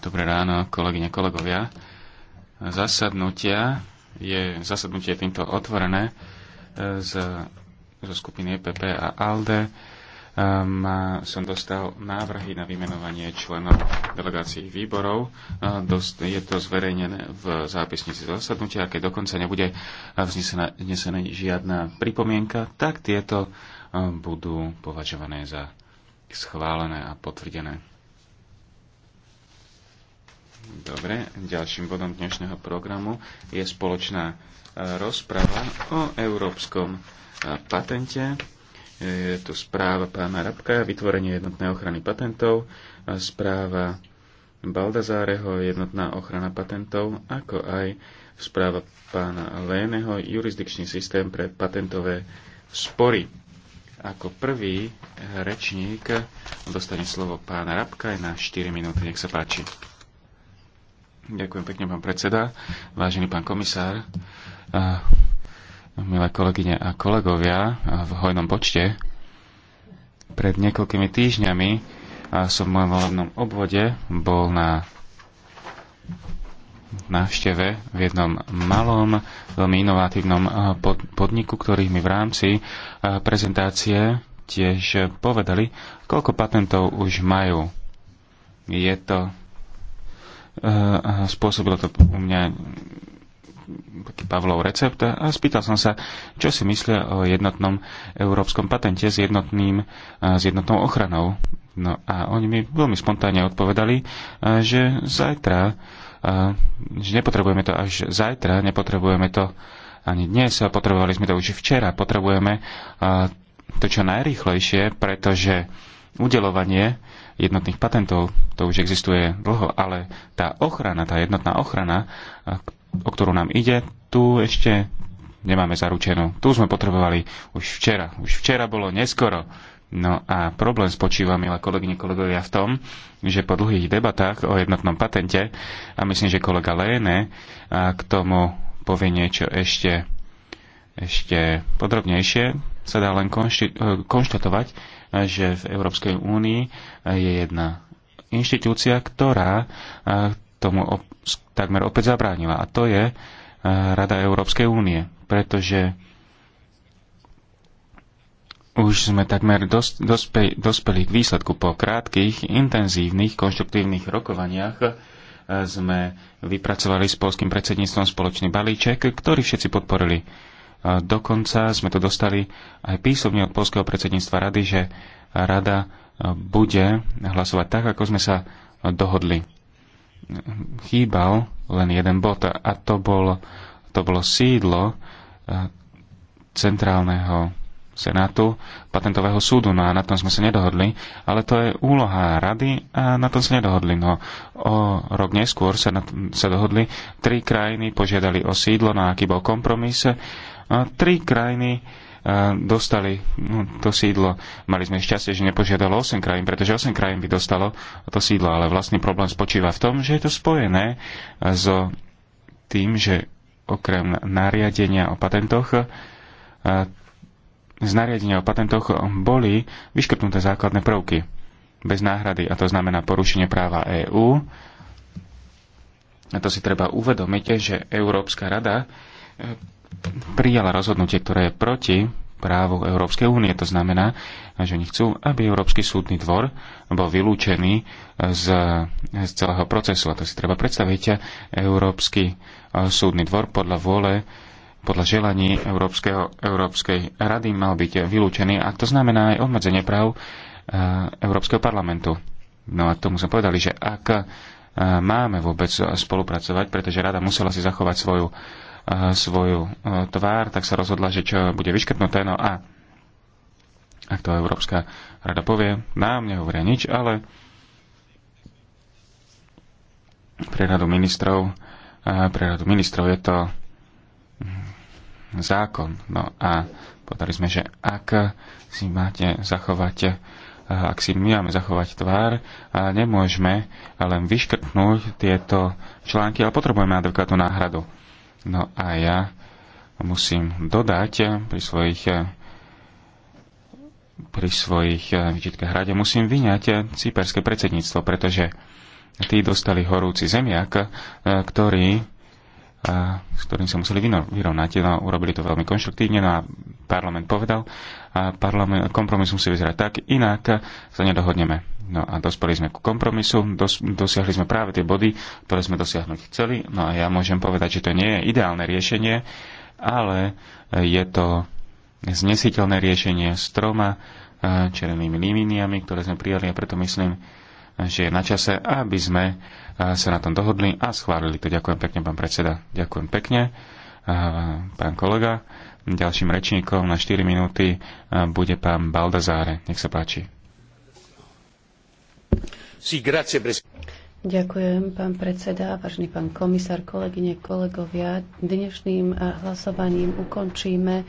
Dobré ráno, kolegyne, kolegovia. Zasadnutia je, zasadnutie je týmto otvorené e, z, zo skupiny EPP a ALDE. Um, som dostal návrhy na vymenovanie členov delegácií výborov. E, dost, je to zverejnené v zápisnici zasadnutia. Keď dokonca nebude vznesená, žiadna pripomienka, tak tieto e, budú považované za schválené a potvrdené. Dobre, ďalším bodom dnešného programu je spoločná e, rozprava o európskom e, patente. Je tu správa pána Rabka, vytvorenie jednotnej ochrany patentov, správa Baldazáreho, jednotná ochrana patentov, ako aj správa pána Léneho, jurisdikčný systém pre patentové spory. Ako prvý eh, rečník dostane slovo pán aj na 4 minúty. Nech sa páči. Ďakujem pekne, pán predseda. Vážený pán komisár, eh, milé kolegyne a kolegovia eh, v hojnom počte, pred niekoľkými týždňami som v mojom volebnom obvode bol na návšteve v jednom malom, veľmi inovatívnom eh, podniku, ktorý mi v rámci eh, prezentácie tiež povedali, koľko patentov už majú. Je to... Eh, spôsobilo to u mňa taký Pavlov recept a spýtal som sa, čo si myslia o jednotnom európskom patente s, jednotným, s jednotnou ochranou. No a oni mi veľmi spontánne odpovedali, že zajtra že nepotrebujeme to až zajtra, nepotrebujeme to ani dnes, potrebovali sme to už včera, potrebujeme to čo najrýchlejšie, pretože udelovanie jednotných patentov, to už existuje dlho, ale tá ochrana, tá jednotná ochrana, o ktorú nám ide, tu ešte nemáme zaručenú. Tu sme potrebovali už včera. Už včera bolo neskoro. No a problém spočíva, milé kolegyne, kolegovia, v tom, že po dlhých debatách o jednotnom patente, a myslím, že kolega Léne k tomu povie niečo ešte, ešte podrobnejšie, sa dá len e, konštatovať, že v Európskej únii je jedna inštitúcia, ktorá e, tomu op- takmer opäť zabránila. A to je e, Rada Európskej únie, pretože už sme takmer dos, dospe, dospeli k výsledku po krátkých, intenzívnych, konštruktívnych rokovaniach e, sme vypracovali s polským predsedníctvom spoločný balíček, ktorý všetci podporili. E, dokonca sme to dostali aj písomne od polského predsedníctva rady, že rada e, bude hlasovať tak, ako sme sa dohodli. Chýbal len jeden bod a to, bol, to bolo sídlo centrálneho Senátu patentového súdu. No a na tom sme sa nedohodli, ale to je úloha rady a na tom sa nedohodli. No o rok neskôr sa, na, sa dohodli, tri krajiny požiadali o sídlo, na no aký bol kompromis. A tri krajiny e, dostali no, to sídlo. Mali sme šťastie, že nepožiadalo 8 krajín, pretože 8 krajín by dostalo to sídlo, ale vlastný problém spočíva v tom, že je to spojené so tým, že okrem nariadenia o patentoch e, z nariadenia o patentoch boli vyškrtnuté základné prvky bez náhrady, a to znamená porušenie práva EÚ. A to si treba uvedomiť, že Európska rada eh, prijala rozhodnutie, ktoré je proti právu Európskej únie. To znamená, že oni chcú, aby Európsky súdny dvor bol vylúčený eh, z, z celého procesu. A to si treba predstaviť. Eh, Európsky súdny dvor podľa vôle podľa želaní Európskeho, Európskej rady mal byť vylúčený a to znamená aj obmedzenie práv e, Európskeho parlamentu. No a tomu sme povedali, že ak e, máme vôbec spolupracovať, pretože rada musela si zachovať svoju, e, svoju tvár, tak sa rozhodla, že čo bude vyškrtnuté. No a ak to Európska rada povie, nám nehovoria nič, ale pre radu ministrov, pre radu ministrov je to zákon. No a povedali sme, že ak si máte zachovať ak si my máme zachovať tvár, a nemôžeme len vyškrtnúť tieto články, ale potrebujeme adekvátnu náhradu. No a ja musím dodať eh, pri svojich eh, pri svojich eh, výčitkách rade musím vyňať cyperské predsedníctvo, pretože tí dostali horúci zemiak, ktorý a, s ktorým sa museli vyrovnať. No, urobili to veľmi konštruktívne, no a parlament povedal, a parlament, kompromis musí vyzerať tak, inak sa nedohodneme. No a dospeli sme ku kompromisu, dos, dosiahli sme práve tie body, ktoré sme dosiahnuť chceli. No a ja môžem povedať, že to nie je ideálne riešenie, ale je to znesiteľné riešenie s troma e, červenými líniami, ktoré sme prijali a preto myslím, že je na čase, aby sme sa na tom dohodli a schválili to. Ďakujem pekne, pán predseda. Ďakujem pekne, pán kolega. Ďalším rečníkom na 4 minúty bude pán Baldazáre. Nech sa páči. Ďakujem, pán predseda, vážený pán komisár, kolegyne, kolegovia. Dnešným hlasovaním ukončíme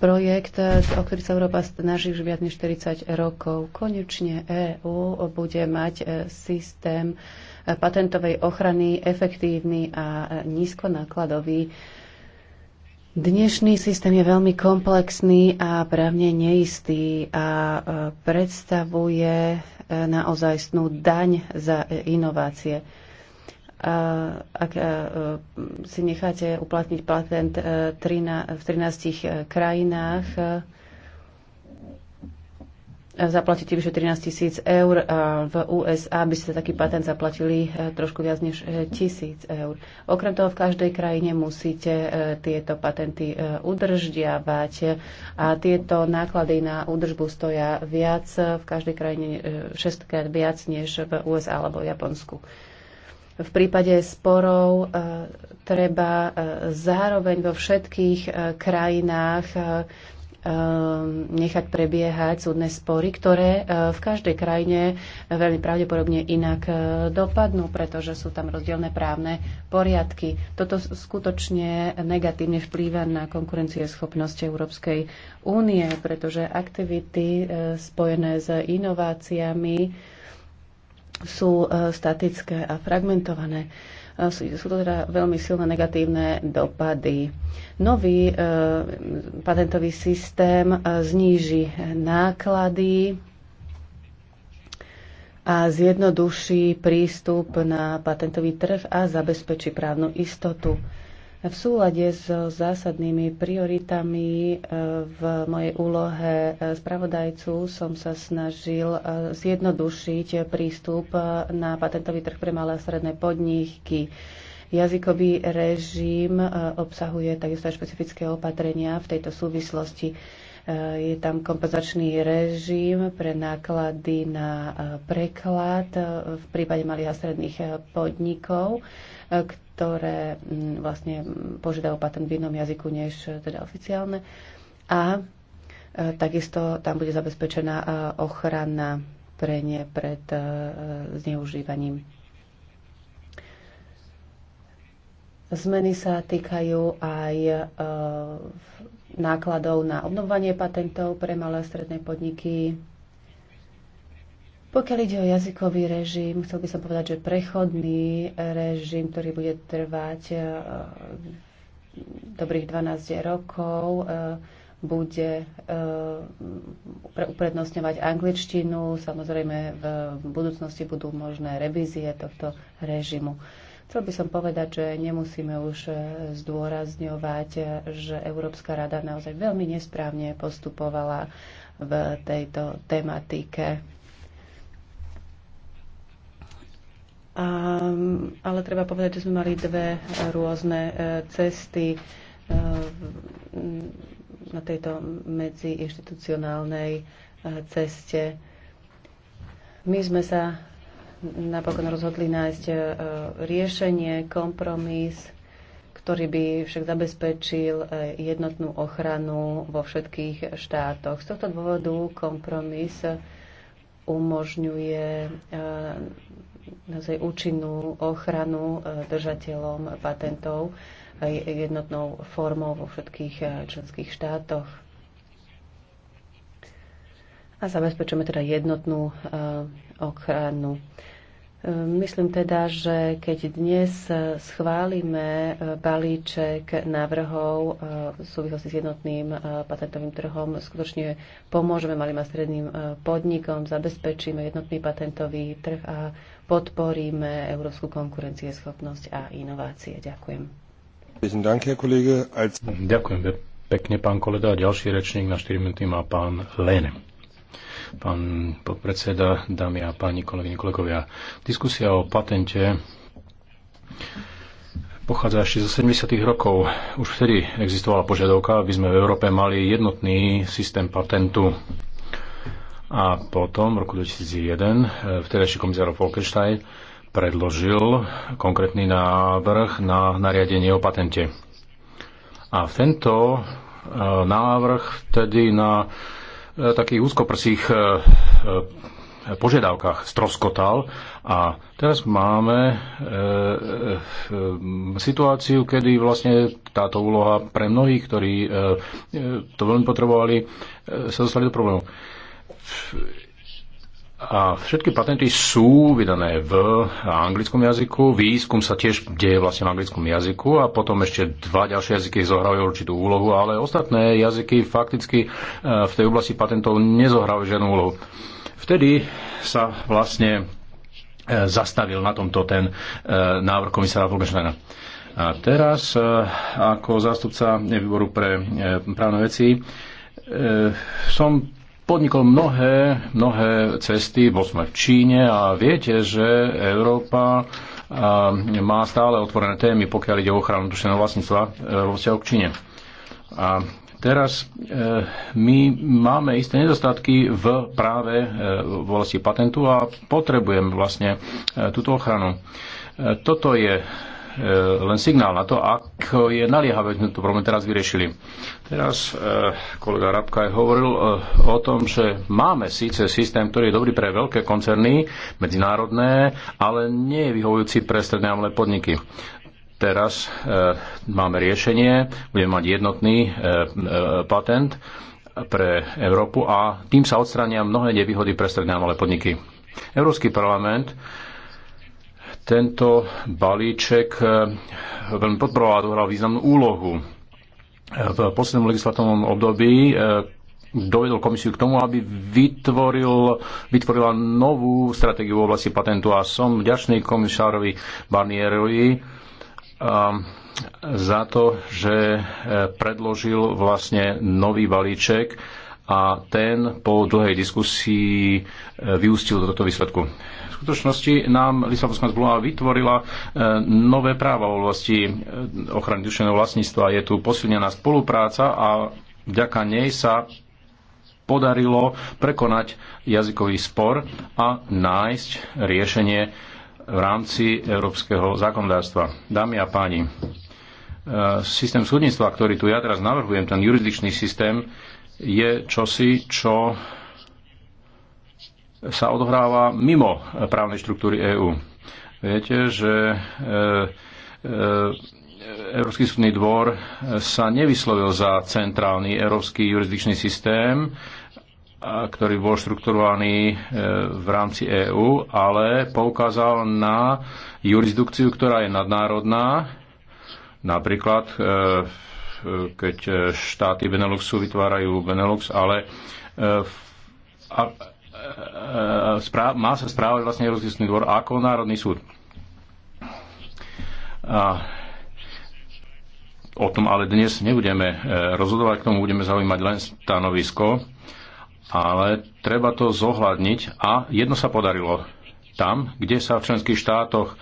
projekt, o ktorý sa Európa snaží už viac než 40 rokov. Konečne EÚ bude mať e, systém patentovej ochrany efektívny a nízkonákladový. Dnešný systém je veľmi komplexný a právne neistý a e, predstavuje e, naozajstnú daň za e, inovácie. Ak si necháte uplatniť patent v 13 krajinách, zaplatiť vyše 13 tisíc eur. V USA by ste taký patent zaplatili e, trošku viac než e, tisíc eur. Okrem toho v každej krajine musíte e, tieto patenty udržiavať a tieto náklady na údržbu stoja viac v každej krajine 6 krát viac než v USA alebo v Japonsku. V prípade sporov treba zároveň vo všetkých krajinách Ehm, nechať prebiehať súdne spory, ktoré eh, v každej krajine veľmi pravdepodobne inak eh, dopadnú, pretože sú tam rozdielne právne poriadky. Toto skutočne negatívne vplýva na konkurencieschopnosť Európskej únie, pretože aktivity eh, spojené s inováciami sú statické a fragmentované. Sú to teda veľmi silné negatívne dopady. Nový e, patentový systém e, zníži náklady a zjednoduší prístup na patentový trh a zabezpečí právnu istotu v súlade s zásadnými prioritami e, v mojej úlohe e, spravodajcu som sa snažil e, zjednodušiť prístup na patentový trh pre malé a stredné podniky. Jazykový režim obsahuje takisto aj špecifické opatrenia v tejto súvislosti. Je tam kompenzačný režim pre náklady na preklad v prípade malých a stredných podnikov, ktoré mm, vlastne požiadajú patent v inom jazyku než e, teda oficiálne. A e, takisto tam bude zabezpečená e, ochrana pre ne pred zneužívaním. Zmeny sa týkajú aj nákladov na obnovovanie patentov pre malé a stredné podniky, pokiaľ ide o jazykový režim, chcel by som povedať, že prechodný režim, ktorý bude trvať e, dobrých 12 rokov, e, bude e, uprednostňovať angličtinu. Samozrejme, v budúcnosti budú možné revízie tohto režimu. Chcel by som povedať, že nemusíme už zdôrazňovať, že Európska rada naozaj veľmi nesprávne postupovala v tejto tematike A, ehm, ale treba povedať, že sme mali dve eh, rôzne eh, cesty eh, na tejto medziinstitucionálnej ceste. My sme sa napokon rozhodli nájsť riešenie, kompromis, ktorý by však zabezpečil jednotnú ochranu vo všetkých štátoch. Z tohto dôvodu kompromis umožňuje naozaj účinnú ochranu e, držateľom patentov jednotnou formou vo všetkých e, členských štátoch. A zabezpečujeme teda jednotnú e, ochranu. Ehm, myslím teda, že keď dnes e, schválime e, balíček návrhov e, v súvislosti s jednotným patentovým trhom, skutočne pomôžeme malým a stredným podnikom, zabezpečíme jednotný patentový trh a podporíme európsku konkurencieschopnosť a inovácie. Ďakujem. Ďakujem pekne, pán kolega. Ďalší rečník na 4 minúty má pán Lene pán podpredseda, dámy a páni kolegyne, kolegovia. Diskusia o patente pochádza ešte zo 70. rokov. Už vtedy existovala požiadavka, aby sme v Európe mali jednotný systém patentu. A potom, v roku 2001, vtedajší komisár Folkenstein predložil konkrétny návrh na nariadenie o patente. A tento eh, návrh vtedy na E, takých úzkoprsých e, e, požiadavkách stroskotal a teraz máme e, e, situáciu, kedy vlastne táto úloha pre mnohých, ktorí e, to veľmi potrebovali, e, sa dostali do problémov a všetky patenty sú vydané v anglickom jazyku, výskum sa tiež deje vlastne v anglickom jazyku a potom ešte dva ďalšie jazyky zohrávajú určitú úlohu, ale ostatné jazyky fakticky e, v tej oblasti patentov nezohrávajú žiadnu úlohu. Vtedy sa vlastne e, zastavil na tomto ten e, návrh komisára Volgensteina. A teraz ako zástupca výboru pre právne veci som podnikol mnohé, mnohé cesty, bol sme v Číne a viete, že Európa má stále otvorené témy, pokiaľ ide o ochranu dušeného vlastníctva e, vo vzťahu k Číne. A teraz e, my máme isté nedostatky v práve e, v oblasti patentu a potrebujeme vlastne túto ochranu. Toto je E, len signál na to, ak je naliehavé, sme to problém teraz vyriešili. Teraz e, kolega Rabka hovoril e, o tom, že máme síce systém, ktorý je dobrý pre veľké koncerny, medzinárodné, ale nie je vyhovujúci pre stredné a malé podniky teraz e, máme riešenie, budeme mať jednotný e, e, patent pre Európu a tým sa odstrania mnohé nevýhody pre stredné a malé podniky. Európsky parlament tento balíček eh, veľmi podporoval a dohral významnú úlohu. V poslednom legislatívnom období eh, dovedol komisiu k tomu, aby vytvoril, vytvorila novú stratégiu v oblasti patentu a som vďačný komisárovi Barnierovi eh, za to, že predložil vlastne nový balíček, a ten po dlhej diskusii e, vyústil do tohto výsledku. V skutočnosti nám Lisabonská zmluva vytvorila e, nové práva v oblasti e, ochrany duševného vlastníctva. Je tu posilnená spolupráca a vďaka nej sa podarilo prekonať jazykový spor a nájsť riešenie v rámci európskeho zákonodárstva. Dámy a páni, systém súdnictva, ktorý tu ja teraz navrhujem, ten jurisdikčný systém, je čosi, čo sa odohráva mimo právnej štruktúry EÚ. Viete, že e, e, Európsky súdny dvor sa nevyslovil za centrálny európsky jurisdikčný systém, ktorý bol štrukturovaný e, v rámci EÚ, ale poukázal na jurisdikciu, ktorá je nadnárodná, napríklad keď e, štáty Beneluxu vytvárajú Benelux, ale e, a, a, e, správ, má sa správať vlastne Európsky súdny dvor ako Národný súd. A, o tom ale dnes nebudeme rozhodovať, k tomu budeme zaujímať len stanovisko, ale treba to zohľadniť a jedno sa podarilo. Tam, kde sa v členských štátoch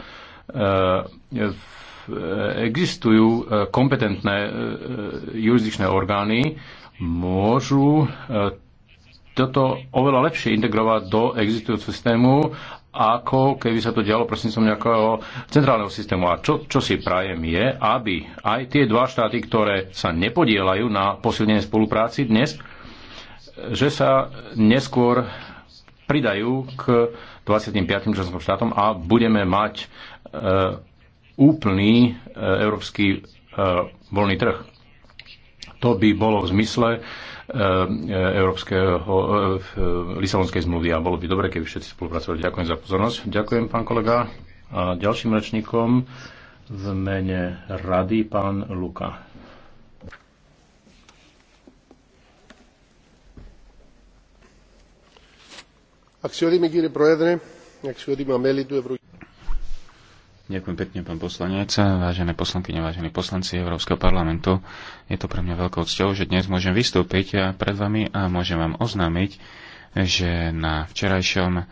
e, v existujú e, kompetentné e, e, jurisdikčné orgány, môžu toto oveľa lepšie integrovať do existujúceho systému, ako keby sa to dialo prostredníctvom nejakého centrálneho systému. A čo, čo si prajem je, aby aj tie dva štáty, ktoré sa nepodielajú na posilnenie spolupráci dnes, že sa neskôr pridajú k 25. členským štátom a budeme mať e, úplný e, európsky e, voľný trh. To by bolo v zmysle e, európskeho, Lisabonskej zmluvy a bolo by dobre, keby všetci spolupracovali. Ďakujem za pozornosť. Ďakujem, pán kolega. A ďalším rečníkom v mene rady pán Luka. Αξιότιμη κύριε Πρόεδρε, αξιότιμα μέλη του Ευρωπαϊκού Ďakujem pekne, pán poslanec, vážené poslankyne, vážení poslanci Európskeho parlamentu. Je to pre mňa veľkou cťou, že dnes môžem vystúpiť pred vami a môžem vám oznámiť, že na včerajšom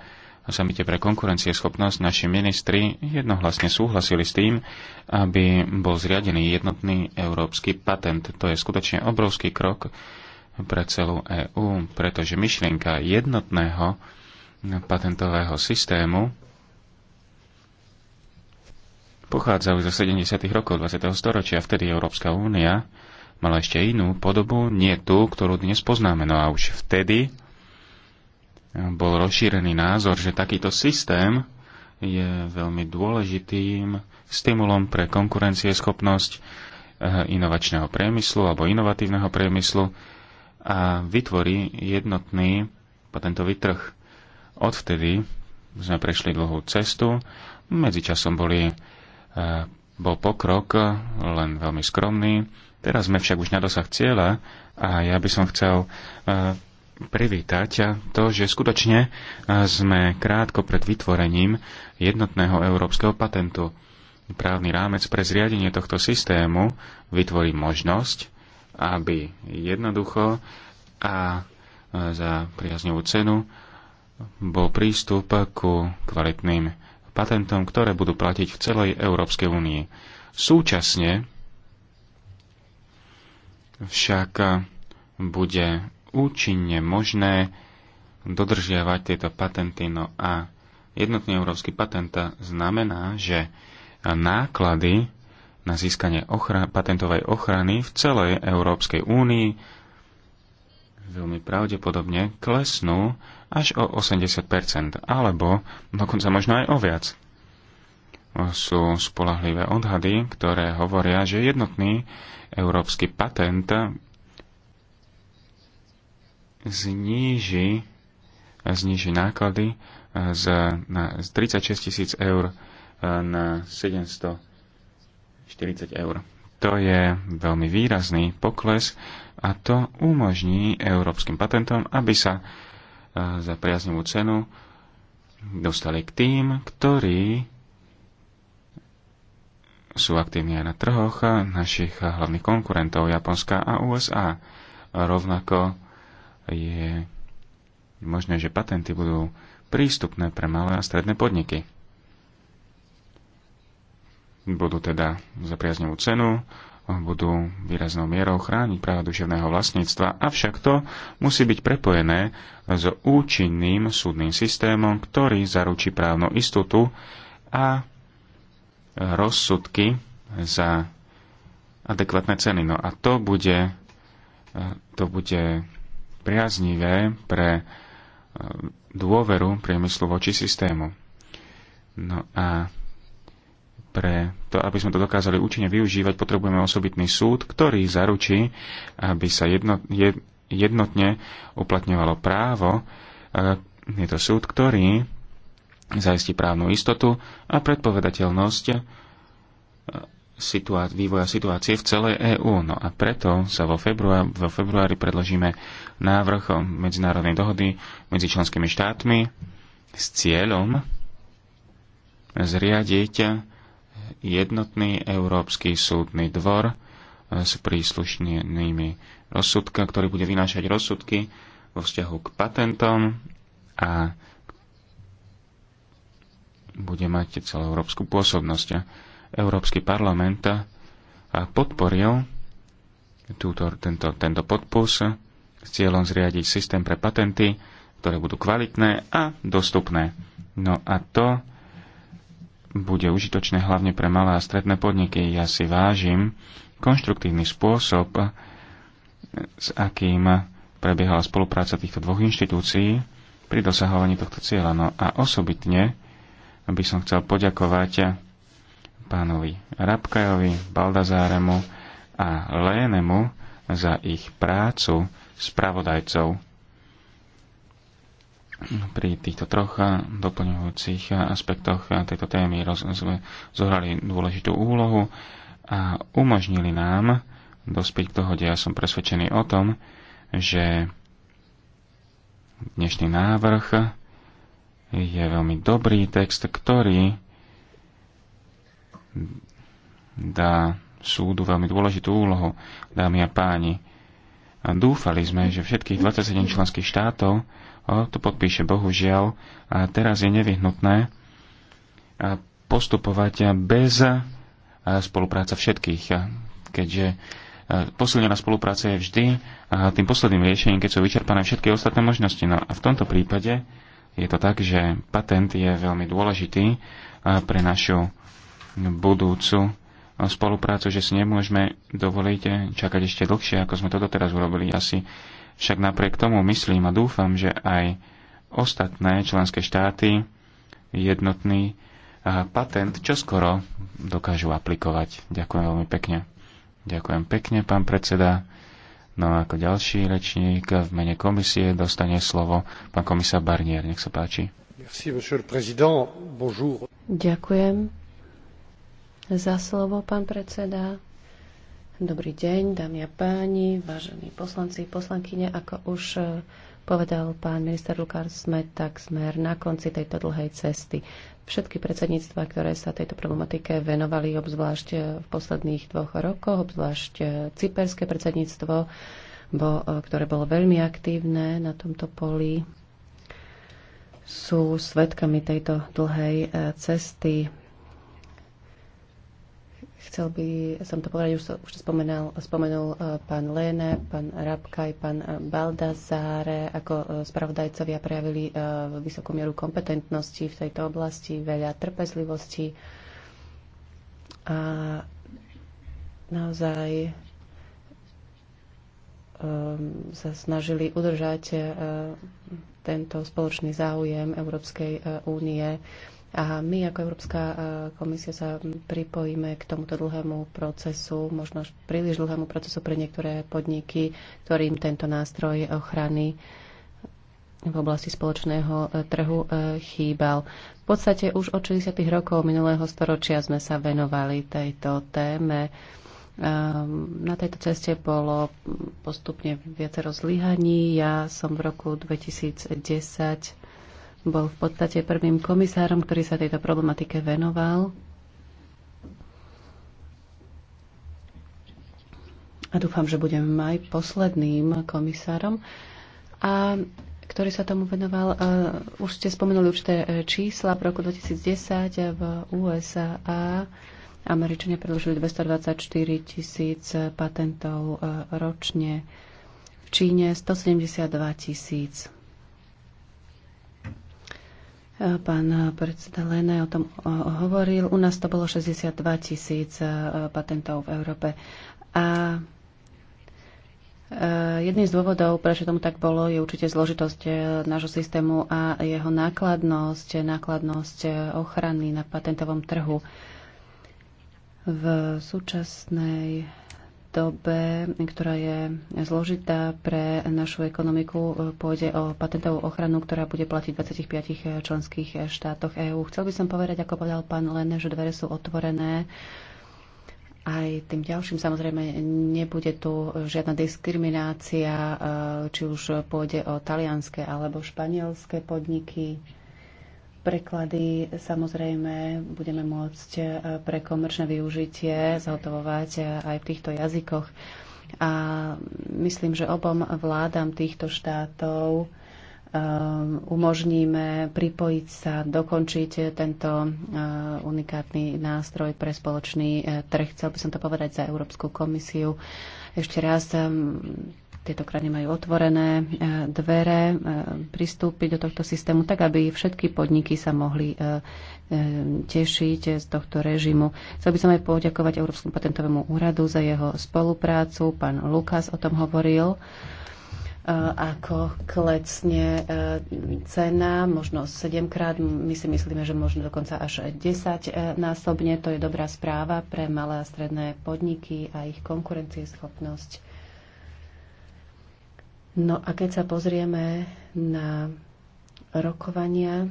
samite pre konkurencieschopnosť naši ministri jednohlasne súhlasili s tým, aby bol zriadený jednotný európsky patent. To je skutočne obrovský krok pre celú EÚ, pretože myšlienka jednotného patentového systému pochádzajú zo 70. rokov 20. storočia. Vtedy Európska únia mala ešte inú podobu, nie tú, ktorú dnes poznáme. No a už vtedy bol rozšírený názor, že takýto systém je veľmi dôležitým stimulom pre konkurencieschopnosť eh, inovačného priemyslu alebo inovatívneho priemyslu a vytvorí jednotný patentový trh. Odvtedy sme prešli dlhú cestu, medzičasom boli Eh, bol pokrok len veľmi skromný. Teraz sme však už na dosah cieľa a ja by som chcel eh, privítať to, že skutočne eh, sme krátko pred vytvorením jednotného európskeho patentu. Právny rámec pre zriadenie tohto systému vytvorí možnosť, aby jednoducho a za priaznevú cenu bol prístup ku kvalitným patentom, ktoré budú platiť v celej Európskej únii. Súčasne však bude účinne možné dodržiavať tieto patenty. No a jednotný európsky patent znamená, že náklady na získanie ochra- patentovej ochrany v celej Európskej únii veľmi pravdepodobne klesnú až o 80 alebo dokonca možno aj o viac. Sú spolahlivé odhady, ktoré hovoria, že jednotný európsky patent zníži, zníži náklady z, na, z 36 tisíc eur e, na 740 eur. To je veľmi výrazný pokles a to umožní európskym patentom, aby sa e, za priaznivú cenu dostali k tým, ktorí sú aktívni aj na trhoch našich hlavných konkurentov Japonska a USA. Rovnako je možné, že patenty budú prístupné pre malé a stredné podniky. Budú teda za priaznivú cenu budú výraznou mierou chrániť práva duševného vlastníctva, avšak to musí byť prepojené s účinným súdnym systémom, ktorý zaručí právnu istotu a rozsudky za adekvátne ceny. No a to bude, to bude priaznivé pre e, dôveru priemyslu voči systému. No a pre to, aby sme to dokázali účinne využívať, potrebujeme osobitný súd, ktorý zaručí, aby sa jedno, jednotne uplatňovalo právo. E, je to súd, ktorý zajistí právnu istotu a predpovedateľnosť e, situá- vývoja situácie v celej EÚ. No a preto sa vo, február, vo februári predložíme návrh o medzinárodnej dohody medzi členskými štátmi s cieľom zriadiť jednotný Európsky súdny dvor e, s príslušnými rozsudka, ktorý bude vynášať rozsudky vo vzťahu k patentom a bude mať celú európsku pôsobnosť. Európsky parlament e, podporil túto, tento, tento podpus s cieľom zriadiť systém pre patenty, ktoré budú kvalitné a dostupné. No a to bude užitočné hlavne pre malé a stredné podniky. Ja si vážim konštruktívny spôsob, s akým prebiehala spolupráca týchto dvoch inštitúcií pri dosahovaní tohto cieľa. No a osobitne by som chcel poďakovať pánovi Rabkajovi, Baldazáremu a Lénemu za ich prácu spravodajcov pri týchto troch eh, doplňujúcich eh, aspektoch eh, tejto témy roz, zohrali dôležitú úlohu a umožnili nám dospieť k dohode. Ja som presvedčený o tom, že dnešný návrh je veľmi dobrý text, ktorý dá súdu veľmi dôležitú úlohu, dámy a páni. A dúfali sme, že všetkých 27 členských štátov to podpíše. Bohužiaľ, a teraz je nevyhnutné postupovať bez spolupráca všetkých, keďže posilnená spolupráca je vždy tým posledným riešením, keď sú vyčerpané všetky ostatné možnosti. No a v tomto prípade je to tak, že patent je veľmi dôležitý pre našu budúcu spoluprácu, že si nemôžeme dovoliť čakať ešte dlhšie, ako sme to doteraz urobili. Ja však napriek tomu myslím a dúfam, že aj ostatné členské štáty jednotný patent čoskoro dokážu aplikovať. Ďakujem veľmi pekne. Ďakujem pekne, pán predseda. No a ako ďalší rečník v mene komisie dostane slovo pán komisár Barnier. Nech sa páči. Merci, Ďakujem za slovo, pán predseda. Dobrý deň, dámy a páni, vážení poslanci, poslankyne. Ako už e, povedal pán minister Lukár, sme tak smer na konci tejto dlhej cesty. Všetky predsedníctva, ktoré sa tejto problematike venovali, obzvlášť e, v posledných dvoch rokoch, obzvlášť e, cyperské predsedníctvo, bo, ktoré bolo veľmi aktívne na tomto poli, sú svetkami tejto dlhej cesty Chcel by som to povedať, už, už to spomenal, spomenul e, pán Lene, pán Rabka aj pán e, Baldazáre, ako e, spravodajcovia prejavili vysokú mieru kompetentnosti v tejto oblasti, veľa trpezlivosti a naozaj ehm, sa snažili udržať tento spoločný záujem Európskej únie a my ako Európska e, komisia sa pripojíme k tomuto dlhému procesu, možno príliš dlhému procesu pre niektoré podniky, ktorým tento nástroj ochrany v oblasti spoločného e, trhu e, chýbal. V podstate už od 60. rokov minulého storočia sme sa venovali tejto téme. Na tejto ceste bolo postupne viacero zlyhaní. Ja som v roku 2010 bol v podstate prvým komisárom, ktorý sa tejto problematike venoval. A dúfam, že budem aj posledným komisárom. A ktorý sa tomu venoval. E, už ste spomenuli určité e, čísla. V roku 2010 v USA Američania predložili 224 tisíc patentov e, ročne. V Číne 172 tisíc. Pán predseda Lene o tom hovoril. U nás to bolo 62 tisíc e, patentov v Európe. A e, jedným z dôvodov, prečo tomu tak bolo, je určite zložitosť e, nášho systému a jeho nákladnosť, nákladnosť ochrany na patentovom trhu. V súčasnej dobe, ktorá je zložitá pre našu ekonomiku, pôjde o patentovú ochranu, ktorá bude platiť v 25 členských štátoch EÚ. Chcel by som povedať, ako povedal pán Lene, že dvere sú otvorené aj tým ďalším samozrejme nebude tu žiadna diskriminácia, či už pôjde o talianské alebo španielské podniky. Preklady samozrejme budeme môcť e, pre komerčné využitie zhotovovať e, aj v týchto jazykoch. A myslím, že obom vládam týchto štátov e, umožníme pripojiť sa, dokončiť tento unikátny nástroj pre spoločný trh. Chcel by som to povedať za Európsku komisiu. Ešte raz tieto krajiny majú otvorené e, dvere e, pristúpiť do tohto systému, tak aby všetky podniky sa mohli e, tešiť z tohto režimu. Chcel by som aj poďakovať Európskom patentovému úradu za jeho spoluprácu. Pán Lukas o tom hovoril ako klecne cena, možno 7 krát, my si myslíme, že možno dokonca až 10 násobne. To je dobrá správa pre malé a stredné podniky a ich konkurencieschopnosť. No a keď sa pozrieme na rokovania,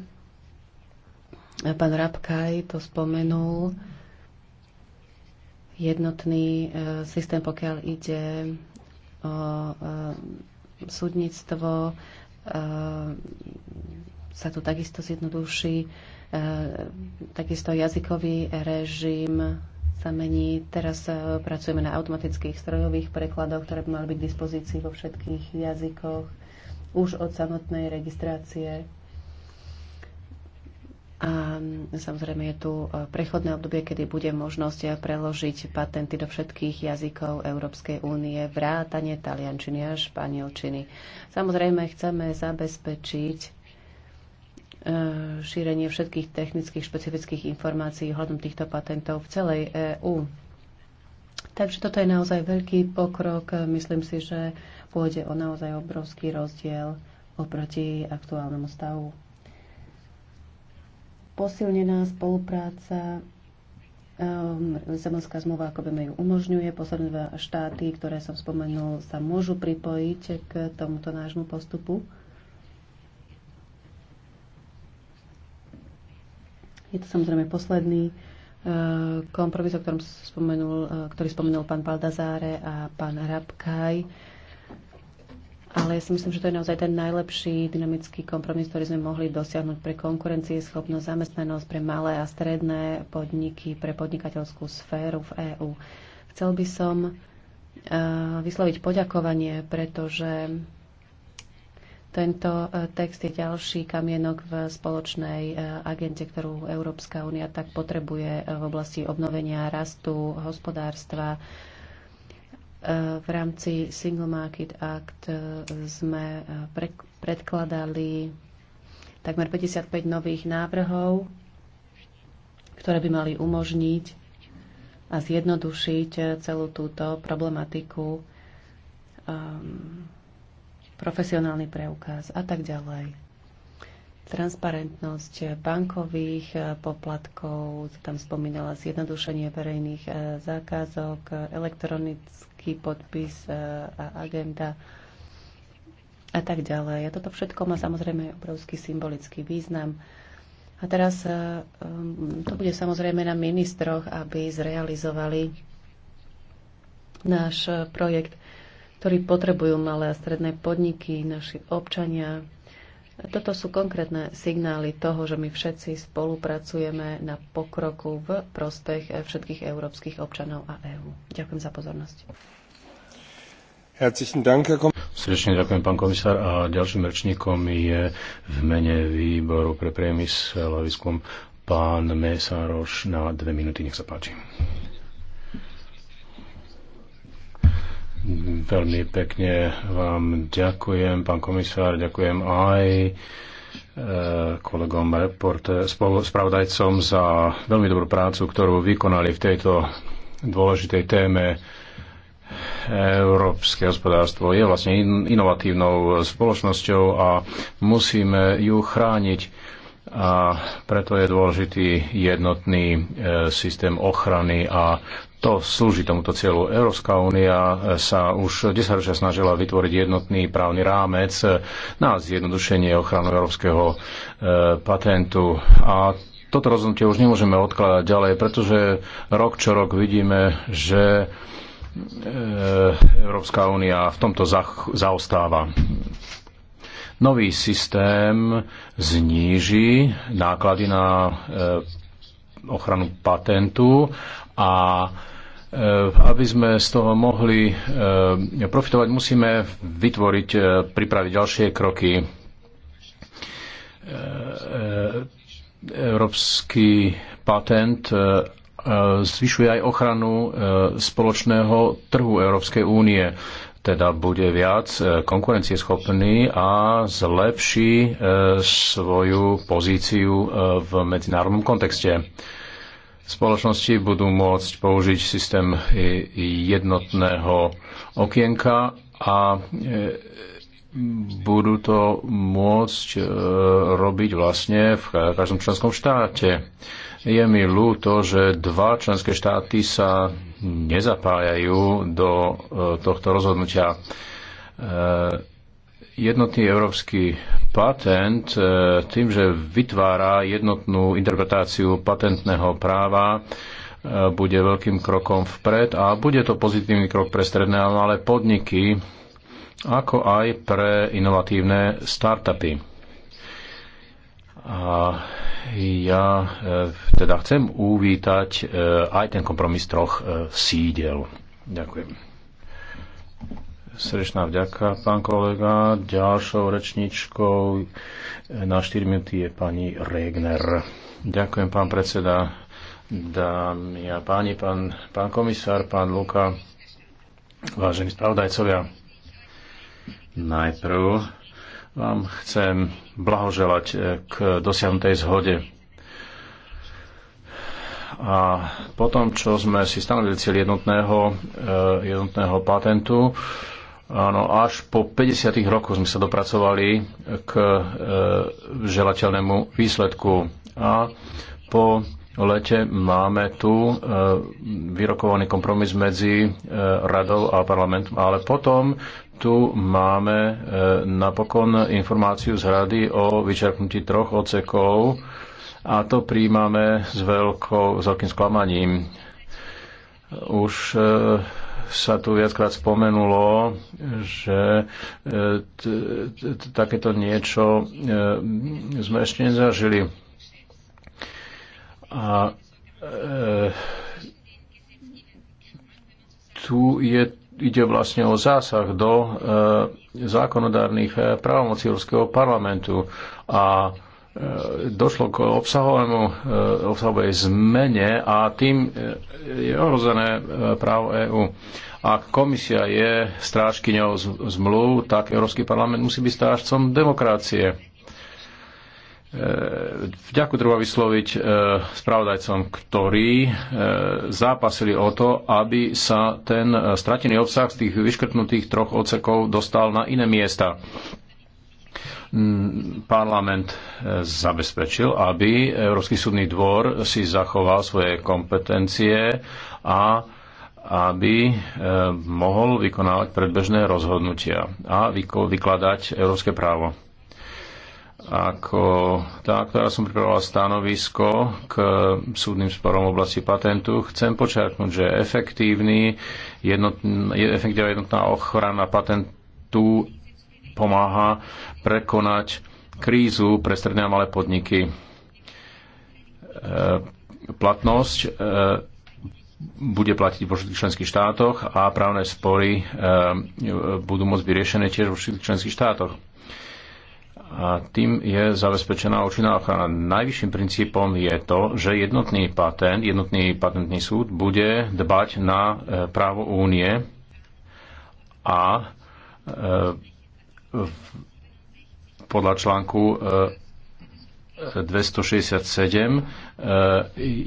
pán Rabkaj to spomenul, jednotný e, systém, pokiaľ ide o e, súdnictvo, e, sa tu takisto zjednoduší, takisto jazykový režim sa mení. Teraz e, pracujeme na automatických strojových prekladoch, ktoré by mali byť k dispozícii vo všetkých jazykoch už od samotnej registrácie. A samozrejme je tu e, prechodné obdobie, kedy bude možnosť e, preložiť patenty do všetkých jazykov Európskej únie, vrátane taliančiny a španielčiny. Samozrejme chceme zabezpečiť E, šírenie všetkých technických špecifických informácií hľadom týchto patentov v celej EÚ. Takže toto je naozaj veľký pokrok. Myslím si, že pôjde o naozaj obrovský rozdiel oproti aktuálnemu stavu. Posilnená spolupráca ehm, Lisabonská zmluva, ako vieme, ju umožňuje. Posledné dva štáty, ktoré som spomenul, sa môžu pripojiť k tomuto nášmu postupu. Je to samozrejme posledný e, kompromis, o ktorom spomenul, e, ktorý spomenul pán Paldazáre a pán Rabkaj. Ale ja si myslím, že to je naozaj ten najlepší dynamický kompromis, ktorý sme mohli dosiahnuť pre konkurencie, schopnosť, zamestnanosť, pre malé a stredné podniky, pre podnikateľskú sféru v EÚ. Chcel by som e, vysloviť poďakovanie, pretože tento e, text je ďalší kamienok v spoločnej e, agente, ktorú Európska únia tak potrebuje e, v oblasti obnovenia rastu hospodárstva. V rámci Single Market Act sme predkladali takmer 55 nových návrhov, ktoré by mali umožniť a zjednodušiť celú túto problematiku ehm, profesionálny preukaz a tak ďalej. Transparentnosť bankových eh, poplatkov, tam spomínala zjednodušenie verejných eh, zákazok, elektronický podpis eh, a agenda a tak ďalej. A toto všetko má samozrejme obrovský symbolický význam. A teraz mm, to bude samozrejme na ministroch, aby zrealizovali náš projekt ktorí potrebujú malé a stredné podniky, naši občania. Toto sú konkrétne signály toho, že my všetci spolupracujeme na pokroku v prospech všetkých európskych občanov a EÚ. Ďakujem za pozornosť. Srdečne ďakujem, pán komisár. A ďalším rečníkom je v mene výboru pre priemysel a výskum pán Mesároš na dve minúty. Nech sa páči. Veľmi pekne vám ďakujem, pán komisár, ďakujem aj e, kolegom report, spravodajcom za veľmi dobrú prácu, ktorú vykonali v tejto dôležitej téme. Európske hospodárstvo je vlastne inovatívnou spoločnosťou a musíme ju chrániť a preto je dôležitý jednotný e, systém ochrany a to slúži tomuto cieľu. Európska únia sa už 10 ročia snažila vytvoriť jednotný právny rámec na zjednodušenie ochranu európskeho e, patentu. A toto rozhodnutie už nemôžeme odkladať ďalej, pretože rok čo rok vidíme, že e, Európska únia v tomto zaostáva. Nový systém zníži náklady na e, ochranu patentu a Eh, aby sme z toho mohli eh, profitovať, musíme vytvoriť, eh, pripraviť ďalšie kroky. Európsky patent zvyšuje aj ochranu spoločného trhu Európskej únie teda bude viac konkurencieschopný a zlepší svoju pozíciu v medzinárodnom kontexte spoločnosti budú môcť použiť systém jednotného okienka a e, budú to môcť e, robiť vlastne v každom členskom štáte. Je mi ľúto, že dva členské štáty sa nezapájajú do e, tohto rozhodnutia jednotný európsky patent e, tým, že vytvára jednotnú interpretáciu patentného práva, e, bude veľkým krokom vpred a bude to pozitívny krok pre stredné a malé podniky, ako aj pre inovatívne startupy. A ja e, teda chcem uvítať aj ten kompromis troch sídel. Ďakujem. Srečná vďaka, pán kolega. Ďalšou rečničkou na 4 minúty je pani Regner. Ďakujem, pán predseda. Dámy a páni, pán, pán komisár, pán Luka, vážení spravodajcovia, najprv vám chcem blahoželať eh, k dosiahnutej zhode a potom, čo sme si stanovili cieľ jednotného, eh, jednotného patentu, Áno, až po 50. rokoch sme sa dopracovali k e, želateľnému výsledku. A po lete máme tu e, vyrokovaný kompromis medzi e, radou a parlamentom, ale potom tu máme e, napokon informáciu z rady o vyčerpnutí troch ocekov a to príjmame s, veľkou, s veľkým sklamaním. Už e, sa tu viackrát spomenulo, že e, takéto niečo e, sme ešte nezažili. A e, tu je, ide vlastne o zásah do zákonodárnych právomocí Európskeho parlamentu a E, došlo k obsahovému, e, obsahovej zmene a tým e, je ohrozené právo EÚ. Ak komisia je strážkyňou zmluv, tak Európsky parlament musí byť strážcom demokracie. Vďaku treba vysloviť spravodajcom, ktorí zápasili o to, aby sa ten stratený obsah z tých vyškrtnutých troch ocekov dostal na iné miesta. Mm, parlament e, zabezpečil, aby Európsky súdny dvor si zachoval svoje kompetencie a aby e, mohol vykonávať predbežné rozhodnutia a vykladať európske právo. Ako tá, ktorá som pripravila stanovisko k súdnym sporom v oblasti patentu, chcem počiarknúť, že efektívny, jednotná, efektívna jednotná ochrana patentu pomáha prekonať krízu pre stredné a malé podniky. E, platnosť e, bude platiť vo všetkých členských štátoch a právne spory e, budú môcť byť riešené tiež vo všetkých členských štátoch. A tým je zabezpečená účinná ochrana. Najvyšším princípom je to, že jednotný patent, jednotný patentný súd bude dbať na právo únie a podľa článku 267 e, e,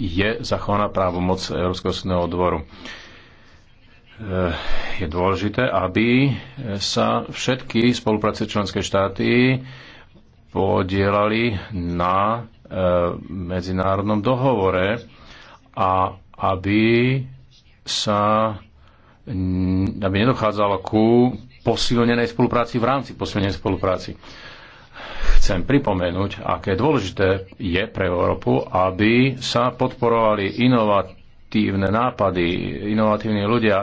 je zachovaná právomoc Európskeho súdneho dvoru. E, je dôležité, aby sa všetky spolupráce členské štáty podielali na medzinárodnom dohovore a aby sa aby nedochádzalo ku posilnenej spolupráci v rámci posilnenej spolupráci. Chcem pripomenúť, aké dôležité je pre Európu, aby sa podporovali inovatívne nápady, inovatívni ľudia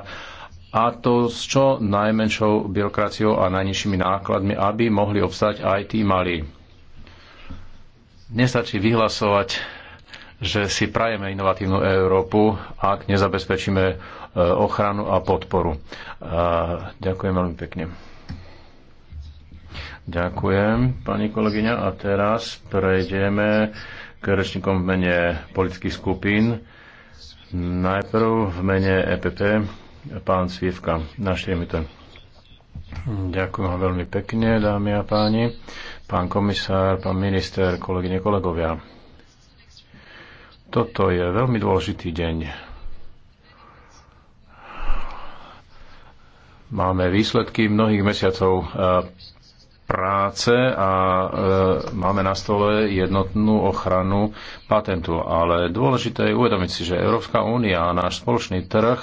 a to s čo najmenšou byrokraciou a najnižšími nákladmi, aby mohli obstať aj tí malí. Nestačí vyhlasovať že si prajeme inovatívnu Európu, ak nezabezpečíme e, ochranu a podporu. E, ďakujem veľmi pekne. Ďakujem, pani kolegyňa. A teraz prejdeme k rečníkom v mene politických skupín. Najprv v mene EPP pán Svivka. Na mi to. Ďakujem veľmi pekne, dámy a páni, pán komisár, pán minister, kolegyne, kolegovia. Toto je veľmi dôležitý deň. Máme výsledky mnohých mesiacov eh, práce a eh, máme na stole jednotnú ochranu patentu. Ale dôležité je uvedomiť si, že Európska únia a náš spoločný trh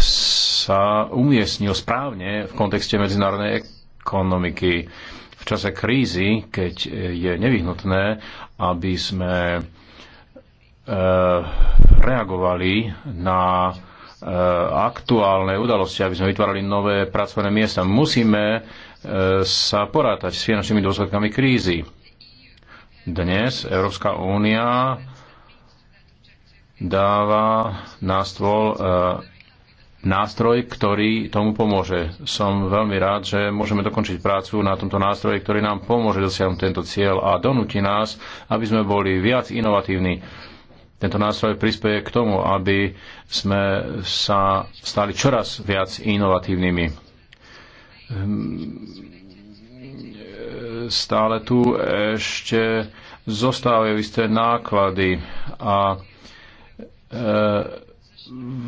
sa umiestnil správne v kontexte medzinárodnej ekonomiky v čase krízy, keď je nevyhnutné, aby sme Eh, reagovali na eh, aktuálne udalosti, aby sme vytvárali nové pracovné miesta. Musíme eh, sa porátať s finančnými dôsledkami krízy. Dnes Európska únia dáva na stôl nástroj, ktorý tomu pomôže. Som veľmi rád, že môžeme dokončiť prácu na tomto nástroji, ktorý nám pomôže dosiahnuť tento cieľ a donúti nás, aby sme boli viac inovatívni tento nástroj prispieje k tomu, aby sme sa stali čoraz viac inovatívnymi. Stále tu ešte zostávajú isté náklady a e,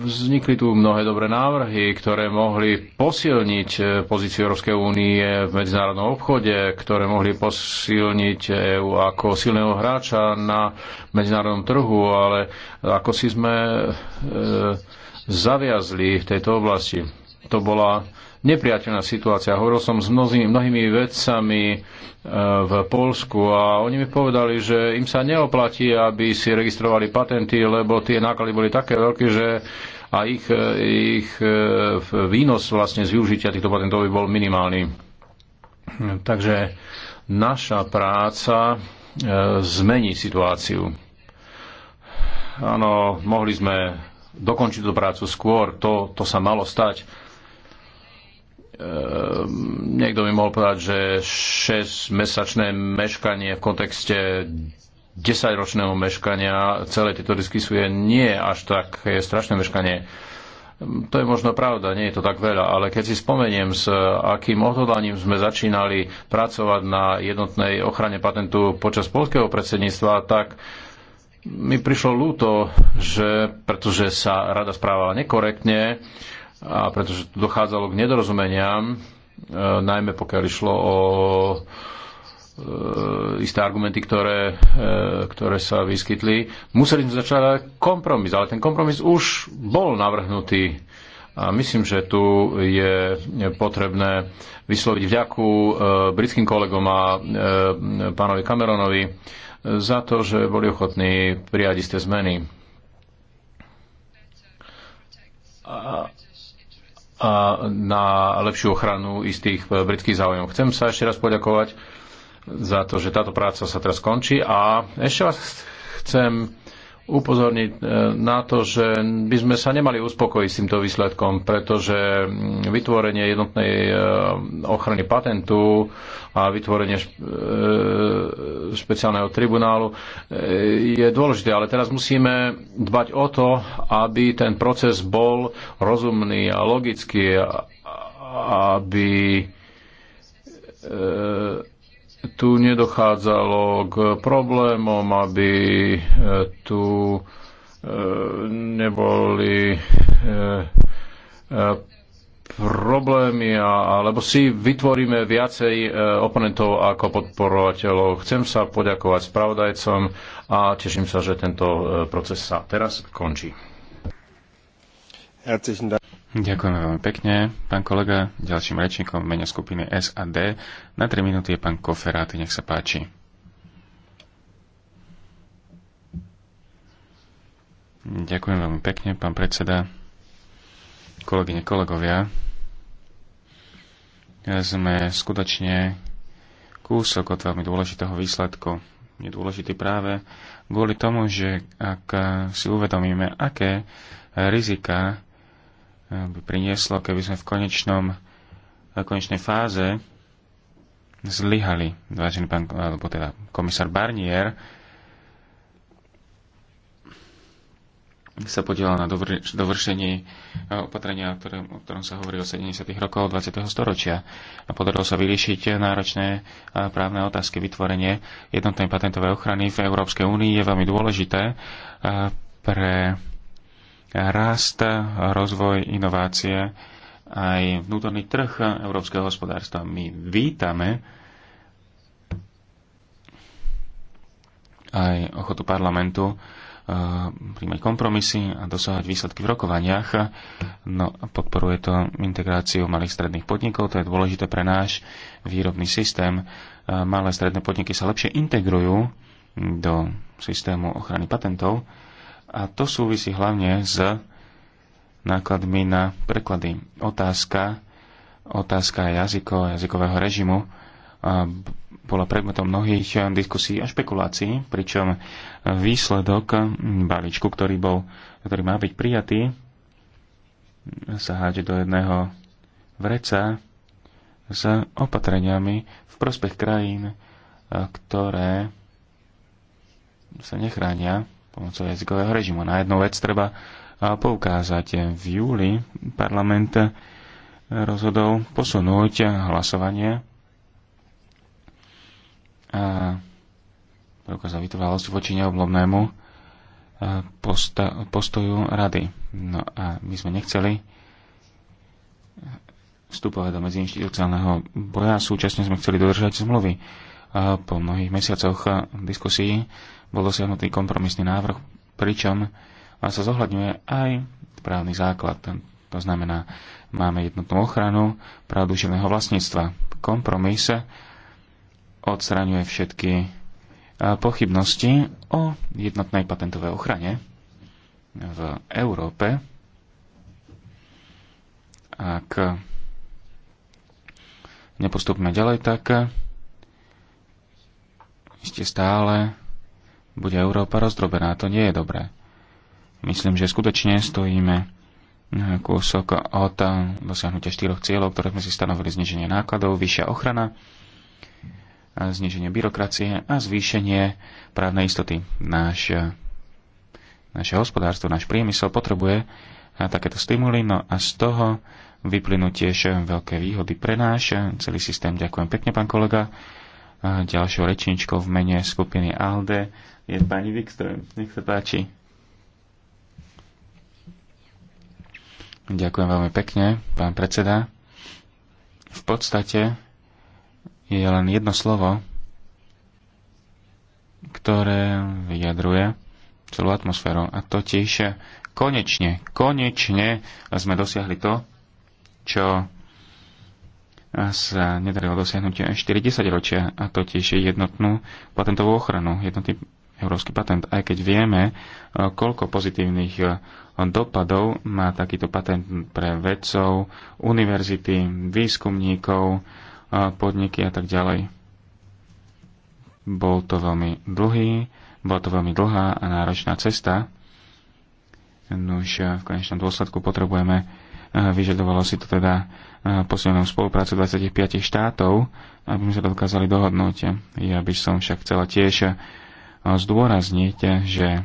Vznikli tu mnohé dobré návrhy, ktoré mohli posilniť eh, pozíciu Európskej únie v medzinárodnom obchode, ktoré mohli posilniť EÚ ako silného hráča na medzinárodnom trhu, ale ako si sme e, zaviazli v tejto oblasti. To bola nepriateľná situácia. Hovoril som s mnohými, mnohými vedcami e, v Polsku a oni mi povedali, že im sa neoplatí, aby si registrovali patenty, lebo tie náklady boli také veľké, že a ich, e, ich e, výnos vlastne z využitia týchto patentov by bol minimálny. Takže naša práca zmení situáciu. Áno, mohli sme dokončiť tú prácu skôr, to, to sa malo stať Ehm, niekto mi mohol povedať, že 6-mesačné meškanie v kontekste 10-ročného meškania celé tieto diskusie nie až tak je strašné meškanie. Ehm, to je možno pravda, nie je to tak veľa, ale keď si spomeniem, s akým odhodlaním sme začínali pracovať na jednotnej ochrane patentu počas polského predsedníctva, tak mi prišlo ľúto, že pretože sa rada správala nekorektne, a pretože tu dochádzalo k nedorozumeniam, e, najmä pokiaľ išlo o e, isté argumenty, ktoré, e, ktoré sa vyskytli. Museli sme začať kompromis, ale ten kompromis už bol navrhnutý. A myslím, že tu je potrebné vysloviť vďaku britským kolegom a pánovi Cameronovi za to, že boli ochotní prijať isté zmeny. A na lepšiu ochranu istých e, britských záujmov. Chcem sa ešte raz poďakovať za to, že táto práca sa teraz končí a ešte vás chcem upozorniť e, na to, že by sme sa nemali uspokojiť s týmto výsledkom, pretože mm, vytvorenie jednotnej e, ochrany patentu a vytvorenie e, špeciálneho tribunálu je dôležité, ale teraz musíme dbať o to, aby ten proces bol rozumný a logický, aby tu nedochádzalo k problémom, aby eh, tu eh, neboli eh, problémy, alebo si vytvoríme viacej oponentov ako podporovateľov. Chcem sa poďakovať spravodajcom a teším sa, že tento proces sa teraz končí. Ďakujem veľmi pekne. Pán kolega, ďalším rečníkom v mene skupiny SAD na 3 minúty je pán Koferáty, nech sa páči. Ďakujem veľmi pekne, pán predseda. Kolegyne, kolegovia, sme skutočne kúsok od veľmi dôležitého výsledku. Je dôležitý práve kvôli tomu, že ak si uvedomíme, aké rizika by prinieslo, keby sme v konečnom, v konečnej fáze zlyhali, vážený pán, alebo teda komisár Barnier, sa podielal na dovr- dovršení eh, opatrenia, o ktorom, o ktorom sa hovorí o 70. rokoch 20. storočia. A podarilo sa vyriešiť náročné eh, právne otázky. Vytvorenie jednotnej patentovej ochrany v Európskej únii je veľmi dôležité eh, pre rast, rozvoj, inovácie, aj vnútorný trh európskeho hospodárstva. My vítame aj ochotu parlamentu eh, príjmať kompromisy a dosahovať výsledky v rokovaniach. No, podporuje to integráciu malých stredných podnikov, to je dôležité pre náš výrobný systém. Eh, malé stredné podniky sa lepšie integrujú do systému ochrany patentov a to súvisí hlavne s nákladmi na preklady. Otázka, otázka jazyko, jazykového režimu bola predmetom mnohých diskusí a špekulácií, pričom výsledok balíčku, ktorý, bol, ktorý má byť prijatý, sa háde do jedného vreca s opatreniami v prospech krajín, ktoré sa nechránia pomocou jazykového režimu. Na jednu vec treba poukázať. V júli parlament e, rozhodol posunúť hlasovanie a preukázal vytrvalosť voči neoblomnému e, postoju rady. No a my sme nechceli vstupovať do medziinstitucionálneho boja a súčasne sme chceli dodržať zmluvy. A po mnohých mesiacoch diskusí bol dosiahnutý kompromisný návrh, pričom sa zohľadňuje aj právny základ. To znamená, máme jednotnú ochranu práv duševného vlastníctva. Kompromis odstraňuje všetky pochybnosti o jednotnej patentovej ochrane v Európe. Ak nepostupme ďalej, tak ešte stále bude Európa rozdrobená. To nie je dobré. Myslím, že skutočne stojíme kúsok od dosiahnutia štyroch cieľov, ktoré sme si stanovili zniženie nákladov, vyššia ochrana, zniženie byrokracie a zvýšenie právnej istoty. Náš, naše hospodárstvo, náš priemysel potrebuje takéto stimuly, no a z toho vyplynú tiež veľké výhody pre náš celý systém. Ďakujem pekne, pán kolega ďalšou rečničkou v mene skupiny ALDE je pani Wikström. Nech sa páči. Ďakujem veľmi pekne, pán predseda. V podstate je len jedno slovo, ktoré vyjadruje celú atmosféru. A totiž konečne, konečne sme dosiahli to, čo sa nedarilo dosiahnuť 40 ročia, a totiž jednotnú patentovú ochranu, jednotný európsky patent, aj keď vieme, koľko pozitívnych dopadov má takýto patent pre vedcov, univerzity, výskumníkov, podniky a tak ďalej. Bol to veľmi dlhý, bola to veľmi dlhá a náročná cesta. Nuž v konečnom dôsledku potrebujeme Vyžadovalo si to teda e, posilnenú spoluprácu 25 štátov, aby sme sa dokázali dohodnúť. Ja by som však chcela tiež e, zdôrazniť, že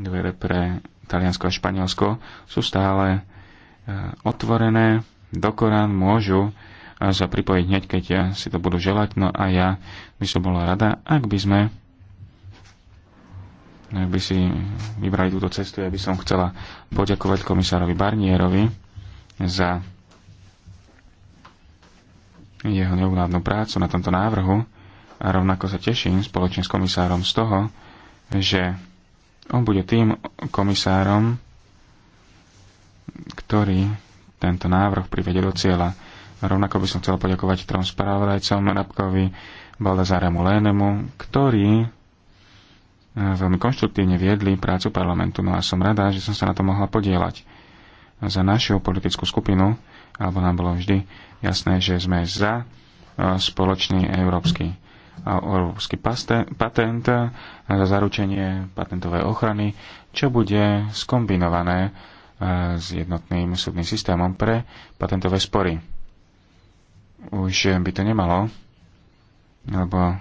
dvere pre Taliansko a Španielsko sú stále e, otvorené, dokorán môžu sa pripojiť hneď, keď si to budú želať. No a ja by som bola rada, ak by sme ak by si vybrali túto cestu, ja by som chcela poďakovať komisárovi Barnierovi za jeho neuvládnu prácu na tomto návrhu a rovnako sa teším spoločne s komisárom z toho, že on bude tým komisárom, ktorý tento návrh privede do cieľa. A rovnako by som chcel poďakovať trom spravodajcom Rabkovi, Baldazáremu Lénemu, ktorí E, veľmi konštruktívne viedli prácu parlamentu. No a som rada, že som sa na to mohla podielať. Za našu politickú skupinu, alebo nám bolo vždy jasné, že sme za e, spoločný európsky e, európsky paste, patent za zaručenie patentovej ochrany, čo bude skombinované s jednotným súdnym systémom pre patentové spory. Už by to nemalo, lebo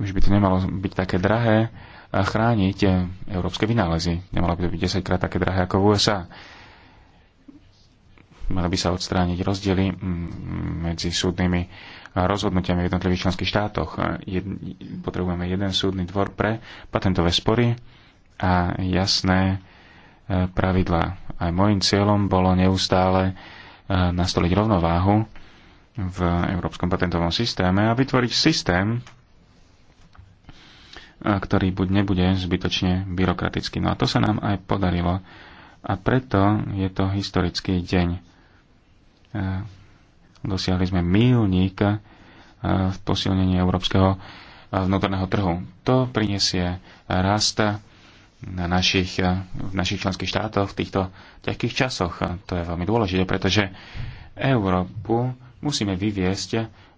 už by to nemalo byť také drahé eh, chrániť eh, európske vynálezy. Nemalo by to byť 10 krát také drahé ako v USA. Mali by sa odstrániť rozdiely mm, medzi súdnymi eh, rozhodnutiami v jednotlivých členských štátoch. Jed, potrebujeme jeden súdny dvor pre patentové spory a jasné pravidlá. Aj môjim cieľom bolo neustále nastoliť rovnováhu v európskom patentovom systéme a vytvoriť systém, ktorý buď nebude zbytočne byrokratický. No a to sa nám aj podarilo. A preto je to historický deň. E, dosiahli sme mílnik e, v posilnení európskeho e, vnútorného trhu. To prinesie rast na našich, v našich členských štátoch v týchto ťažkých časoch. To je veľmi dôležité, pretože Európu musíme vyviesť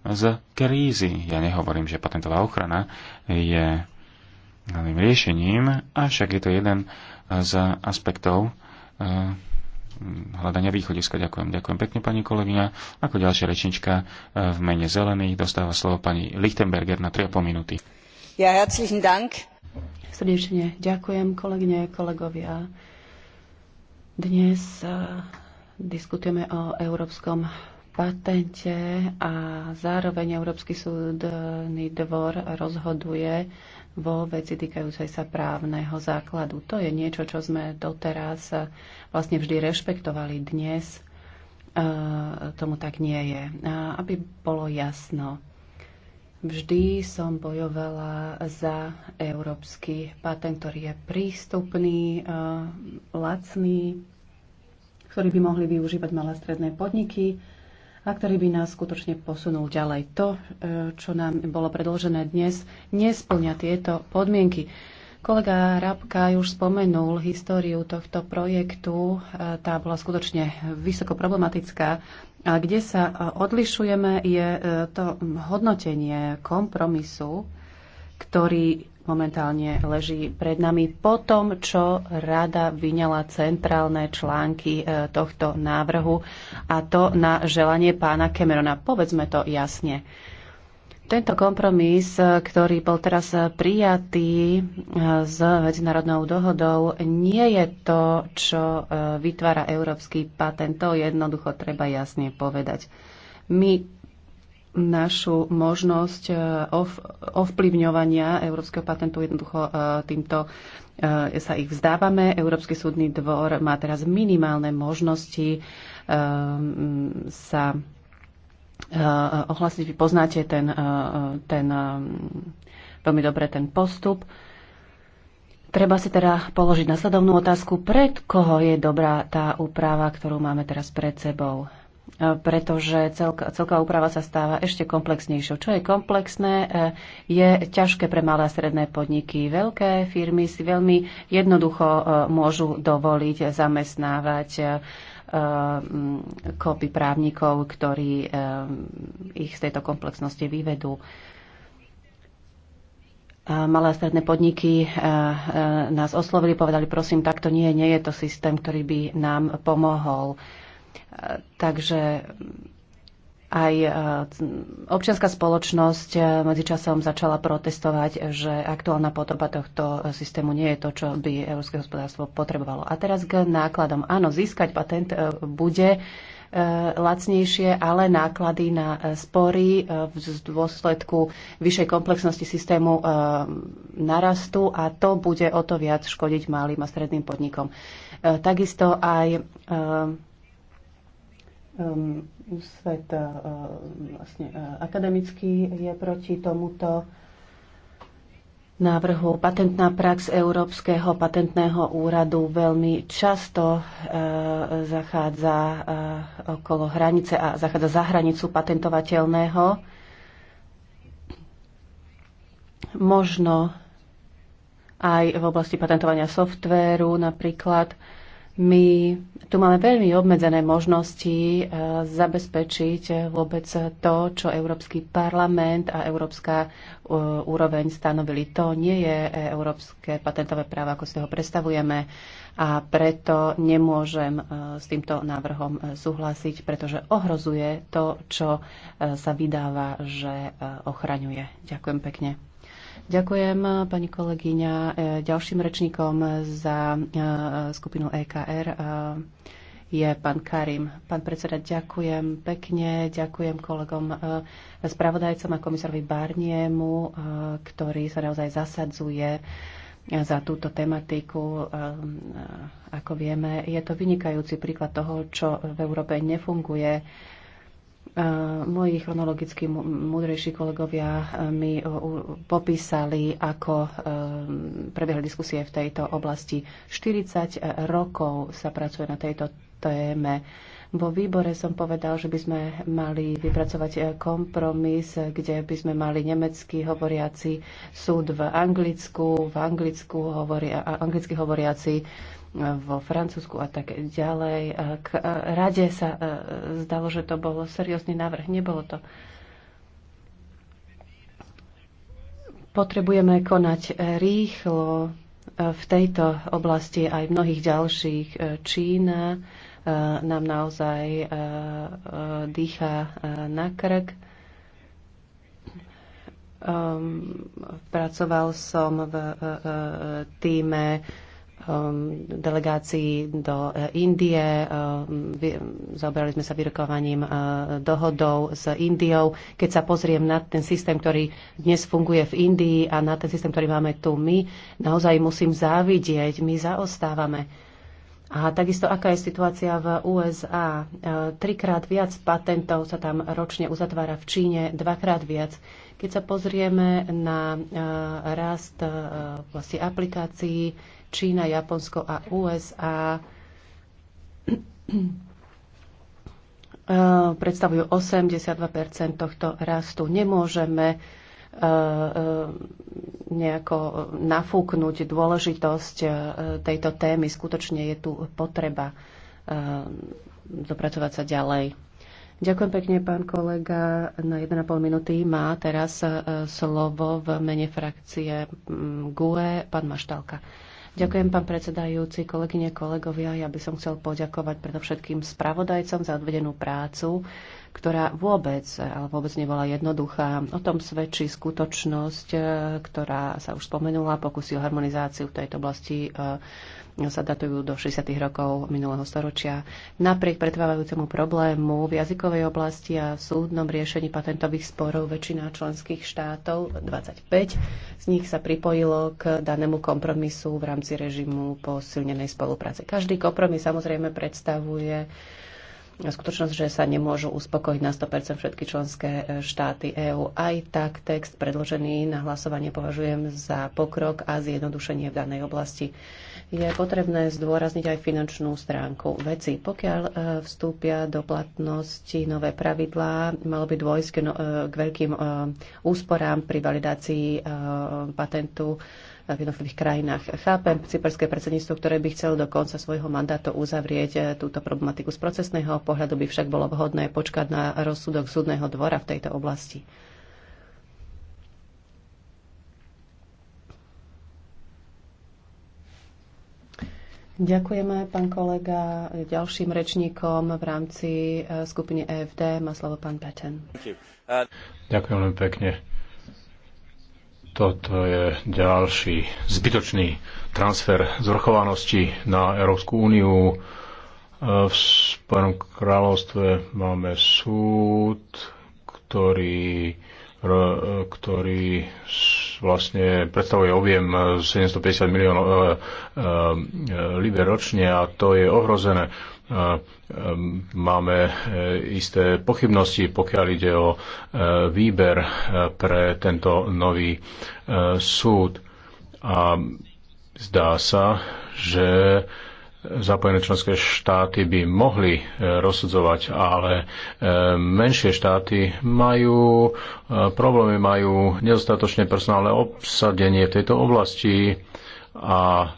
z krízy. Ja nehovorím, že patentová ochrana je daným riešením, avšak je to jeden z aspektov eh, hľadania východiska. Ďakujem. Ďakujem pekne, pani kolegyňa. Ako ďalšia rečnička eh, v mene zelených dostáva slovo pani Lichtenberger na 3,5 minúty. Ja herzlichen Dank. Srdečne ďakujem, kolegyne, kolegovia. Dnes eh, diskutujeme o európskom patente a zároveň Európsky súdny dvor rozhoduje vo veci týkajúcej sa právneho základu. To je niečo, čo sme doteraz eh, vlastne vždy rešpektovali. Dnes eh, tomu tak nie je. A aby bolo jasno, vždy som bojovala za európsky patent, ktorý je prístupný, eh, lacný, ktorý by mohli využívať malé stredné podniky a ktorý by nás skutočne posunul ďalej. To, e, čo nám bolo predložené dnes, nesplňa tieto podmienky. Kolega Rabka už spomenul históriu tohto projektu. E, tá bola skutočne vysoko problematická. A kde sa odlišujeme, je e, to hodnotenie kompromisu, ktorý momentálne leží pred nami po tom, čo rada vyňala centrálne články e, tohto návrhu a to na želanie pána Camerona. Povedzme to jasne. Tento kompromis, e, ktorý bol teraz prijatý e, s medzinárodnou dohodou, nie je to, čo vytvára európsky patent. To jednoducho treba jasne povedať. My našu možnosť eh, ovplyvňovania európskeho patentu. Jednoducho eh, týmto eh, sa ich vzdávame. Európsky súdny dvor má teraz minimálne možnosti mm, sa ohlasiť. Vy poznáte ten, ten, veľmi dobre ten postup. Treba si teda položiť nasledovnú otázku, pred koho je dobrá tá úprava, ktorú máme teraz pred sebou. E, pretože celk, celková úprava sa stáva ešte komplexnejšou. Čo je komplexné, e, je ťažké pre malé a stredné podniky. Veľké firmy si veľmi jednoducho e, môžu dovoliť zamestnávať kopy právnikov, ktorí ich z tejto komplexnosti vyvedú. A malé a stredné podniky nás oslovili, povedali, prosím, takto nie, nie je to systém, ktorý by nám pomohol Takže eh, aj eh, občianská spoločnosť eh, medzičasom začala protestovať, že aktuálna podoba tohto systému nie je to, čo by európske hospodárstvo potrebovalo. A teraz k nákladom. Áno, získať patent bude lacnejšie, ale náklady na spory v dôsledku vyššej komplexnosti systému narastú a to bude o to viac škodiť malým a stredným podnikom. Takisto aj um, svet uh, um, vlastne, uh, akademický je proti tomuto návrhu. Patentná prax Európskeho patentného úradu veľmi často uh, zachádza uh, okolo hranice a zachádza za hranicu patentovateľného. Možno aj v oblasti patentovania softvéru napríklad my tu máme veľmi obmedzené možnosti e, zabezpečiť vôbec to, čo Európsky parlament a Európska e, úroveň stanovili. To nie je e, európske patentové právo, ako si ho predstavujeme a preto nemôžem s týmto návrhom súhlasiť, pretože ohrozuje to, čo sa vydáva, že ochraňuje. Ďakujem pekne. Ďakujem pani kolegyňa e, ďalším rečníkom za e, skupinu EKR e, je pán Karim. Pán predseda, ďakujem pekne, ďakujem kolegom spravodajcom a komisárovi Barniemu, ktorý sa naozaj zasadzuje za túto tematiku. Ako vieme, je to vynikajúci príklad toho, čo v Európe nefunguje Eh, moji chronologicky múdrejší kolegovia eh, mi eh, popísali, ako prebiehli diskusie v tejto oblasti. 40 rokov sa pracuje na tejto téme vo výbore som povedal, že by sme mali vypracovať eh, kompromis, kde by sme mali nemecký hovoriaci súd v Anglicku, v Anglicku hovoria, anglicky hovoriaci eh, vo Francúzsku a tak ďalej. K eh, rade sa zdalo, že to bol seriózny návrh. Nebolo to. Potrebujeme konať rýchlo v tejto oblasti aj v mnohých ďalších. Čína, Eh, nám naozaj eh, eh, dýcha na krk. Ehm, pracoval som v týme ehm, delegácií do Indie. Ehm, zaoberali sme sa vyrokovaním dohodov s Indiou. Keď sa pozriem na ten systém, ktorý dnes funguje v Indii a na ten systém, ktorý máme tu my, naozaj musím závidieť. My zaostávame a takisto, aká je situácia v USA? E, trikrát viac patentov sa tam ročne uzatvára v Číne, dvakrát viac. Keď sa pozrieme na e, rast e, vlastne aplikácií Čína, Japonsko a USA, predstavujú 82 tohto rastu. Nemôžeme E, e, nejako nafúknuť dôležitosť e, tejto témy. Skutočne je tu potreba dopracovať sa ďalej. Ďakujem pekne, pán kolega. Na 1,5 minúty má teraz slovo v mene frakcie GUE pán Maštalka. Ďakujem, pán predsedajúci, kolegyne, kolegovia. Ja by som chcel poďakovať predovšetkým spravodajcom za odvedenú prácu, ktorá vôbec, ale vôbec nebola jednoduchá. O tom svedčí skutočnosť, eh, ktorá sa už spomenula, pokusy o harmonizáciu v tejto oblasti eh, sa datujú do 60. rokov minulého storočia. Napriek pretrvávajúcemu problému v jazykovej oblasti a súdnom riešení patentových sporov väčšina členských štátov, 25 z nich sa pripojilo k danému kompromisu v rámci režimu posilnenej spolupráce. Každý kompromis samozrejme predstavuje skutočnosť, že sa nemôžu uspokojiť na 100% všetky členské e, štáty EÚ. Aj tak text predložený na hlasovanie považujem za pokrok a zjednodušenie v danej oblasti. Je potrebné zdôrazniť aj finančnú stránku veci. Pokiaľ e, vstúpia do platnosti nové pravidlá, malo by dôjsť k, no, e, veľkým úsporám pri validácii patentu v jednotlivých krajinách. Chápem cyperské predsedníctvo, ktoré by chcelo do konca svojho mandátu uzavrieť eh, túto problematiku z procesného pohľadu, by však bolo vhodné počkať na rozsudok súdneho dvora v tejto oblasti. Ďakujeme, pán kolega. Ďalším rečníkom v rámci eh, skupiny EFD má slovo pán Peten. Ďakujem veľmi pekne. Toto je ďalší zbytočný transfer zvrchovanosti na Európsku úniu. E, v Spojenom kráľovstve máme súd, ktorý, ktorý vlastne predstavuje objem 750 miliónov e, e, liber ročne a to je ohrozené Máme e, isté pochybnosti, pokiaľ ide o e, výber e, pre tento nový súd. A zdá sa, že zapojené členské štáty by mohli rozsudzovať, ale menšie štáty majú problémy, majú nedostatočne personálne obsadenie v tejto oblasti a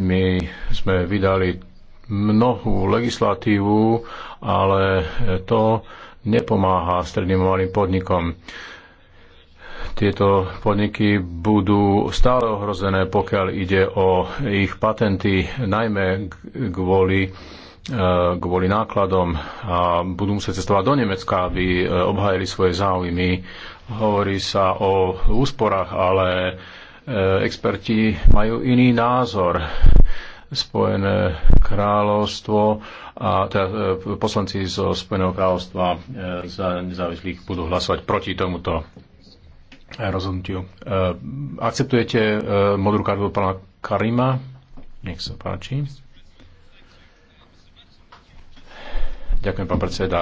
my sme vydali mnohú legislatívu, ale to nepomáha stredným malým podnikom. Tieto podniky budú stále ohrozené, pokiaľ ide o ich patenty, najmä kvôli, e, kvôli nákladom a budú musieť cestovať do Nemecka, aby e, obhajili svoje záujmy. Hovorí sa o úsporách, ale e, experti majú iný názor Spojené kráľovstvo a teda e, poslanci zo Spojeného kráľovstva e, za nezávislých budú hlasovať proti tomuto rozhodnutiu. E, akceptujete modrú kartu pána Karima? Nech sa páči. Ďakujem, pán predseda.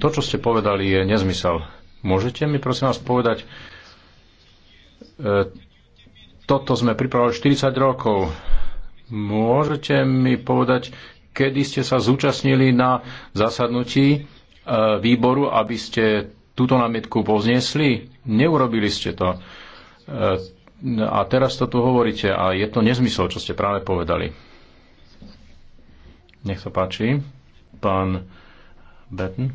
To, čo ste povedali, je nezmysel. Môžete mi prosím vás povedať, toto sme pripravili 40 rokov Môžete mi povedať, kedy ste sa zúčastnili na zasadnutí e, výboru, aby ste túto námietku povznesli? Neurobili ste to. E, a teraz to tu hovoríte a je to nezmysel, čo ste práve povedali. Nech sa páči. Pán Betten.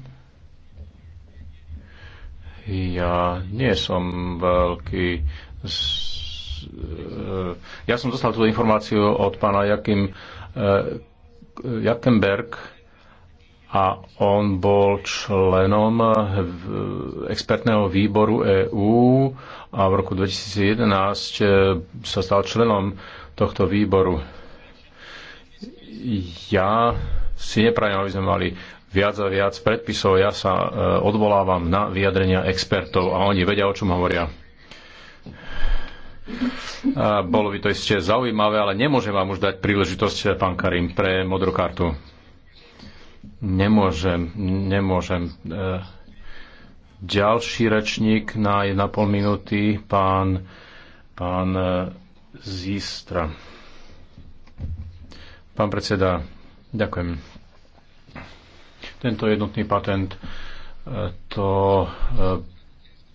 Ja nie som veľký ja som dostal túto informáciu od pána Jakim, eh, Jakemberg a on bol členom expertného výboru EÚ a v roku 2011 eh, sa stal členom tohto výboru. Ja si neprajem, aby sme mali viac a viac predpisov. Ja sa eh, odvolávam na vyjadrenia expertov a oni vedia, o čom hovoria. Bolo by to ešte zaujímavé, ale nemôžem vám už dať príležitosť, pán Karim, pre modrú kartu. Nemôžem, nemôžem. E, ďalší rečník na 1,5 minúty, pán, pán e, Zistra. Pán predseda, ďakujem. Tento jednotný patent e, to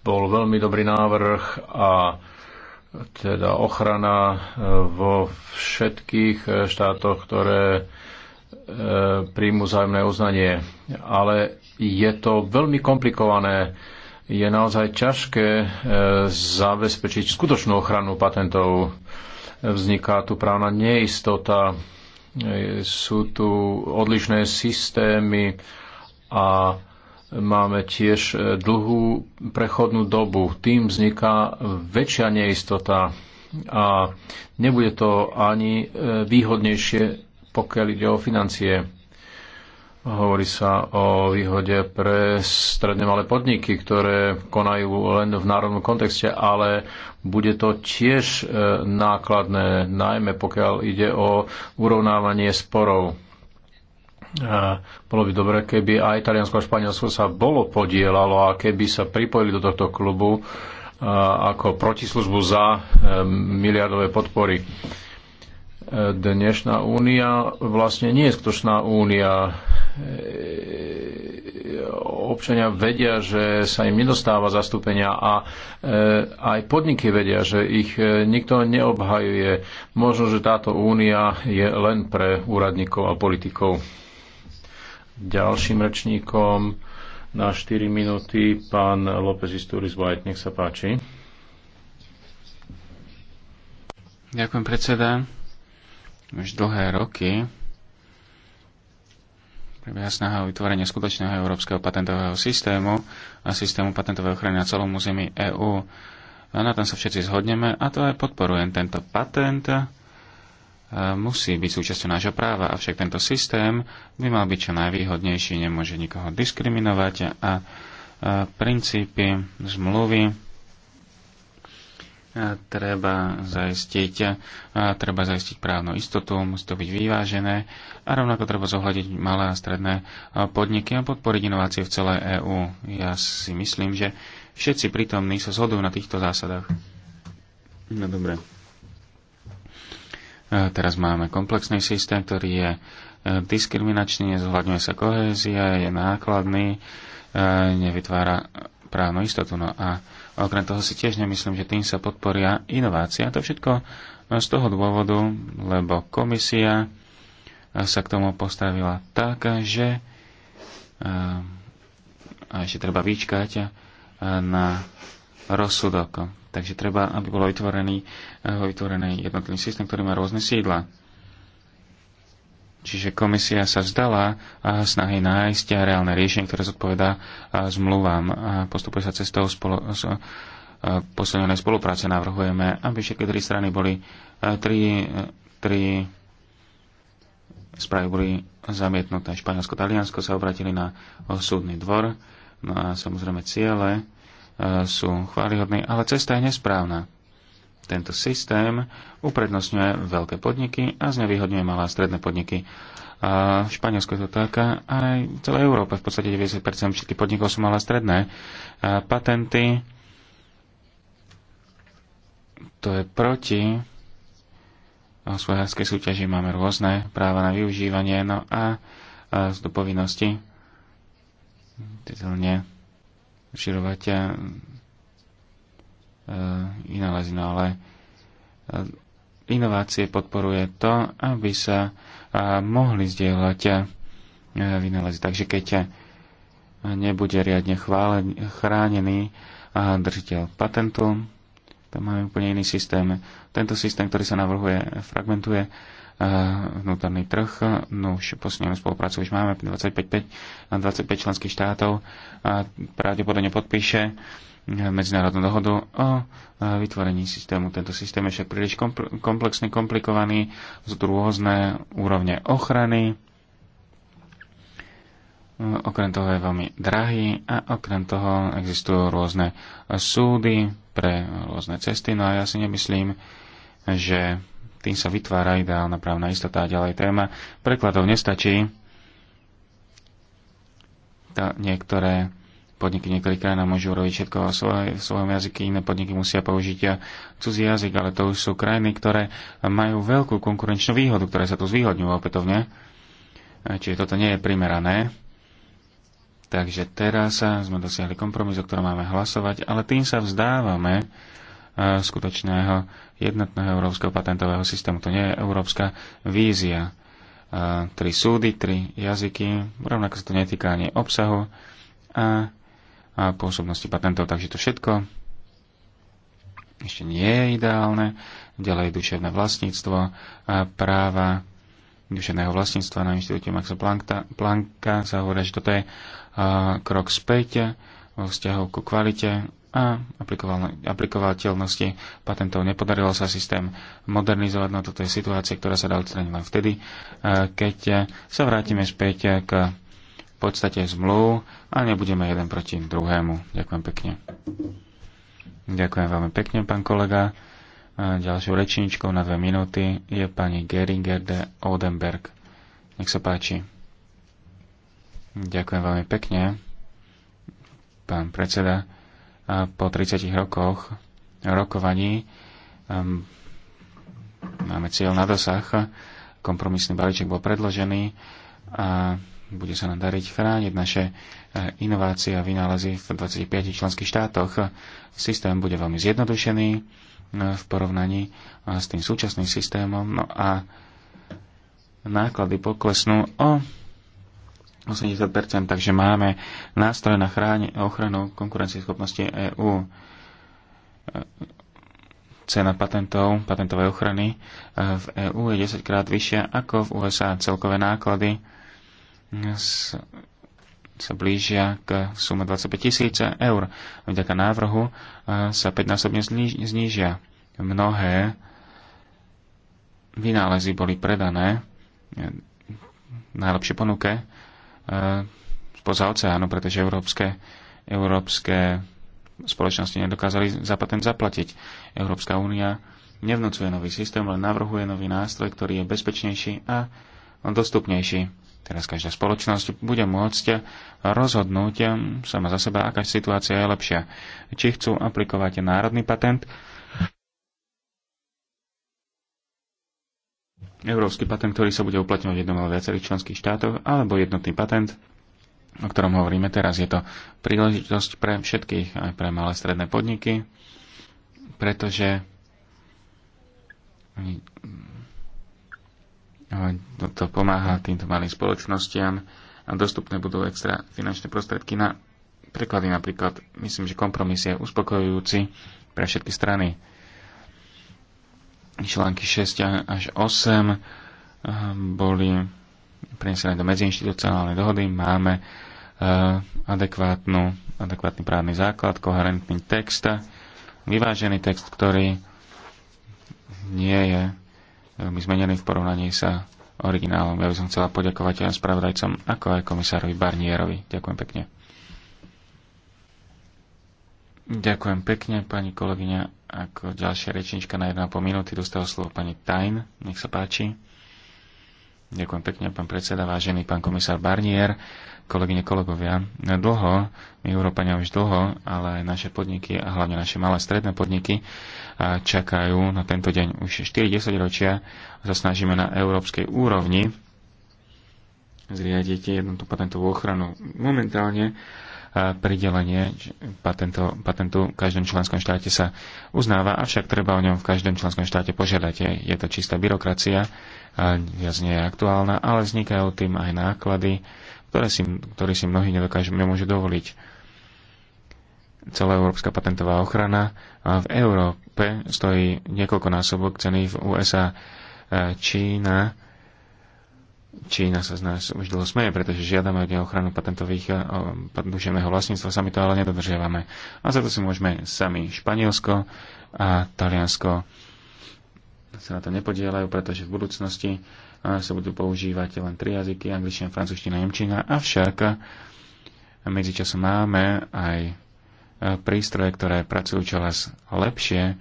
bol veľmi dobrý návrh a teda ochrana e, vo všetkých e, štátoch, ktoré e, príjmu zájemné uznanie. Ale je to veľmi komplikované. Je naozaj ťažké zabezpečiť skutočnú ochranu patentov. Vzniká tu právna neistota, sú tu odlišné systémy a Máme tiež e, dlhú prechodnú dobu. Tým vzniká väčšia neistota a nebude to ani e, výhodnejšie, pokiaľ ide o financie. Hovorí sa o výhode pre stredne malé podniky, ktoré konajú len v národnom kontexte, ale bude to tiež e, nákladné, najmä pokiaľ ide o urovnávanie sporov bolo by dobre, keby aj Taliansko a Španielsko sa bolo podielalo a keby sa pripojili do tohto klubu ako protislužbu za e, miliardové podpory. E, dnešná únia vlastne nie je skutočná únia. E, občania vedia, že sa im nedostáva zastúpenia a aj podniky vedia, že ich nikto neobhajuje. Možno, že táto únia je len pre úradníkov a politikov ďalším rečníkom na 4 minúty pán López Isturis White. Nech sa páči. Ďakujem predseda. Už dlhé roky prebieha snaha o vytvorenie skutočného európskeho patentového systému a systému patentovej ochrany na celom území EÚ. A na tom sa všetci zhodneme a to aj podporujem tento patent musí byť súčasťou nášho práva, avšak tento systém by mal byť čo najvýhodnejší, nemôže nikoho diskriminovať a princípy zmluvy treba zaistiť, treba zaistiť právnu istotu, musí to byť vyvážené a rovnako treba zohľadiť malé a stredné podniky a podporiť inovácie v celej EÚ. Ja si myslím, že všetci prítomní sa zhodujú na týchto zásadách. No dobre. Teraz máme komplexný systém, ktorý je e, diskriminačný, nezohľadňuje sa kohézia, je nákladný, e, nevytvára právnu istotu. No a okrem toho si tiež nemyslím, že tým sa podporia inovácia. To všetko z toho dôvodu, lebo komisia sa k tomu postavila tak, že e, a ešte treba vyčkať na rozsudok. Takže treba, aby bolo vytvorený, eh, vytvorený jednotný systém, ktorý má rôzne sídla. Čiže komisia sa vzdala a eh, snahy nájsť a reálne riešenie, ktoré zodpovedá eh, zmluvám. A postupuje sa cestou spolo, posilnenej spolupráce. Navrhujeme, aby všetky tri strany boli tri, tri správy boli zamietnuté. Španielsko, Taliansko sa obratili na súdny dvor. No a samozrejme ciele sú chválihodní, ale cesta je nesprávna. Tento systém uprednostňuje veľké podniky a znevýhodňuje malé a stredné podniky. A v Španielsku je to tak, aj v celej Európe v podstate 90% všetkých podnikov sú malé a stredné. A patenty, to je proti hospodárskej súťaži, máme rôzne práva na využívanie, no a, a z dopovinnosti, rozširovať eh, eh, iné lezino, ale eh, inovácie podporuje to, aby sa mohli zdieľať vynalezi. Takže keď nebude riadne chválen, chránený držiteľ patentu, tam máme úplne iný systém. Tento systém, ktorý sa navrhuje, fragmentuje vnútorný trh. No už posilnenú spoluprácu už máme, 25, 25 členských štátov a pravdepodobne podpíše medzinárodnú dohodu o vytvorení systému. Tento systém je však príliš komplexný, komplikovaný, sú rôzne úrovne ochrany, okrem toho je veľmi drahý a okrem toho existujú rôzne súdy pre rôzne cesty. No a ja si nemyslím, že tým sa vytvára ideálna právna istota a ďalej téma. Prekladov nestačí. Tá, niektoré podniky niektorých krajín môžu urobiť všetko v svoj, svojom jazyku, iné podniky musia použiť eh, cudzí jazyk, ale to už sú krajiny, ktoré majú veľkú konkurenčnú výhodu, ktoré sa tu zvýhodňujú opätovne. Eh, čiže toto nie je primerané. Takže teraz eh, sme dosiahli kompromis, o ktorom máme hlasovať, ale tým sa vzdávame E, skutočného jednotného európskeho patentového systému. To nie je európska vízia. E, tri súdy, tri jazyky, rovnako sa to netýka ani obsahu a, a pôsobnosti patentov, takže to všetko ešte nie je ideálne. Ďalej duševné vlastníctvo, a práva duševného vlastníctva na inštitúte Maxa Plankta, Planka sa hovorí, že toto je krok späť vo vzťahu ku kvalite a aplikovateľnosti patentov. Nepodarilo sa systém modernizovať, no toto je situácia, ktorá sa dá odstrániť len vtedy, e, keď sa vrátime späť k podstate zmluv a nebudeme jeden proti druhému. Ďakujem pekne. Ďakujem veľmi pekne, pán kolega. E, ďalšou rečníčkou na dve minúty je pani Geringer de Odenberg. Nech sa páči. Ďakujem veľmi pekne, pán predseda po 30 rokoch rokovaní ehm, máme cieľ na dosah. Kompromisný balíček bol predložený a bude sa nám dariť chrániť naše eh, inovácie a vynálezy v 25 členských štátoch. Systém bude veľmi zjednodušený eh, v porovnaní eh, s tým súčasným systémom no a náklady poklesnú o 80%, takže máme nástroj na chráne, ochranu konkurencieschopnosti EÚ. Cena patentov, patentovej ochrany e, v EÚ je 10 krát vyššia ako v USA. Celkové náklady sa blížia k sume 25 tisíc eur. Vďaka návrhu e, sa 5-násobne znížia. Mnohé vynálezy boli predané e, najlepšie ponuke spoza e, oceánu, pretože európske, európske spoločnosti nedokázali za patent zaplatiť. Európska únia nevnúcuje nový systém, len navrhuje nový nástroj, ktorý je bezpečnejší a dostupnejší. Teraz každá spoločnosť bude môcť rozhodnúť e, sama za seba, aká situácia je lepšia. Či chcú aplikovať národný patent, európsky patent, ktorý sa bude uplatňovať v jednom alebo viacerých členských štátoch, alebo jednotný patent, o ktorom hovoríme teraz. Je to príležitosť pre všetkých, aj pre malé stredné podniky, pretože mm, to pomáha týmto malým spoločnostiam a dostupné budú extra finančné prostriedky na preklady napríklad. Myslím, že kompromis je uspokojujúci pre všetky strany články 6 až 8 eh, boli prinesené do medziinstitucionálnej dohody. Máme eh, adekvátnu, adekvátny právny základ, koherentný text, vyvážený text, ktorý nie je veľmi zmenený v porovnaní sa originálom. Ja by som chcela poďakovať aj spravodajcom, ako aj komisárovi Barnierovi. Ďakujem pekne. Ďakujem pekne, pani kolegyňa ako ďalšia rečnička na 1,5 minúty dostala slovo pani Tajn. Nech sa páči. Ďakujem pekne, pán predseda, vážený pán komisár Barnier, kolegyne, kolegovia. No, dlho, my Európania už dlho, ale aj naše podniky a hlavne naše malé stredné podniky čakajú na tento deň už 4-10 ročia. Sa snažíme na európskej úrovni zriadiť jednotnú patentovú ochranu. Momentálne pridelenie patentu, patentu v každom členskom štáte sa uznáva, avšak treba o ňom v každom členskom štáte požiadať. Je to čistá byrokracia, viac nie je aktuálna, ale vznikajú tým aj náklady, ktoré si, ktoré si mnohí nedokážu, nemôžu dovoliť. Celá európska patentová ochrana a v Európe stojí niekoľkonásobok ceny v USA. E, Čína Čína sa z nás už dlho smeje, pretože žiadame od neho ochranu patentových eh, duševného vlastníctva, sami to ale nedodržiavame. A za to si môžeme sami Španielsko a Taliansko sa na to nepodielajú, pretože v budúcnosti eh, sa budú používať len tri jazyky, angličtina, francúzština, nemčina. Avšak eh, medzičasom máme aj prístroje, ktoré pracujú čoraz lepšie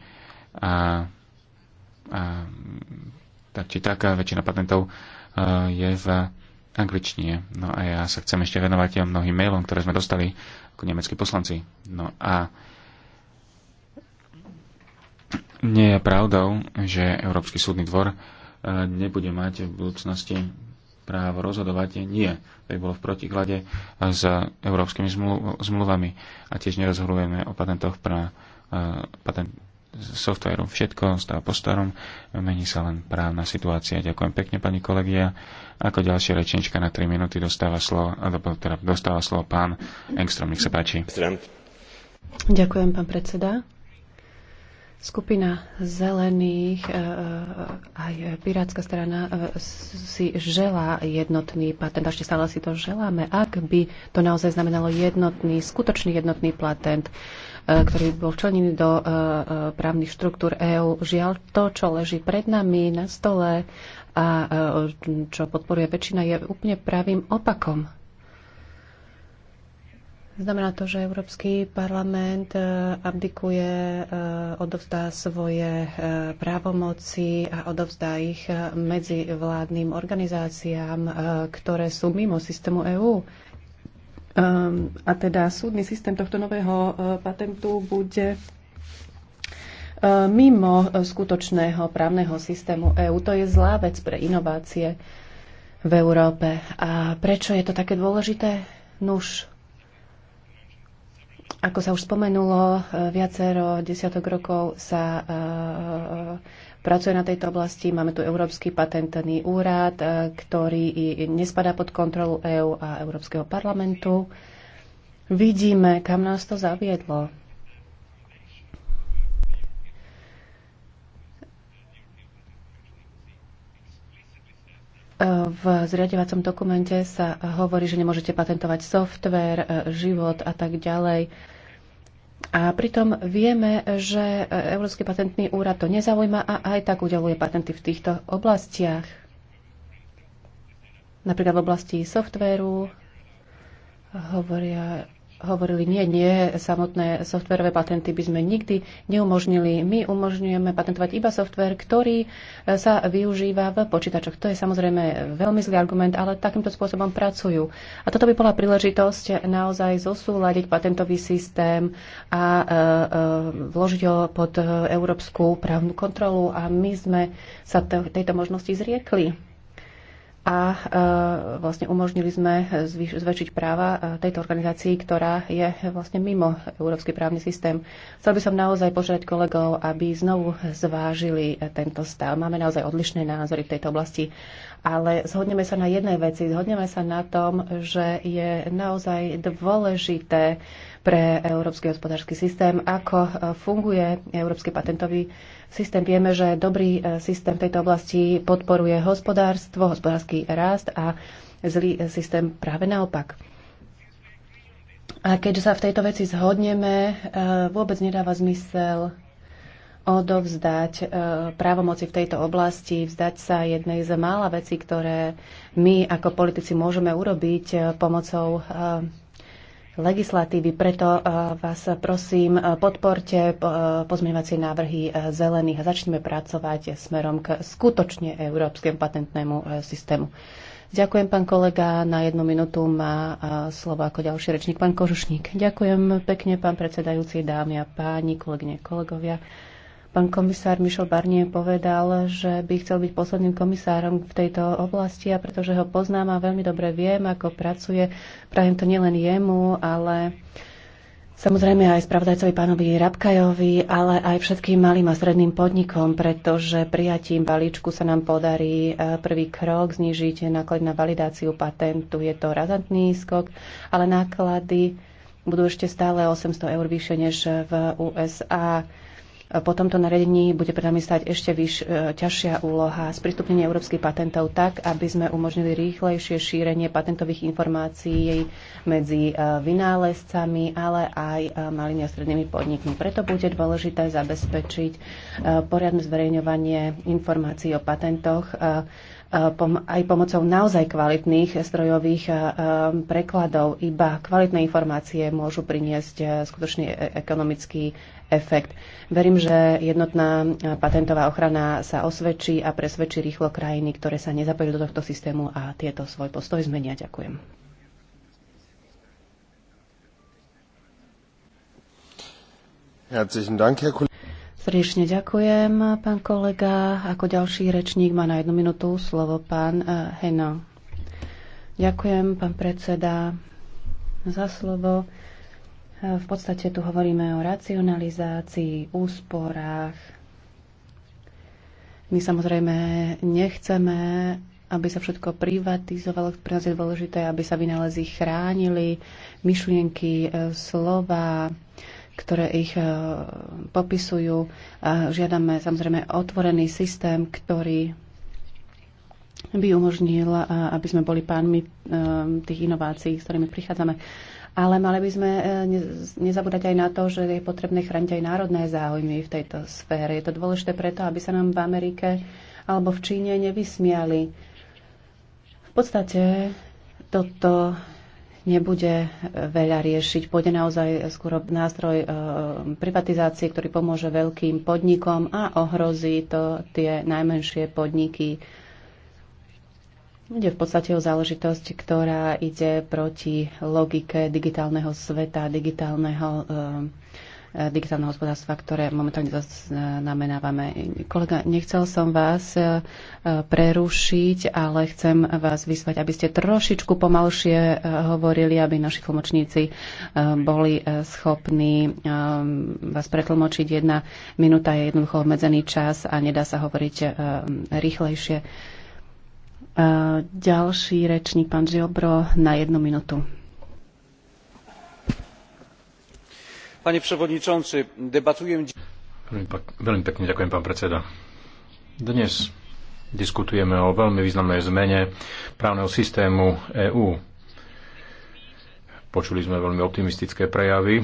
a, a tak či taká väčšina patentov Eh, je v angličtine. No a ja sa chcem ešte venovať mnohým mailom, ktoré sme dostali ako nemeckí poslanci. No a nie je pravdou, že Európsky súdny dvor eh, nebude mať v budúcnosti právo rozhodovať. Nie. To by bolo v protiklade s európskymi zmluvami. A tiež nerozhodujeme o patentoch pre eh, patent, softvéru. Všetko stáva po starom, mení sa len právna situácia. Ďakujem pekne, pani kolegia. Ako ďalšia rečnička na 3 minúty dostáva slovo, teda dostáva slovo pán Engstrom, nech sa páči. Ďakujem, pán predseda. Skupina zelených e, e, aj pirátska strana e, si želá jednotný patent. Ešte stále si to želáme. Ak by to naozaj znamenalo jednotný, skutočný jednotný patent, Eh, ktorý bol včlenený do eh, eh, právnych štruktúr EÚ. Žiaľ, to, čo leží pred nami na stole a čo podporuje väčšina, je úplne pravým opakom. Znamená to, že Európsky parlament abdikuje, odovzdá svoje právomoci a odovzdá ich medzivládnym organizáciám, ktoré sú mimo systému EÚ. Ehm, a teda súdny systém tohto nového eh, patentu bude eh, mimo eh, skutočného právneho systému EÚ. To je zlá vec pre inovácie v Európe. A prečo je to také dôležité? Nuž, ako sa už spomenulo, viacero desiatok rokov sa pracuje na tejto oblasti. Máme tu Európsky patentný úrad, e, ktorý nespadá pod kontrolu EÚ a Európskeho parlamentu. Vidíme, kam nás to zaviedlo. E, v zriadovacom dokumente sa hovorí, že nemôžete patentovať software, e, život a tak ďalej. A pritom vieme, že e, Európsky patentný úrad to nezaujíma a aj tak udeluje patenty v týchto oblastiach. Napríklad v oblasti softvéru hovoria hovorili, nie, nie, samotné softverové patenty by sme nikdy neumožnili. My umožňujeme patentovať iba softver, ktorý e, sa využíva v počítačoch. To je samozrejme veľmi zlý argument, ale takýmto spôsobom pracujú. A toto by bola príležitosť naozaj zosúľadiť patentový systém a e, e, vložiť ho pod európsku právnu kontrolu. A my sme sa tejto možnosti zriekli a e, vlastne umožnili sme zväčšiť práva e, tejto organizácii, ktorá je vlastne mimo európsky právny systém. Chcel by som naozaj požiadať kolegov, aby znovu zvážili e, tento stav. Máme naozaj odlišné názory v tejto oblasti, ale zhodneme sa na jednej veci. Zhodneme sa na tom, že je naozaj dôležité pre európsky hospodársky systém, ako funguje Európsky patentový systém. Vieme, že dobrý e, systém v tejto oblasti podporuje hospodárstvo, hospodársky rast a zlý e, systém práve naopak. A keďže sa v tejto veci zhodneme, e, vôbec nedáva zmysel odovzdať právomoci v tejto oblasti, vzdať sa jednej z mála vecí, ktoré my ako politici môžeme urobiť pomocou legislatívy. Preto e, vás prosím, e, podporte e, pozmeňovacie návrhy zelených a začneme pracovať smerom k skutočne európskemu patentnému systému. Ďakujem, pán kolega. Na jednu minútu má slovo ako ďalší rečník pán Kožušník. Ďakujem pekne, pán predsedajúci, dámy a páni, kolegyne, kolegovia. Pán komisár Michel Barnier povedal, že by chcel byť posledným komisárom v tejto oblasti a pretože ho poznám a veľmi dobre viem, ako pracuje, prajem to nielen jemu, ale Samozrejme aj spravodajcovi pánovi Rabkajovi, ale aj všetkým malým a stredným podnikom, pretože prijatím balíčku sa nám podarí e, prvý krok znižiť náklady na validáciu patentu. Je to razantný skok, ale náklady budú ešte stále 800 eur vyššie než v USA. Po tomto nariadení bude pre nami stať ešte vyš, e, ťažšia úloha sprístupnenie európskych patentov tak, aby sme umožnili rýchlejšie šírenie patentových informácií medzi e, vynálezcami, ale aj e, malými a strednými podnikmi. Preto bude dôležité zabezpečiť poriadne zverejňovanie informácií o patentoch aj pomocou naozaj kvalitných strojových prekladov. Iba kvalitné informácie môžu priniesť skutočný ekonomický efekt. Verím, že jednotná patentová ochrana sa osvedčí a presvedčí rýchlo krajiny, ktoré sa nezapojili do tohto systému a tieto svoj postoj zmenia. Ďakujem. Srdečne ďakujem, pán kolega. Ako ďalší rečník má na jednu minútu slovo pán e, Heno. Ďakujem, pán predseda, za slovo. V podstate tu hovoríme o racionalizácii, úsporách. My samozrejme nechceme, aby sa všetko privatizovalo. Pre nás je dôležité, aby sa vynálezy chránili, myšlienky, e, slova, ktoré ich e, popisujú. žiadame samozrejme otvorený systém, ktorý by umožnil, aby sme boli pánmi e, tých inovácií, s ktorými prichádzame ale mali by sme e, nezabúdať aj na to, že je potrebné chrániť aj národné záujmy v tejto sfére. Je to dôležité preto, aby sa nám v Amerike alebo v Číne nevysmiali. V podstate toto nebude e, veľa riešiť. Pôjde naozaj skôr nástroj e, privatizácie, ktorý pomôže veľkým podnikom a ohrozí to tie najmenšie podniky, Ide v podstate o záležitosť, ktorá ide proti logike digitálneho sveta, digitálneho, e, digitálneho hospodárstva, ktoré momentálne zaznamenávame. Eh, Kolega, nechcel som vás e, prerušiť, ale chcem vás vyzvať, aby ste trošičku pomalšie hovorili, aby naši tlmočníci e, boli schopní vás pretlmočiť. Jedna minúta je jednoducho obmedzený čas a nedá sa hovoriť rýchlejšie. Ďalší rečník, pán Žiobro, na jednu minútu. Panie przewodniczący, debatujem... Veľmi, veľmi pekne ďakujem, pán predseda. Dnes diskutujeme o veľmi významnej zmene právneho systému EÚ. Počuli sme veľmi optimistické prejavy,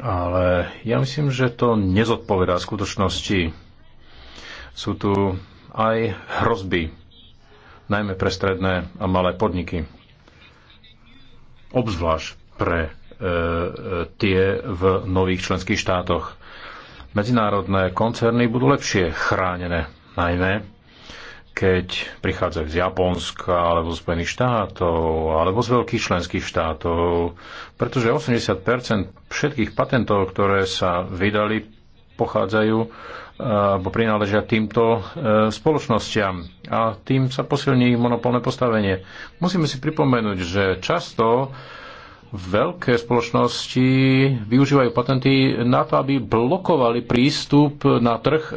ale ja myslím, že to nezodpovedá skutočnosti. Sú tu aj hrozby najmä pre stredné a malé podniky. Obzvlášť pre e, e, tie v nových členských štátoch. Medzinárodné koncerny budú lepšie chránené, najmä keď prichádzajú z Japonska alebo z Spojených štátov alebo z veľkých členských štátov, pretože 80% všetkých patentov, ktoré sa vydali, pochádzajú alebo prináležia týmto e, spoločnosťam a tým sa posilní ich monopolné postavenie. Musíme si pripomenúť, že často veľké spoločnosti využívajú patenty na to, aby blokovali prístup na trh e,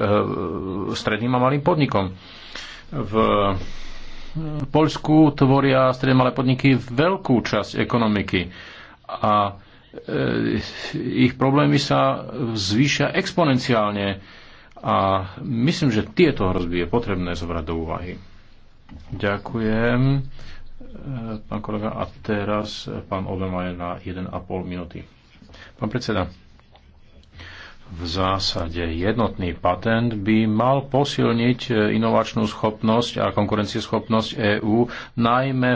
stredným a malým podnikom. V Poľsku tvoria stredné malé podniky veľkú časť ekonomiky a e, ich problémy sa zvýšia exponenciálne a myslím, že tieto hrozby je potrebné zobrať do úvahy. Ďakujem, e, pán kolega. A teraz pán Obema je na 1,5 minúty. Pán predseda, v zásade jednotný patent by mal posilniť e, inovačnú schopnosť a konkurencieschopnosť EÚ, najmä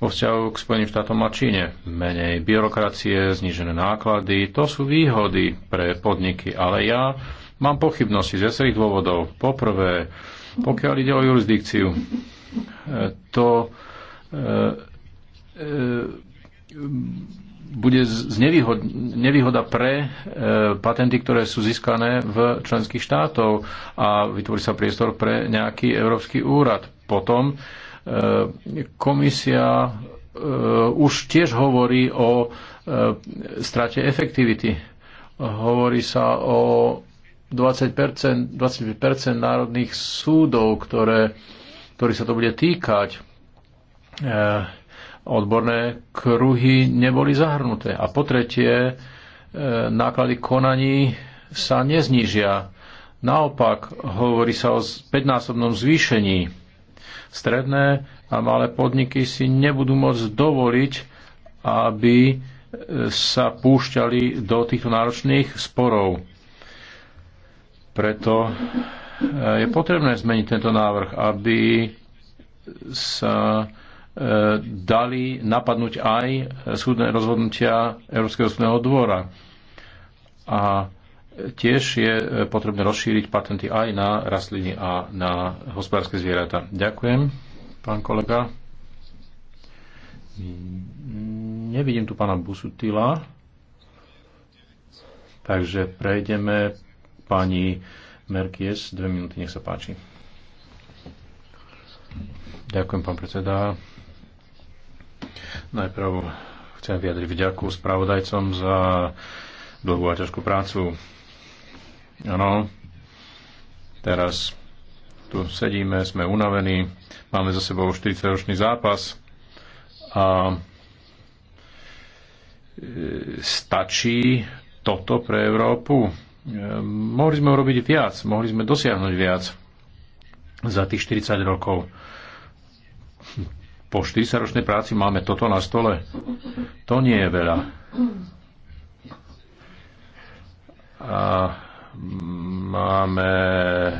vo vzťahu k Spojeným štátom a Číne. Menej byrokracie, znížené náklady, to sú výhody pre podniky, ale ja Mám pochybnosti z viacerých dôvodov. Poprvé, pokiaľ ide o jurisdikciu, e, to e, e, bude nevýhoda pre patenty, ktoré sú získané v členských štátov a vytvorí sa priestor pre nejaký európsky úrad. Potom komisia už tiež hovorí o strate efektivity. Hovorí sa o 20%, 25% národných súdov, ktoré, ktorý sa to bude týkať. E, odborné kruhy neboli zahrnuté. A po tretie, e, náklady konaní sa neznížia. Naopak, hovorí sa o 5-násobnom zvýšení. Stredné a malé podniky si nebudú môcť dovoliť, aby e, sa púšťali do týchto náročných sporov. Preto e, je potrebné zmeniť tento návrh, aby sa e, dali napadnúť aj súdne rozhodnutia Európskeho súdneho dvora. A tiež je e, potrebné rozšíriť patenty aj na rastliny a na hospodárske zvieratá. Ďakujem, pán kolega. Nevidím tu pána Busutila, takže prejdeme Pani Merkies, dve minúty, nech sa páči. Ďakujem, pán predseda. Najprv chcem vyjadriť vďaku spravodajcom za dlhú a ťažkú prácu. Áno, teraz tu sedíme, sme unavení, máme za sebou 40-ročný zápas a e, stačí toto pre Európu? Ehm, mohli sme urobiť viac, mohli sme dosiahnuť viac za tých 40 rokov. Po 40-ročnej práci máme toto na stole. To nie je veľa. A máme e,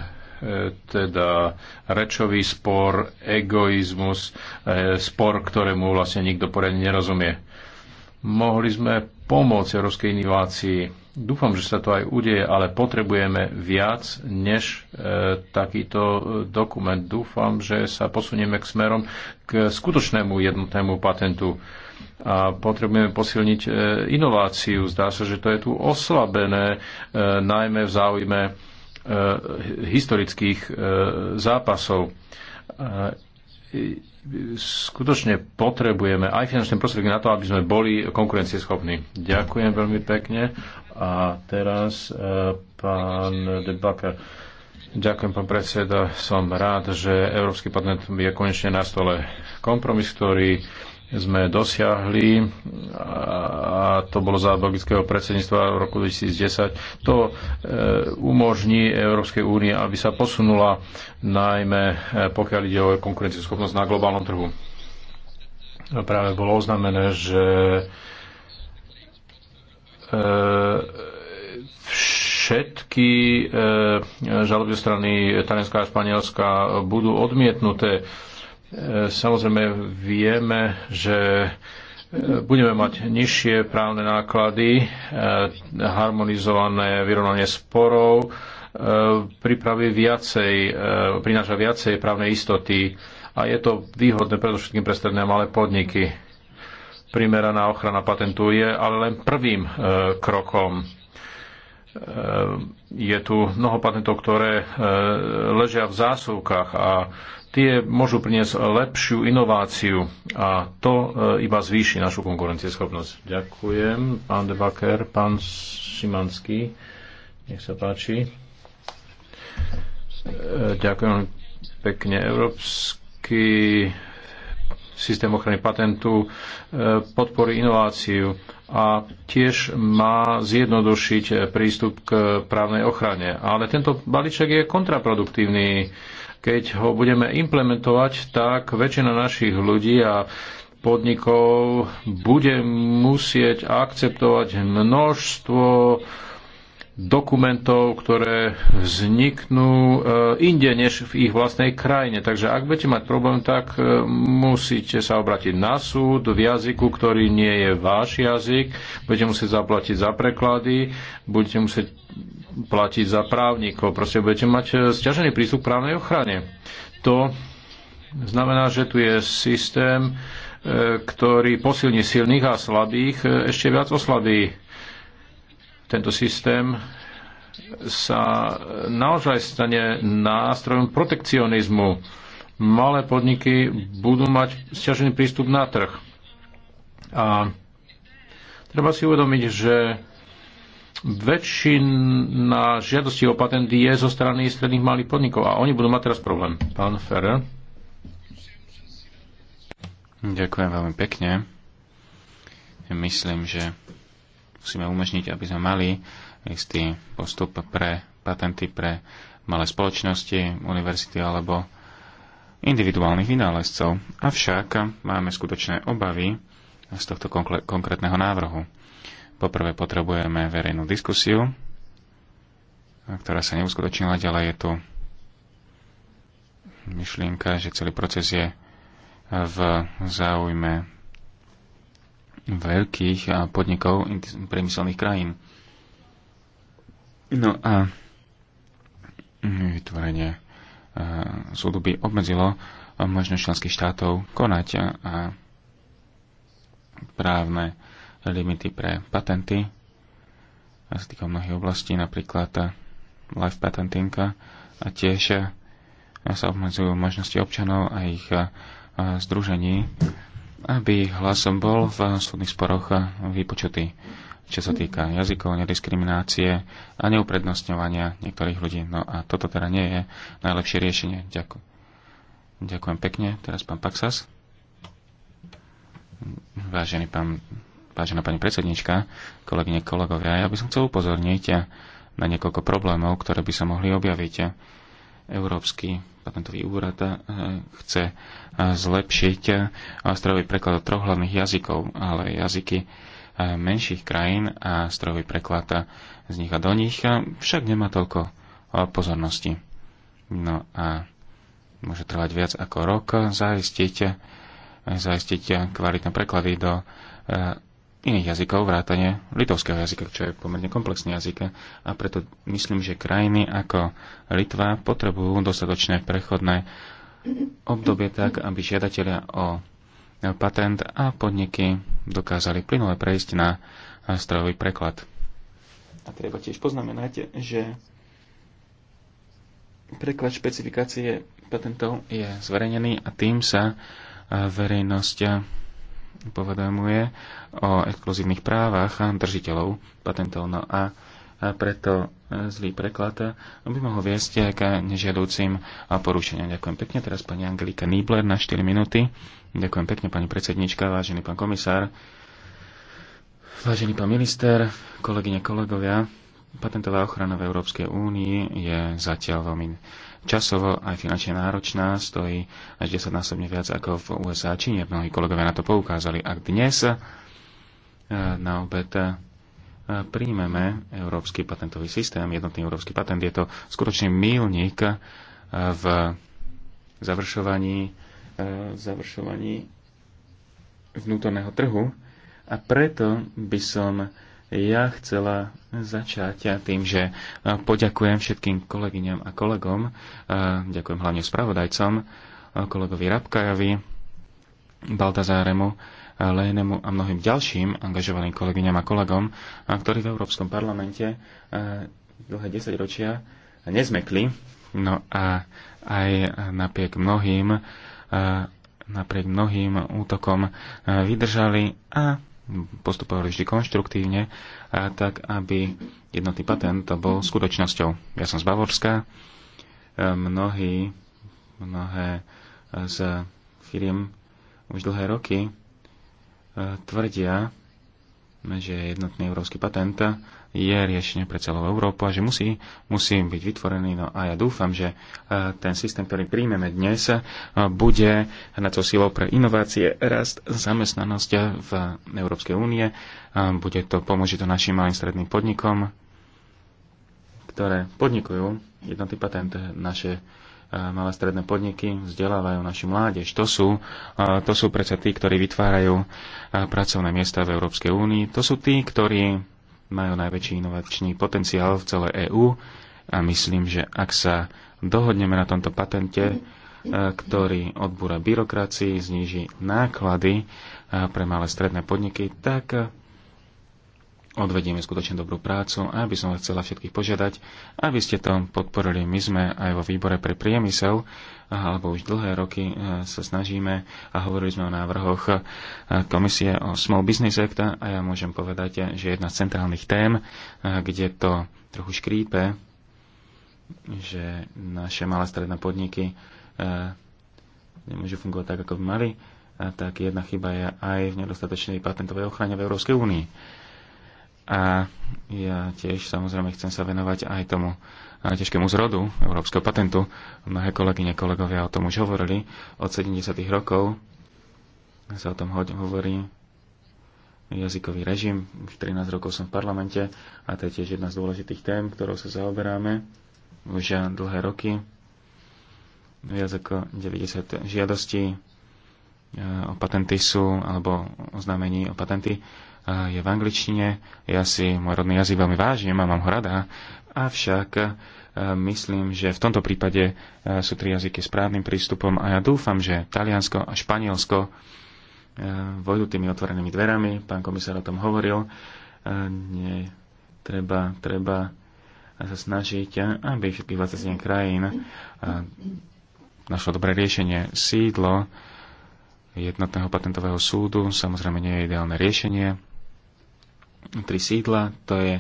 teda rečový spor, egoizmus, e, spor, ktorému vlastne nikto poriadne nerozumie. Mohli sme pomôcť európskej inovácii. Dúfam, že sa to aj udeje, ale potrebujeme viac než e, takýto e, dokument. Dúfam, že sa posunieme k smerom k skutočnému jednotnému patentu. A potrebujeme posilniť e, inováciu. Zdá sa, že to je tu oslabené, e, najmä v záujme e, historických e, zápasov. E, skutočne potrebujeme aj finančné prostriedky na to, aby sme boli konkurencieschopní. Ďakujem veľmi pekne. A teraz e, pán Debaka. Ďakujem, pán predseda. Som rád, že Európsky patent je konečne na stole kompromis, ktorý sme dosiahli a to bolo za belgického predsedníctva v roku 2010. To e, umožní Európskej únie, aby sa posunula najmä e, pokiaľ ide o konkurencieschopnosť na globálnom trhu. Práve bolo oznamené, že e, všetky žaloby strany Talianska a Španielska budú odmietnuté E, samozrejme vieme, že e, budeme mať nižšie právne náklady, e, harmonizované vyrovnanie sporov, viacej, prináša viacej právnej istoty a je to výhodné predovšetkým pre stredné a malé podniky. Primeraná ochrana patentu je ale len prvým krokom. Je tu mnoho patentov, ktoré ležia v zásuvkách a tie môžu priniesť lepšiu inováciu a to e, iba zvýši našu konkurencieschopnosť. Ďakujem, pán Debaker, pán Šimanský, nech sa páči. E, ďakujem pekne. Európsky systém ochrany patentu e, podporí inováciu a tiež má zjednodušiť prístup k právnej ochrane. Ale tento balíček je kontraproduktívny keď ho budeme implementovať, tak väčšina našich ľudí a podnikov bude musieť akceptovať množstvo dokumentov, ktoré vzniknú eh, inde než v ich vlastnej krajine. Takže ak budete mať problém, tak eh, musíte sa obratiť na súd v jazyku, ktorý nie je váš jazyk, budete musieť zaplatiť za preklady, budete musieť platiť za právnikov. Proste budete mať e, stiažený prístup k právnej ochrane. To znamená, že tu je systém, e, ktorý posilní silných a slabých, e, ešte viac oslabí. Tento systém sa naozaj stane nástrojom protekcionizmu. Malé podniky budú mať stiažený prístup na trh. A treba si uvedomiť, že väčšina žiadosti o patenty je zo strany stredných malých podnikov a oni budú mať teraz problém. Pán Ferrer. Ďakujem veľmi pekne. Myslím, že musíme umožniť, aby sme mali istý postup pre patenty pre malé spoločnosti, univerzity alebo individuálnych vynálezcov. Avšak máme skutočné obavy z tohto konkrétneho návrhu. Poprvé potrebujeme verejnú diskusiu, ktorá sa neuskutočnila, ďalej je tu myšlienka, že celý proces je v záujme veľkých podnikov priemyselných krajín. No a vytvorenie e, súdu by obmedzilo možnosť členských štátov konať a právne limity pre patenty. A sa týka mnohých oblastí, napríklad eh, live patenting a tiež eh, sa obmedzujú možnosti občanov a ich eh, združení, aby ich hlasom bol v súdnych sporoch vypočutý, čo sa týka jazykov, nediskriminácie a neuprednostňovania niektorých ľudí. No a toto teda nie je najlepšie riešenie. Ďakujem. Ďakujem pekne. Teraz pán Paxas. Vážený pán Vážená pani predsednička, kolegyne, kolegovia, ja by som chcel upozorniť na niekoľko problémov, ktoré by sa mohli objaviť. Európsky patentový úrad eh, chce eh, zlepšiť eh, strojový preklad troch hlavných jazykov, ale jazyky menších krajín a strojový preklad z nich a do nich však nemá toľko pozornosti. No a môže trvať viac ako rok zaistiť, zaistiť kvalitné preklady do iných jazykov, vrátane litovského jazyka, čo je pomerne komplexný jazyk. A preto myslím, že krajiny ako Litva potrebujú dostatočné prechodné obdobie tak, aby žiadatelia o patent a podniky dokázali plynule prejsť na strojový preklad. A treba tiež poznamenať, že preklad špecifikácie patentov je zverejnený a tým sa verejnosť povedomuje o exkluzívnych právach držiteľov patentov. No a preto e, zlý preklad e, by mohol viesť e, k nežiadúcim porušeniam. Ďakujem pekne. Teraz pani Angelika Niebler na 4 minúty. Ďakujem pekne pani predsednička, vážený pán komisár, vážený pán minister, kolegyne, kolegovia. Patentová ochrana v Európskej únii je zatiaľ veľmi časovo aj finančne náročná, stojí až 10 násobne viac ako v USA a Číne. Mnohí kolegovia na to poukázali. A dnes E, na obed e, príjmeme Európsky patentový systém, jednotný Európsky patent. Je to skutočne mílnik v završovaní, e, završovaní vnútorného trhu a preto by som ja chcela začať tým, že poďakujem všetkým kolegyňam a kolegom, ďakujem hlavne spravodajcom, kolegovi Rabkajovi, Baltazáremu, Lénemu a mnohým ďalším angažovaným kolegyňam a kolegom, ktorí v Európskom parlamente e, dlhé 10 ročia nezmekli. No a aj napriek mnohým, e, napriek mnohým útokom e, vydržali a postupovali vždy konštruktívne, tak aby jednotný patent to bol skutočnosťou. Ja som z Bavorska, mnohí, mnohé z firiem už dlhé roky tvrdia, že jednotný európsky patent je riešenie pre celú Európu a že musí, musí byť vytvorený. No a ja dúfam, že e, ten systém, ktorý príjmeme dnes, e, bude na to silou pre inovácie, rast, zamestnanosť v Európskej únie. E, bude to pomôže to našim malým stredným podnikom, ktoré podnikujú jednotný patent naše malé stredné podniky vzdelávajú naši mládež. To sú, to sú predsa tí, ktorí vytvárajú pracovné miesta v Európskej únii. To sú tí, ktorí majú najväčší inovačný potenciál v celej EÚ a myslím, že ak sa dohodneme na tomto patente, ktorý odbúra byrokracii, zníži náklady pre malé stredné podniky, tak odvedieme skutočne dobrú prácu a aby som vás chcela všetkých požiadať, aby ste to podporili. My sme aj vo výbore pre priemysel, alebo už dlhé roky e, sa snažíme a hovorili sme o návrhoch e, komisie o Small Business Act a ja môžem povedať, že jedna z centrálnych tém, e, kde to trochu škrípe, že naše malé stredné podniky nemôžu fungovať tak, ako by mali, tak jedna chyba je aj v nedostatočnej patentovej ochrane v Európskej únii a ja tiež samozrejme chcem sa venovať aj tomu ťažkému zrodu európskeho patentu. Mnohé kolegyne, kolegovia o tom už hovorili. Od 70. rokov sa o tom hovorí jazykový režim. Už 13 rokov som v parlamente a to je tiež jedna z dôležitých tém, ktorou sa zaoberáme už dlhé roky. Viac ako 90 žiadostí o patenty sú, alebo oznámení o patenty je v angličtine. Ja si môj rodný jazyk veľmi vážim a mám ho rada, avšak e, myslím, že v tomto prípade e, sú tri jazyky správnym prístupom a ja dúfam, že Taliansko a Španielsko e, vojdu tými otvorenými dverami. Pán komisár o tom hovoril. Nie, treba, treba sa snažiť, aby všetkých 27 krajín našlo dobré riešenie. Sídlo jednotného patentového súdu samozrejme nie je ideálne riešenie tri sídla, to je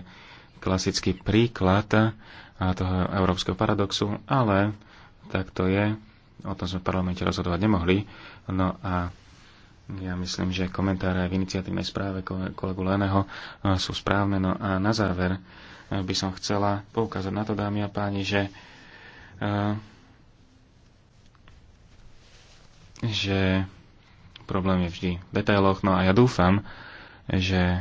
klasický príklad eh, toho európskeho paradoxu, ale tak to je, o tom sme v parlamente rozhodovať nemohli. No a ja myslím, že komentáre v iniciatívnej správe kolegu Leného eh, sú správne. No a na záver eh, by som chcela poukázať na to, dámy a páni, že že problém je vždy v detailoch. No a ja dúfam, že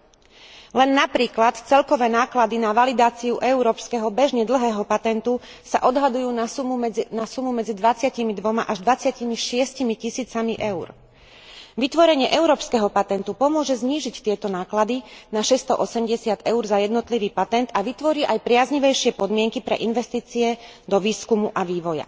len napríklad celkové náklady na validáciu európskeho bežne dlhého patentu sa odhadujú na sumu medzi twenty two až twenty six tisícami eur. vytvorenie európskeho patentu pomôže znížiť tieto náklady na six hundred and eighty eur za jednotlivý patent a vytvorí aj priaznivejšie podmienky pre investície do výskumu a vývoja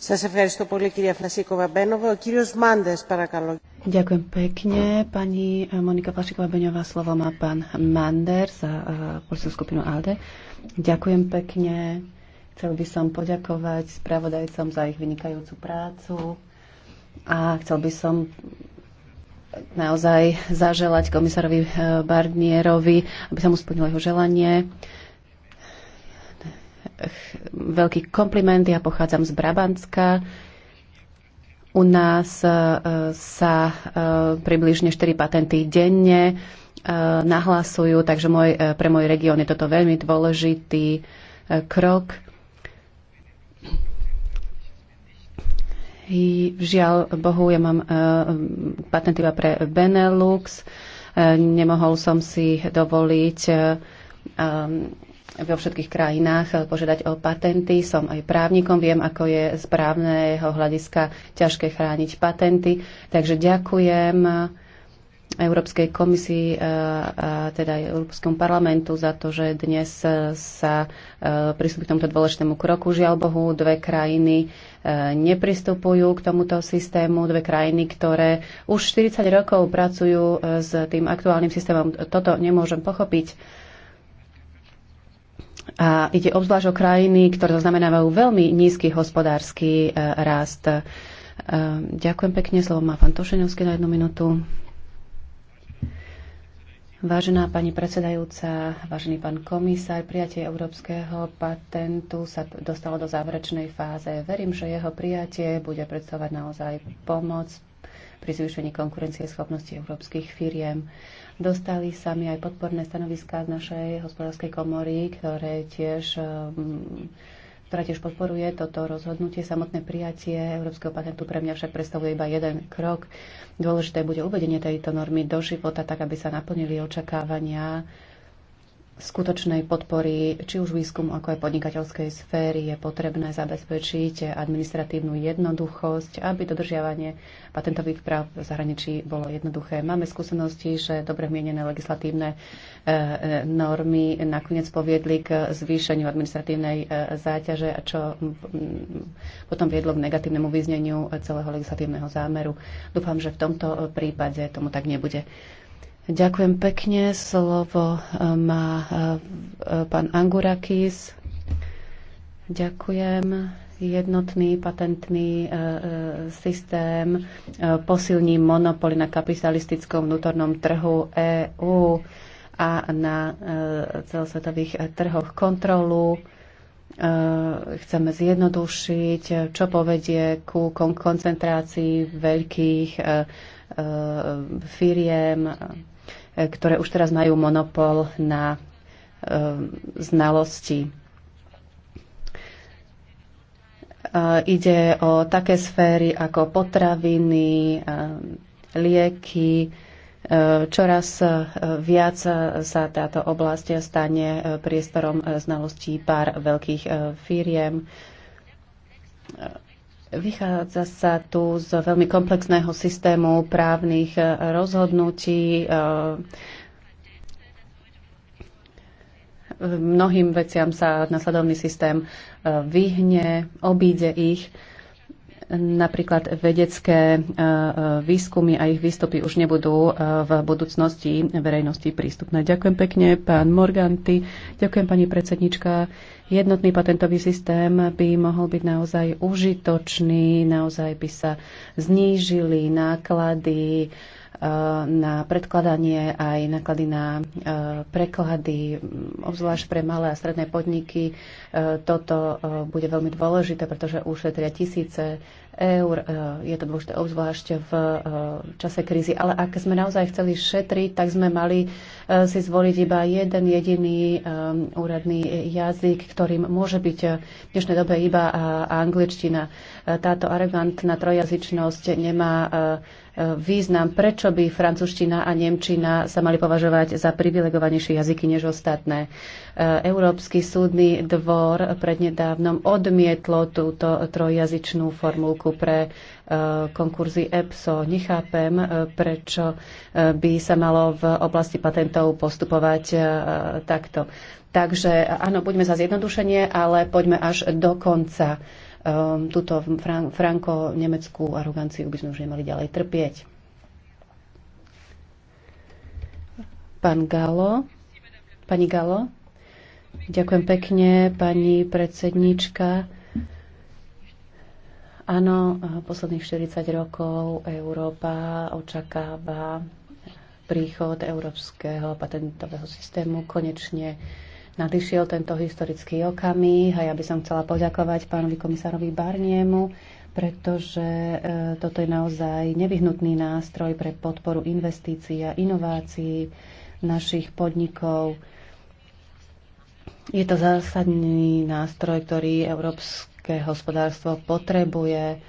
Ďakujem pekne. Pani eh, Monika Flašiková-Beňová, slovo má pán Mander za eh, politickú skupinu ALDE. Ďakujem pekne. Chcel by som poďakovať spravodajcom za ich vynikajúcu prácu a chcel by som naozaj zaželať komisárovi eh, Barnierovi, aby sa mu splnilo jeho želanie veľký kompliment. Ja pochádzam z Brabantska. U nás e, sa e, približne 4 patenty denne e, nahlasujú, takže môj, pre môj región je toto veľmi dôležitý krok. Žiaľ Bohu, ja mám patent iba pre Benelux. Nemohol som si dovoliť vo všetkých krajinách požiadať o patenty. Som aj právnikom, viem, ako je z právneho hľadiska ťažké chrániť patenty. Takže ďakujem Európskej komisii e, a teda aj Európskom parlamentu za to, že dnes e, sa e, pristúpi k tomuto dôležitému kroku. Žiaľ Bohu, dve krajiny nepristupujú k tomuto systému, dve krajiny, ktoré už 40 rokov pracujú s tým aktuálnym systémom. Toto nemôžem pochopiť a ide obzvlášť o krajiny, ktoré zaznamenávajú veľmi nízky hospodársky e, rast. E, ďakujem pekne, slovo má pán Tošenovský na jednu minútu. Vážená pani predsedajúca, vážený pán komisár, prijatie európskeho patentu sa dostalo do záverečnej fáze. Verím, že jeho prijatie bude predstavovať naozaj pomoc pri zvýšení konkurencie schopnosti európskych firiem. Dostali sa mi aj podporné stanoviská z našej hospodárskej komory, ktoré tiež um, ktorá tiež podporuje toto rozhodnutie. Samotné prijatie Európskeho patentu pre mňa však predstavuje iba jeden krok. Dôležité bude uvedenie tejto normy do života, tak aby sa naplnili očakávania skutočnej podpory, či už výskumu, ako aj podnikateľskej sféry, je potrebné zabezpečiť administratívnu jednoduchosť, aby dodržiavanie patentových práv v zahraničí bolo jednoduché. Máme skúsenosti, že dobre mienené legislatívne e, e, normy nakoniec poviedli k zvýšeniu administratívnej e, záťaže, čo potom viedlo k negatívnemu význeniu celého legislatívneho zámeru. Dúfam, že v tomto prípade tomu tak nebude. Ďakujem pekne. Slovo eh, má eh, eh, pán Angurakis. Ďakujem. Jednotný patentný systém posilní monopoly na kapitalistickom vnútornom trhu EÚ a na celosvetových trhoch kontrolu chceme zjednodušiť, čo povedie ku koncentrácii veľkých E, firiem, e, ktoré už teraz majú monopol na e, znalosti. Ide o také sféry ako potraviny, lieky. Čoraz viac sa táto oblasť stane priestorom znalostí pár veľkých firiem Vychádza sa tu z veľmi komplexného systému právnych e, rozhodnutí, e, mnohým veciam sa nasledovný systém e, vyhne, obíde ich. Napríklad vedecké e, e, výskumy a ich výstupy už nebudú e, v budúcnosti verejnosti prístupné. Ďakujem pekne, pán Morganty, Ďakujem, pani predsednička. Jednotný patentový systém by mohol byť naozaj užitočný, naozaj by sa znížili náklady, na predkladanie aj náklady na e, preklady, obzvlášť pre malé a stredné podniky. E, toto e, bude veľmi dôležité, pretože ušetria tisíce eur. Je to dôležité obzvlášť v čase krízy. Ale ak sme naozaj chceli šetriť, tak sme mali si zvoliť iba jeden jediný úradný jazyk, ktorým môže byť v dnešnej dobe iba angličtina. Táto arogantná trojazyčnosť nemá význam, prečo by francúzština a nemčina sa mali považovať za privilegovanejšie jazyky než ostatné. E, Európsky súdny dvor prednedávnom odmietlo túto trojjazyčnú formulku pre e, konkurzy EPSO. Nechápem, e, prečo by sa malo v oblasti patentov postupovať takto. Takže áno, buďme za zjednodušenie, ale poďme až do konca um, túto franko-nemeckú aroganciu by sme už nemali ďalej trpieť. Pán Galo, pani Galo, ďakujem pekne, pani predsednička. Áno, posledných 40 rokov Európa očakáva príchod európskeho patentového systému. Konečne nadišiel tento historický okamih a ja by som chcela poďakovať pánovi komisárovi Barniemu, pretože e, toto je naozaj nevyhnutný nástroj pre podporu investícií a inovácií našich podnikov. Je to zásadný nástroj, ktorý európske hospodárstvo potrebuje.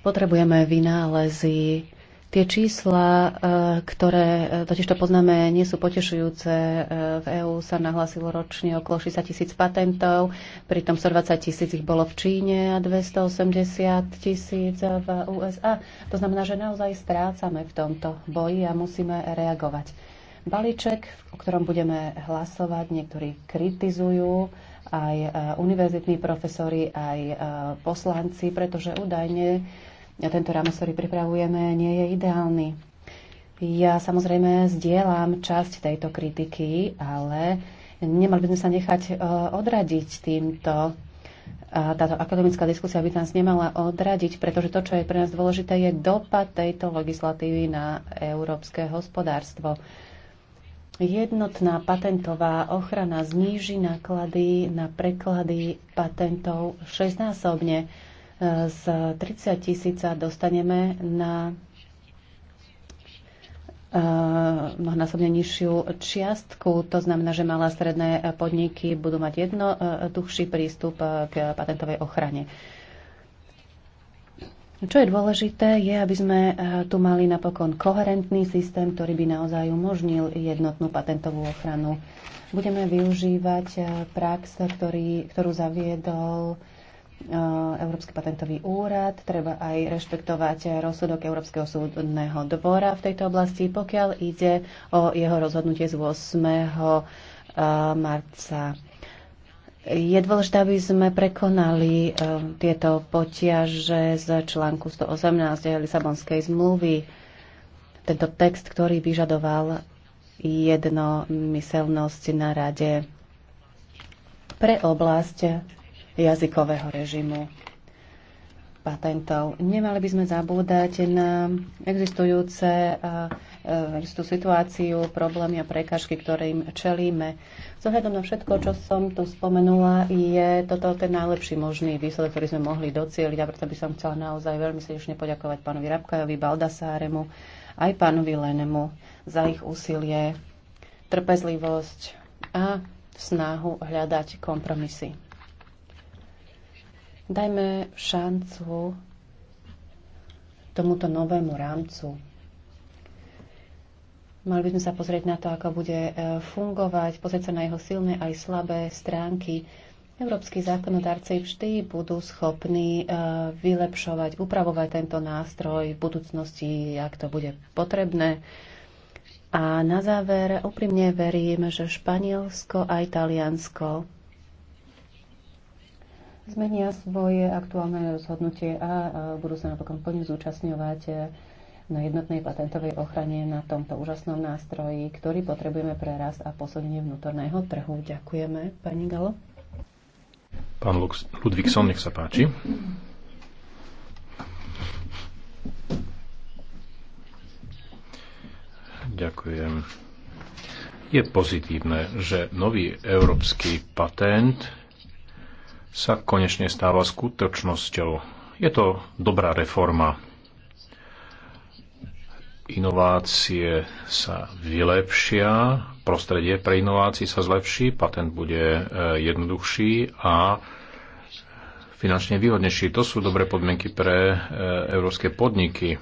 Potrebujeme vynálezy Tie čísla, e, ktoré e, totiž to poznáme, nie sú potešujúce. E, v EÚ sa nahlásilo ročne okolo 60 tisíc patentov, pritom 120 tisíc ich bolo v Číne a 280 tisíc v USA. To znamená, že naozaj strácame v tomto boji a musíme reagovať. Balíček, o ktorom budeme hlasovať, niektorí kritizujú, aj univerzitní profesori, aj poslanci, pretože údajne a tento rámec, ktorý pripravujeme, nie je ideálny. Ja samozrejme zdieľam časť tejto kritiky, ale nemali by sme sa nechať e, odradiť týmto. Táto akademická diskusia by nás nemala odradiť, pretože to, čo je pre nás dôležité, je dopad tejto legislatívy na európske hospodárstvo. Jednotná patentová ochrana zníži náklady na preklady patentov šestnásobne. násobne z 30 tisíca dostaneme na mnohonásobne e, nižšiu čiastku. To znamená, že malé a stredné podniky budú mať jednoduchší e, prístup e, k patentovej ochrane. Čo je dôležité, je, aby sme tu mali napokon koherentný systém, ktorý by naozaj umožnil jednotnú patentovú ochranu. Budeme využívať prax, ktorý, ktorú zaviedol Eh, Európsky patentový úrad, treba aj rešpektovať rozsudok Európskeho súdneho dvora v tejto oblasti, pokiaľ ide o jeho rozhodnutie z 8. Eh, marca. Je dôležité, aby sme prekonali eh, tieto potiaže z článku 118 Lisabonskej zmluvy. Tento text, ktorý vyžadoval jednomyselnosť na rade pre oblasť jazykového režimu patentov. Nemali by sme zabúdať na existujúce e, istú situáciu, problémy a prekážky, ktorým čelíme. Zohľadom na všetko, čo som tu spomenula, je toto ten najlepší možný výsledok, ktorý sme mohli docieliť a preto by som chcela naozaj veľmi srdečne poďakovať pánovi Rabkajovi, Baldasáremu aj pánovi Lenemu za ich úsilie, trpezlivosť a snahu hľadať kompromisy. Dajme šancu tomuto novému rámcu. Mali by sme sa pozrieť na to, ako bude e, fungovať, pozrieť sa na jeho silné aj slabé stránky. Európsky zákonodárci vždy budú schopní e, vylepšovať, upravovať tento nástroj v budúcnosti, ak to bude potrebné. A na záver úprimne verím, že Španielsko a Taliansko zmenia svoje aktuálne rozhodnutie a budú sa napokon plne zúčastňovať e, na jednotnej patentovej ochrane na tomto úžasnom nástroji, ktorý potrebujeme pre rast a posilnenie vnútorného trhu. Ďakujeme, pani Galo. Pán Ludvíkson, nech sa páči. Ďakujem. Je pozitívne, že nový európsky patent sa konečne stáva skutočnosťou. Je to dobrá reforma. Inovácie sa vylepšia, prostredie pre inovácie sa zlepší, patent bude e, jednoduchší a finančne výhodnejší. To sú dobré podmienky pre e, európske podniky.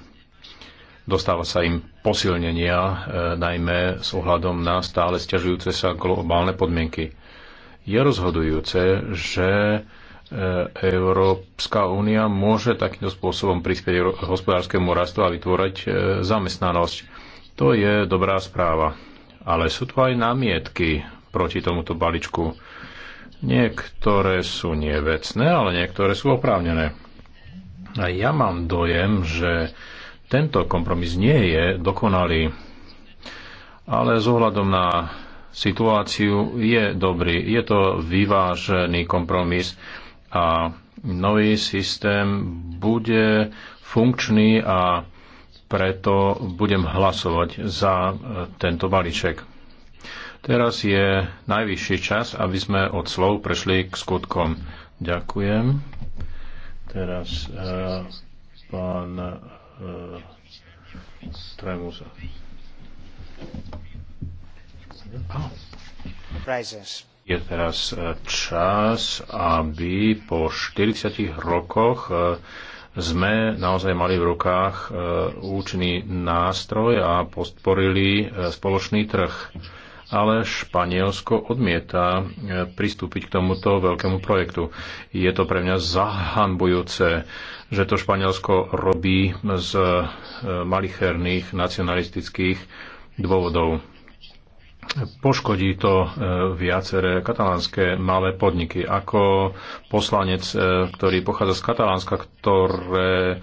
Dostáva sa im posilnenia, e, najmä s ohľadom na stále stiažujúce sa globálne podmienky je rozhodujúce, že e, Európska únia môže takýmto spôsobom prispieť hospodárskému rastu a vytvoriť e, zamestnanosť. To je dobrá správa. Ale sú tu aj námietky proti tomuto baličku. Niektoré sú nevecné, ale niektoré sú oprávnené. A ja mám dojem, že tento kompromis nie je dokonalý, ale z ohľadom na situáciu je dobrý. Je to vyvážený kompromis a nový systém bude funkčný a preto budem hlasovať za e, tento balíček. Teraz je najvyšší čas, aby sme od slov prešli k skutkom. Ďakujem. Teraz uh, pán uh, e, Tremuza. Je teraz e, čas, aby po 40 rokoch e, sme naozaj mali v rukách e, účinný nástroj a podporili spoločný trh. Ale Španielsko odmieta pristúpiť k tomuto veľkému projektu. Je to pre mňa zahanbujúce, že to Španielsko robí z malicherných nacionalistických dôvodov Poškodí to e, viaceré katalánske malé podniky. Ako poslanec, e, ktorý pochádza z Katalánska, ktoré e,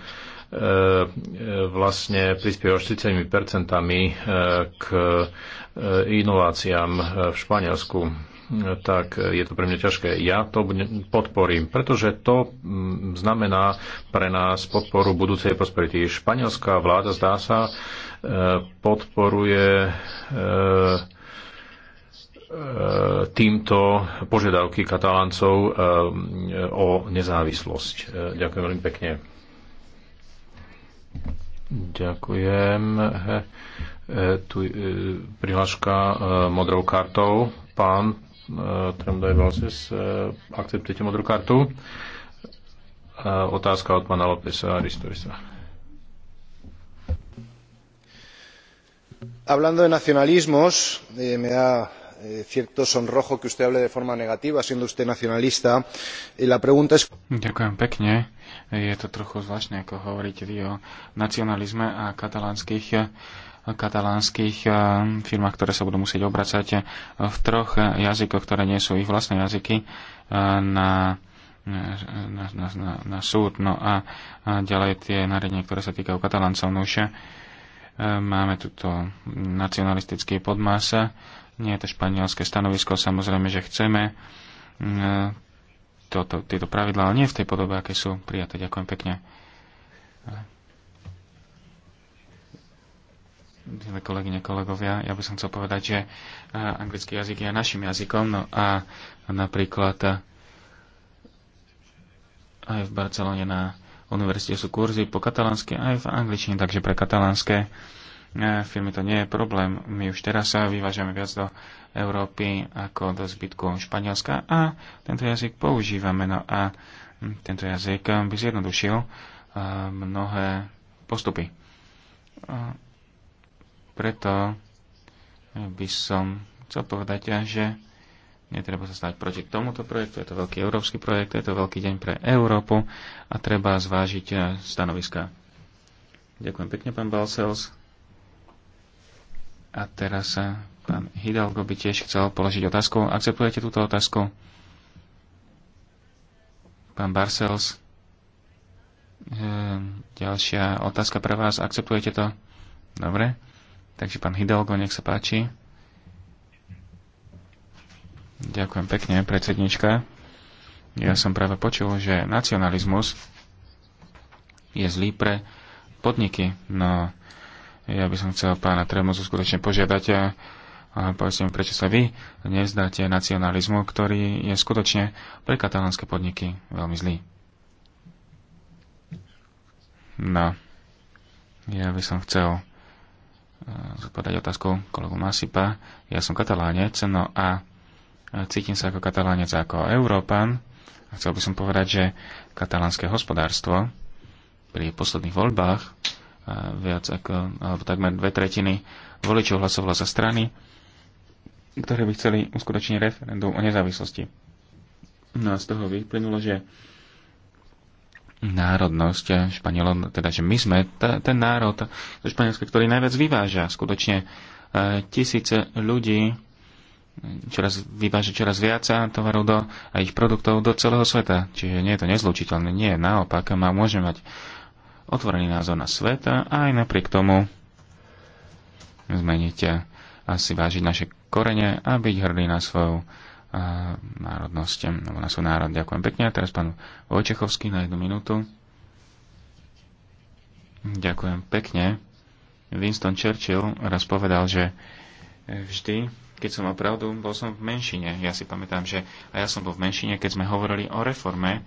vlastne prispieva 40% k inováciám v Španielsku tak je to pre mňa ťažké. Ja to podporím, pretože to mm, znamená pre nás podporu budúcej prosperity. Španielská vláda, zdá sa, podporuje E, týmto požiadavky kataláncov e, o nezávislosť. E, ďakujem veľmi pekne. Ďakujem. Tu je prihláška modrou kartou. Pán Tremdaj Valses, akceptujete modrú kartu? Otázka od pána Lopesa Aristovisa. Hablando de nacionalismos, eh, me da Eh, cierto sonrojo que usted hable de forma negativa, siendo usted nacionalista. La pregunta es... Ďakujem pekne. Je to trochu zvláštne, ako hovoríte vy o nacionalizme a katalánskych katalánskych eh, firmách, ktoré sa budú musieť obracať eh, v troch jazykoch, ktoré nie sú ich vlastné jazyky, na na, na, na, na súd. No a, a ďalej tie nariadenia, ktoré sa týkajú kataláncov. No máme tuto nacionalistický podmas nie je to španielské stanovisko, samozrejme, že chceme mm, toto, tieto pravidlá, ale nie v tej podobe, aké sú prijaté. Ďakujem pekne. Milé kolegyne, kolegovia, ja by som chcel povedať, že anglický jazyk je našim jazykom, no a napríklad aj v Barcelone na univerzite sú kurzy po katalánsky, aj v angličtine, takže pre katalánske E, firmy to nie je problém. My už teraz sa vyvážame viac do Európy ako do zbytku Španielska a tento jazyk používame. No a tento jazyk by zjednodušil e, mnohé postupy. E, preto by som chcel povedať, že netreba sa stať proti tomuto projektu. Je to veľký európsky projekt, je to veľký deň pre Európu a treba zvážiť stanoviska. Ďakujem pekne, pán Balcells. A teraz sa pán Hidalgo by tiež chcel položiť otázku. Akceptujete túto otázku? Pán Barcels, ehm, ďalšia otázka pre vás. Akceptujete to? Dobre. Takže pán Hidalgo, nech sa páči. Ďakujem pekne, predsednička. Ja som práve počul, že nacionalizmus je zlý pre podniky, no ja by som chcel pána Tremozu skutočne požiadať a, a povedzte mi, prečo sa vy nevzdáte nacionalizmu, ktorý je skutočne pre katalánske podniky veľmi zlý. No, ja by som chcel e, zodpovedať otázku kolegu Masipa. Ja som katalánec, no a cítim sa ako katalánec, ako Európan. A chcel by som povedať, že katalánske hospodárstvo pri posledných voľbách viac ako, alebo takmer dve tretiny voličov hlasovalo za strany, ktoré by chceli uskutočniť referendum o nezávislosti. No a z toho vyplynulo, že národnosť Španielov, teda že my sme ten národ zo Španielska, ktorý najviac vyváža skutočne e, tisíce ľudí čoraz, vyváža čoraz viac tovarov do, a ich produktov do celého sveta. Čiže nie je to nezlučiteľné, nie, naopak, má, môže mať otvorený názor na svet a aj napriek tomu zmeniť a vážiť naše korene a byť hrdý na svoju a, eh, národnosť, alebo na svoj národ. Ďakujem pekne. A teraz pán Vojčechovský na jednu minútu. Ďakujem pekne. Winston Churchill raz povedal, že vždy, keď som opravdu, bol som v menšine. Ja si pamätám, že a ja som bol v menšine, keď sme hovorili o reforme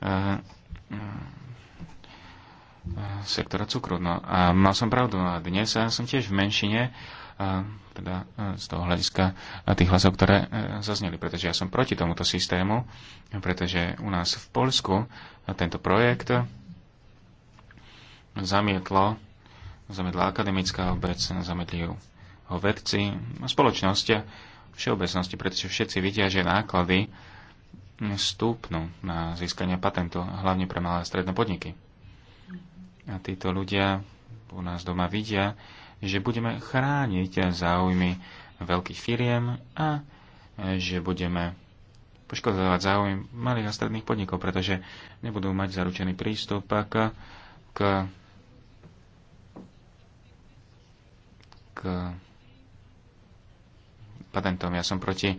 a, eh, a, E, sektora cukru. No a mal som pravdu. A dnes ja e, som tiež v menšine a, e, teda z toho hľadiska tých hlasov, ktoré zazneli, pretože ja som proti tomuto systému, pretože u nás v Polsku tento projekt zamietlo, zamietla akademická obec, zamietli ho vedci a spoločnosť všeobecnosti, pretože všetci vidia, že náklady stúpnu na získanie patentov, hlavne pre malé a stredné podniky. A títo ľudia u nás doma vidia, že budeme chrániť záujmy veľkých firiem a e, že budeme poškodovať záujmy malých a stredných podnikov, pretože nebudú mať zaručený prístup k, k, k patentom. Ja som proti e,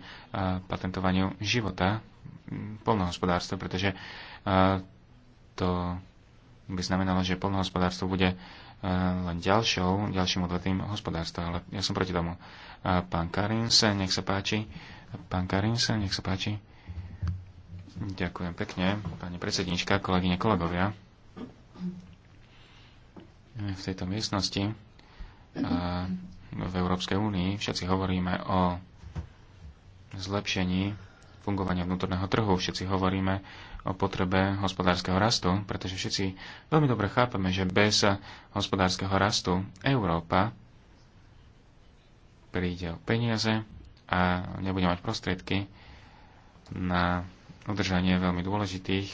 patentovaniu života polnohospodárstva, pretože e, to by znamenalo, že polnohospodárstvo bude e, len ďalšou, ďalším odvetým hospodárstva, ale ja som proti tomu. E, pán Karins, nech sa páči. Pán Karins, nech sa páči. Ďakujem pekne, pani predsednička, kolegyne, kolegovia. V tejto miestnosti e, v Európskej únii všetci hovoríme o zlepšení fungovania vnútorného trhu. Všetci hovoríme o potrebe hospodárskeho rastu, pretože všetci veľmi dobre chápeme, že bez hospodárskeho rastu Európa príde o peniaze a nebude mať prostriedky na udržanie veľmi dôležitých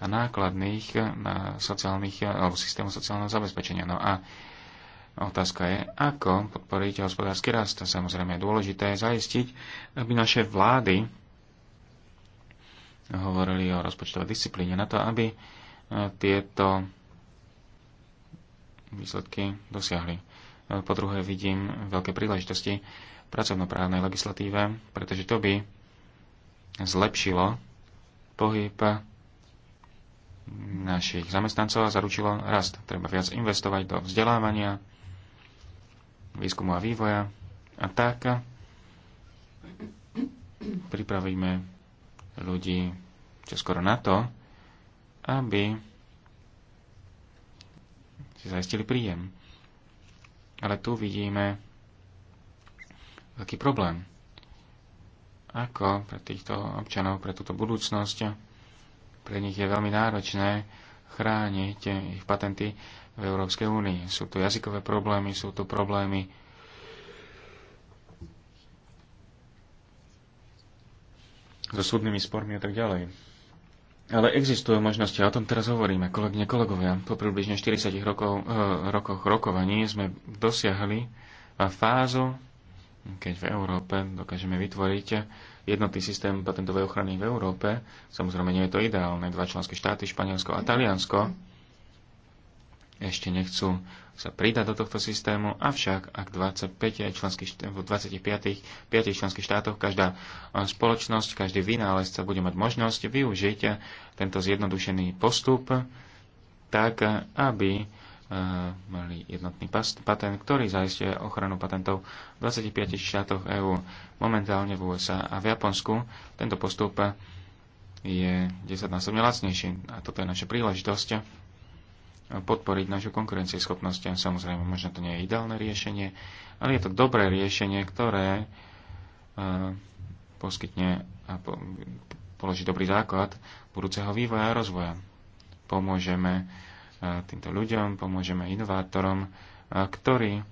a nákladných na sociálnych, alebo systému sociálneho zabezpečenia. No a Otázka je, ako podporiť hospodársky rast. Samozrejme je dôležité zaistiť, aby naše vlády hovorili o rozpočtovej disciplíne na to, aby e, tieto výsledky dosiahli. E, po druhé vidím veľké príležitosti v pracovnoprávnej legislatíve, pretože to by zlepšilo pohyb našich zamestnancov a zaručilo rast. Treba viac investovať do vzdelávania, výskumu a vývoja a tak pripravíme ľudí čo skoro na to, aby si zaistili príjem. Ale tu vidíme veľký problém. Ako pre týchto občanov, pre túto budúcnosť, pre nich je veľmi náročné chrániť ich patenty v Európskej únii. Sú tu jazykové problémy, sú tu problémy so súdnymi spormi a tak ďalej. Ale existujú možnosti, a o tom teraz hovoríme, kolegne, kolegovia. Po približne 40 rokov, eh, rokoch rokovaní sme dosiahli eh, fázu, keď v Európe dokážeme vytvoriť jednotný systém patentovej ochrany v Európe. Samozrejme, nie je to ideálne. Dva členské štáty, Španielsko a Taliansko, ešte nechcú sa pridať do tohto systému, avšak ak 25 členských, v 25 5 členských štátoch každá eh, spoločnosť, každý vynálezca bude mať možnosť využiť eh, tento zjednodušený postup tak, eh, aby mali jednotný patent, ktorý zaistuje ochranu patentov v 25 štátoch EÚ. Momentálne v USA a v Japonsku tento postup je 10 násobne lacnejší a toto je naša príležitosť podporiť našu konkurencieschopnosť. Samozrejme, možno to nie je ideálne riešenie, ale je to dobré riešenie, ktoré eh, poskytne a položí dobrý základ budúceho vývoja a rozvoja. Pomôžeme eh, týmto ľuďom, pomôžeme inovátorom, eh, ktorí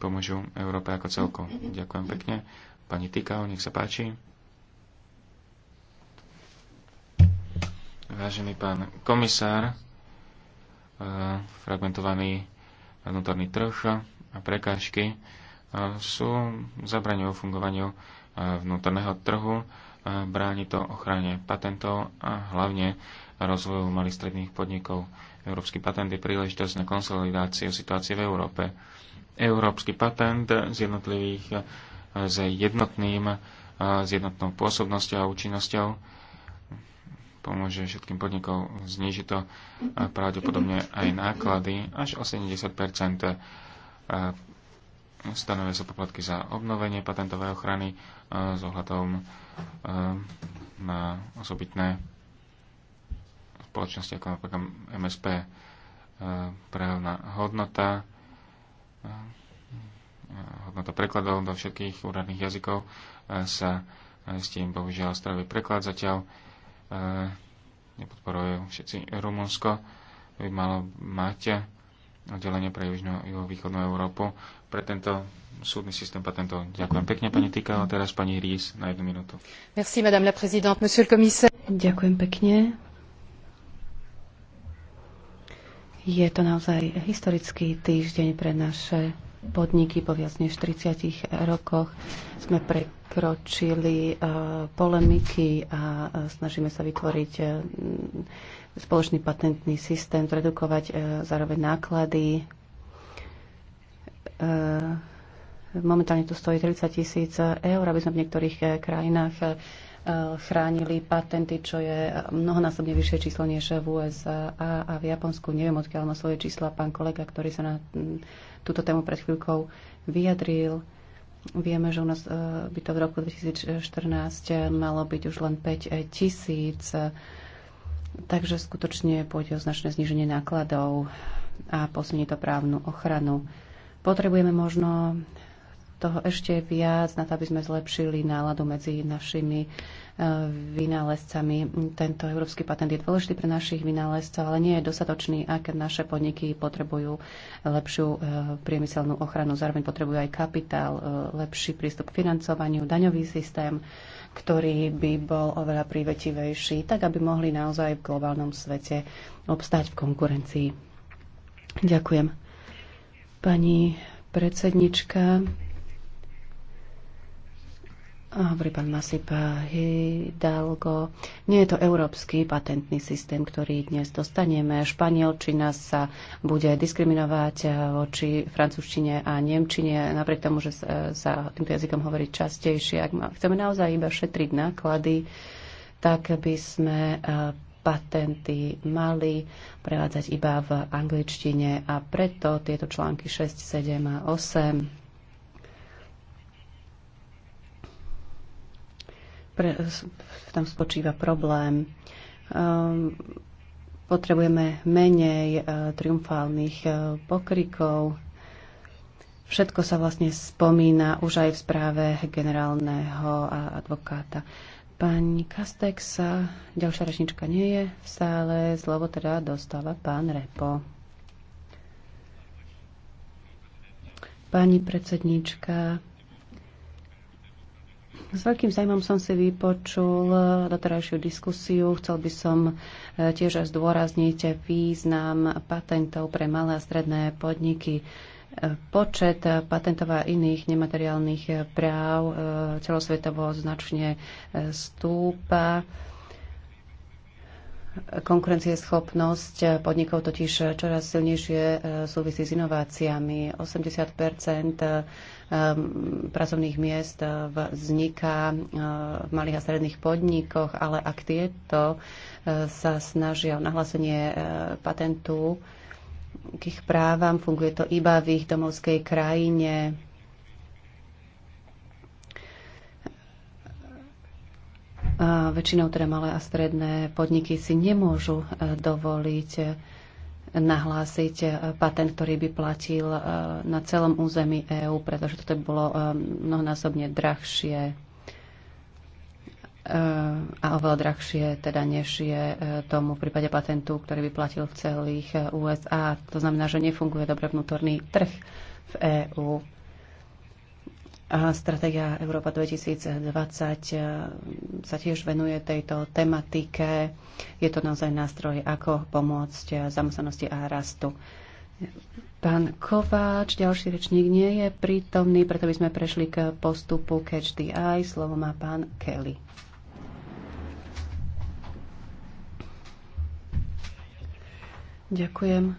pomôžu Európe ako celku. Ďakujem pekne. Pani Tikal, nech sa páči. Vážený pán komisár, E, fragmentovaný vnútorný trh a prekážky e, sú zabraňujú fungovaniu e, vnútorného trhu, bráni to ochrane patentov a hlavne rozvoju malých stredných podnikov. Európsky patent je príležitosť na konsolidáciu situácie v Európe. Európsky patent z jednotlivých s jednotným, s jednotnou pôsobnosťou a účinnosťou pomôže všetkým podnikom, zniží to pravdepodobne aj náklady až 80 Stanovia sa poplatky za obnovenie patentovej ochrany s ohľadom na osobitné spoločnosti ako napríklad MSP právna hodnota hodnota prekladov do všetkých úradných jazykov sa s tým bohužiaľ stravuje preklad zatiaľ E, nepodporujú všetci Rumunsko, by malo mať oddelenie pre južnú a východnú Európu. Pre tento súdny systém patentov. Ďakujem pekne, pani Tika. A teraz pani Ries na jednu minútu. Merci, madame la présidente, monsieur le commissaire. Ďakujem pekne. Je to naozaj historický týždeň pre naše podniky po viac než 30 rokoch. Sme prekročili e, polemiky a e, snažíme sa vytvoriť e, spoločný patentný systém, zredukovať zároveň náklady. Momentálne to stojí 30 tisíc eur, aby sme v niektorých krajinách chránili patenty, čo je mnohonásobne vyššie číslo než v USA a v Japonsku. Neviem, odkiaľ má svoje čísla pán kolega, ktorý sa na túto tému pred chvíľkou vyjadril. Vieme, že u nás e, by to v roku 2014 malo byť už len 5 tisíc, takže skutočne pôjde o značné zníženie nákladov a posunie to právnu ochranu. Potrebujeme možno toho ešte viac na to, aby sme zlepšili náladu medzi našimi vynálezcami. Tento európsky patent je dôležitý pre našich vynálezcov, ale nie je dostatočný, ak naše podniky potrebujú lepšiu e, priemyselnú ochranu. Zároveň potrebujú aj kapitál, e, lepší prístup k financovaniu, daňový systém, ktorý by bol oveľa prívetivejší, tak aby mohli naozaj v globálnom svete obstáť v konkurencii. Ďakujem. Pani predsednička, Hovorí pán Masip Hidalgo. Nie je to európsky patentný systém, ktorý dnes dostaneme. Španielčina sa bude diskriminovať voči francúzštine a nemčine, napriek tomu, že sa týmto jazykom hovorí častejšie. Ak chceme naozaj iba šetriť náklady, tak by sme e, patenty mali prevádzať iba v angličtine a preto tieto články 6, 7 a 8 pre, tam spočíva problém. Um, potrebujeme menej uh, triumfálnych uh, pokrikov. Všetko sa vlastne spomína už aj v správe generálneho advokáta. Pani Kastexa, ďalšia rečnička nie je v sále, slovo teda dostáva pán Repo. Pani predsednička, s veľkým zájmom som si vypočul eh, doterajšiu diskusiu. Chcel by som eh, tiež zdôrazniť význam patentov pre malé a stredné podniky. Eh, počet patentov a iných nemateriálnych práv celosvetovo značne stúpa. Konkurencieschopnosť podnikov totiž čoraz silnejšie súvisí s inováciami. 80 pracovných miest eh, vzniká eh, v malých a stredných podnikoch, ale ak tieto eh, sa snažia o nahlásenie patentu k ich právam, funguje to iba v ich domovskej krajine, väčšinou teda malé a stredné podniky si nemôžu dovoliť nahlásiť eh, patent, ktorý by platil eh, na celom území EÚ, pretože toto by bolo eh, mnohonásobne drahšie a oveľa drahšie teda než je tomu v prípade patentu, ktorý by platil v celých USA. To znamená, že nefunguje dobre vnútorný trh v EÚ. A stratégia Európa 2020 e, sa tiež venuje tejto tematike. Je to naozaj nástroj, ako pomôcť e, zamestnanosti a rastu. Pán Kováč, ďalší rečník nie je prítomný, preto by sme prešli k postupu Catch the Eye. Slovo má pán Kelly. Ďakujem.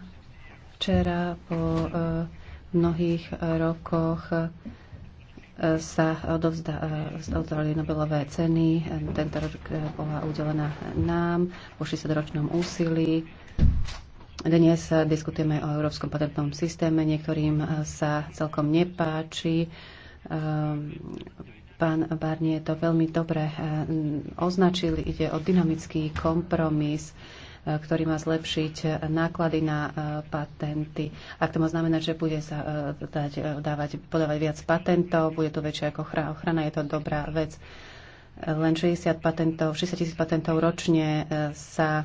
Včera po e, mnohých rokoch sa odovzdali Nobelové ceny. Tento rok eh, bola udelená nám po 60-ročnom úsilí. Dnes diskutujeme o Európskom patentnom systéme. Niektorým eh, sa celkom nepáči. Eh, pán Barnier to veľmi dobre označil. Ide o dynamický kompromis ktorý má zlepšiť náklady na e, patenty. Ak to má znamenať, že bude sa e, dať, e, dávať, podávať viac patentov, bude to väčšia ako ochrana, je to dobrá vec. Len 60 patentov, 60 tisíc patentov ročne sa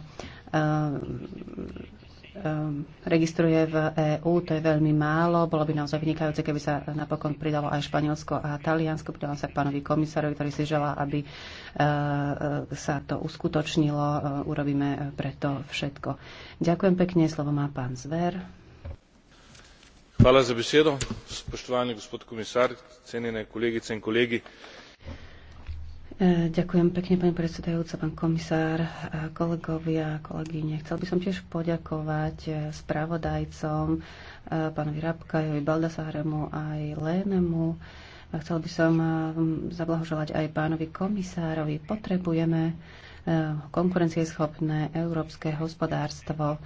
um, registruje v EÚ, to je veľmi málo. Bolo by naozaj vynikajúce, keby sa napokon pridalo aj Španielsko a Taliansko. Pridalo sa k pánovi komisárovi, ktorý si želá, aby uh, sa to uskutočnilo. Uh, Urobíme preto všetko. Ďakujem pekne. Slovo má pán Zver. Hvala za besedo, spoštovani gospod komisar, cenjene kolegice in kolegi. E, ďakujem pekne, pani predsedajúca, pán komisár, e, kolegovia, kolegyne. Chcel by som tiež poďakovať e, spravodajcom, pánovi Rabkajovi, Baldasáremu aj Lénemu. chcel by som zablahoželať aj pánovi komisárovi. Potrebujeme konkurencieschopné európske hospodárstvo.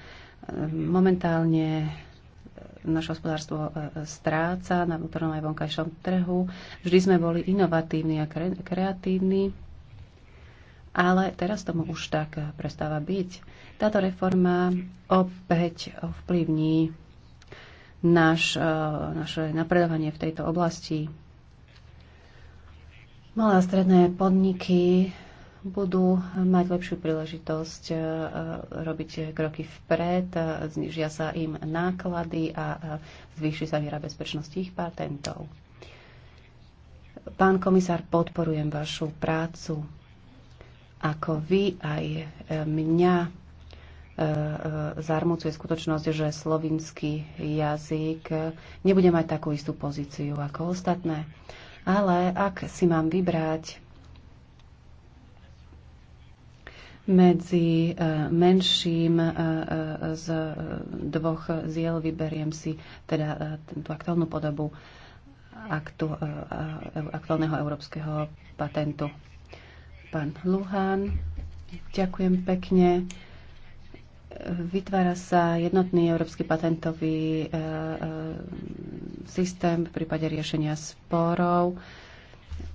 Momentálne naše hospodárstvo e, stráca na vnútornom aj vonkajšom trhu. Vždy sme boli inovatívni a kreatívni, ale teraz tomu už tak prestáva byť. Táto reforma opäť ovplyvní naš, e, naše napredovanie v tejto oblasti. Malé a stredné podniky budú mať lepšiu príležitosť e, robiť kroky vpred, e, znižia sa im náklady a e, zvýši sa miera bezpečnosti ich patentov. Pán komisár, podporujem vašu prácu. Ako vy aj mňa zarmúcuje skutočnosť, že slovinský jazyk nebude mať takú istú pozíciu ako ostatné. Ale ak si mám vybrať, medzi eh, menším eh, eh, z dvoch ziel vyberiem si teda tú aktuálnu podobu aktu, aktuálneho európskeho patentu. Pán Luhán, ďakujem pekne. Vytvára sa jednotný európsky patentový systém v prípade riešenia sporov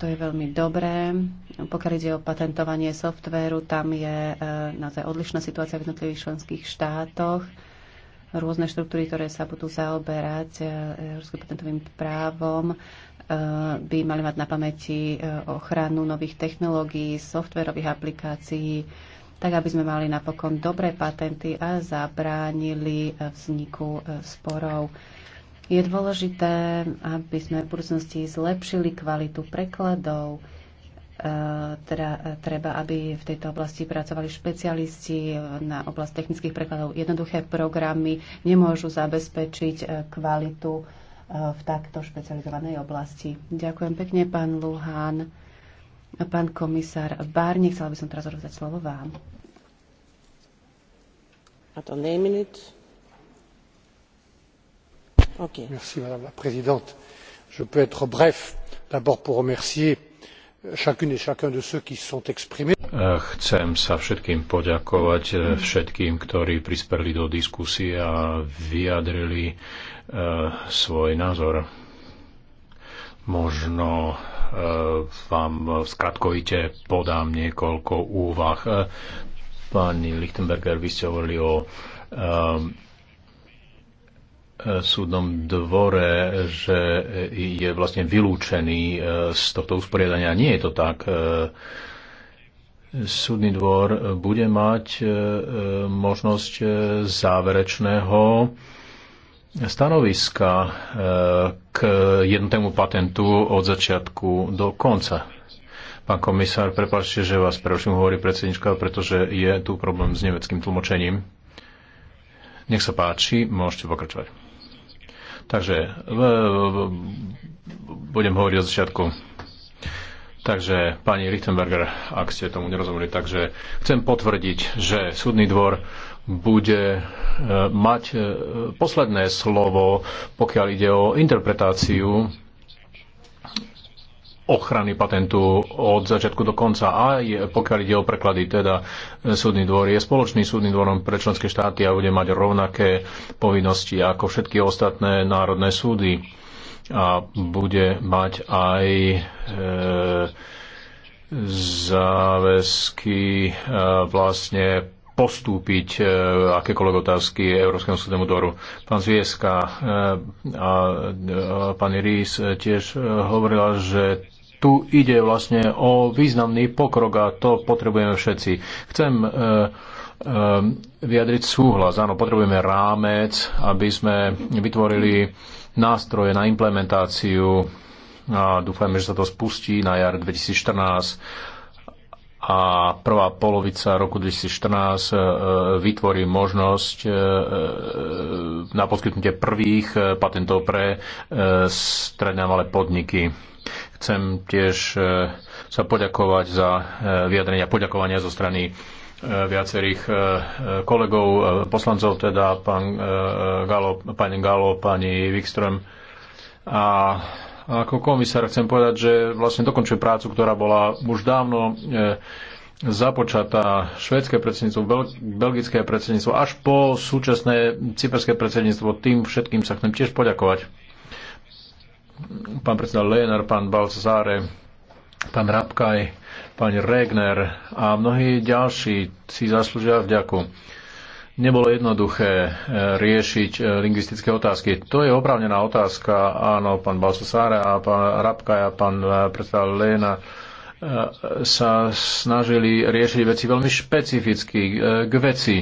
to je veľmi dobré. Pokiaľ ide o patentovanie softvéru, tam je e, naozaj odlišná situácia v jednotlivých členských štátoch. Rôzne štruktúry, ktoré sa budú zaoberať e, európskym patentovým právom, e, by mali mať na pamäti ochranu nových technológií, softverových aplikácií, tak aby sme mali napokon dobré patenty a zabránili vzniku sporov. Je dôležité, aby sme v budúcnosti zlepšili kvalitu prekladov, eh, teda, eh, treba, aby v tejto oblasti pracovali špecialisti eh, na oblast technických prekladov. Jednoduché programy nemôžu zabezpečiť kvalitu v takto špecializovanej oblasti. Ďakujem pekne, pán Luhán. Pán komisár Barni, chcela by som teraz rozdať slovo vám. A to madame la présidente je peux être bref d'abord pour remercier euh, chacune et chacun de ceux qui se sont exprimés. Euh, chcem sa všetkým poďakovať euh, všetkým ktorí prispeli do diskusie a vyjadrili svoj názor. možno vám skratkovite podám niekoľko úvah. Pani Lichtenberger, vy ste hovorili o súdnom dvore, že je vlastne vylúčený e, z tohto usporiadania. Nie je to tak. E, súdny dvor bude mať e, možnosť záverečného stanoviska k jednotému patentu od začiatku do konca. Pán komisár, prepáčte, že vás preruším, hovorí predsednička, pretože je tu problém s nemeckým tlmočením. Nech sa páči, môžete pokračovať. Takže budem hovoriť od začiatku. Takže, pani Richtenberger, ak ste tomu nerozumeli, takže chcem potvrdiť, že súdny dvor bude e, mať e, posledné slovo, pokiaľ ide o interpretáciu ochrany patentu od začiatku do konca, aj pokiaľ ide o preklady, teda súdny dvor je spoločný súdnym dvorom pre členské štáty a bude mať rovnaké povinnosti ako všetky ostatné národné súdy a bude mať aj e, záväzky e, vlastne postúpiť e, akékoľvek otázky Európskemu súdnemu dvoru. Pán Zvieska e, a, a pani Rís tiež e, hovorila, že tu ide vlastne o významný pokrok a to potrebujeme všetci. Chcem e, e, vyjadriť súhlas. Áno, potrebujeme rámec, aby sme vytvorili nástroje na implementáciu a dúfajme, že sa to spustí na jar 2014 a prvá polovica roku 2014 e, e, vytvorí možnosť e, na poskytnutie prvých patentov pre stredné malé podniky Chcem tiež e, sa poďakovať za e, vyjadrenia poďakovania zo strany e, viacerých kolegov, poslancov, teda pán Galo, pani Galo, pani Wikström. A ako komisár chcem povedať, že vlastne dokončuje prácu, ktorá bola už dávno započatá švédske predsedníctvo, belgické predsedníctvo až po súčasné cyperské predsedníctvo. Tým všetkým sa chcem tiež poďakovať pán predseda Lehner, pán Balzáre, pán Rabkaj, pán Regner a mnohí ďalší si zaslúžia vďaku. Nebolo jednoduché e, riešiť e, lingvistické otázky. To je oprávnená otázka, áno, pán Balsasára a pán Rabkaj a pán e, predseda Lena sa snažili riešiť veci veľmi špecificky k veci.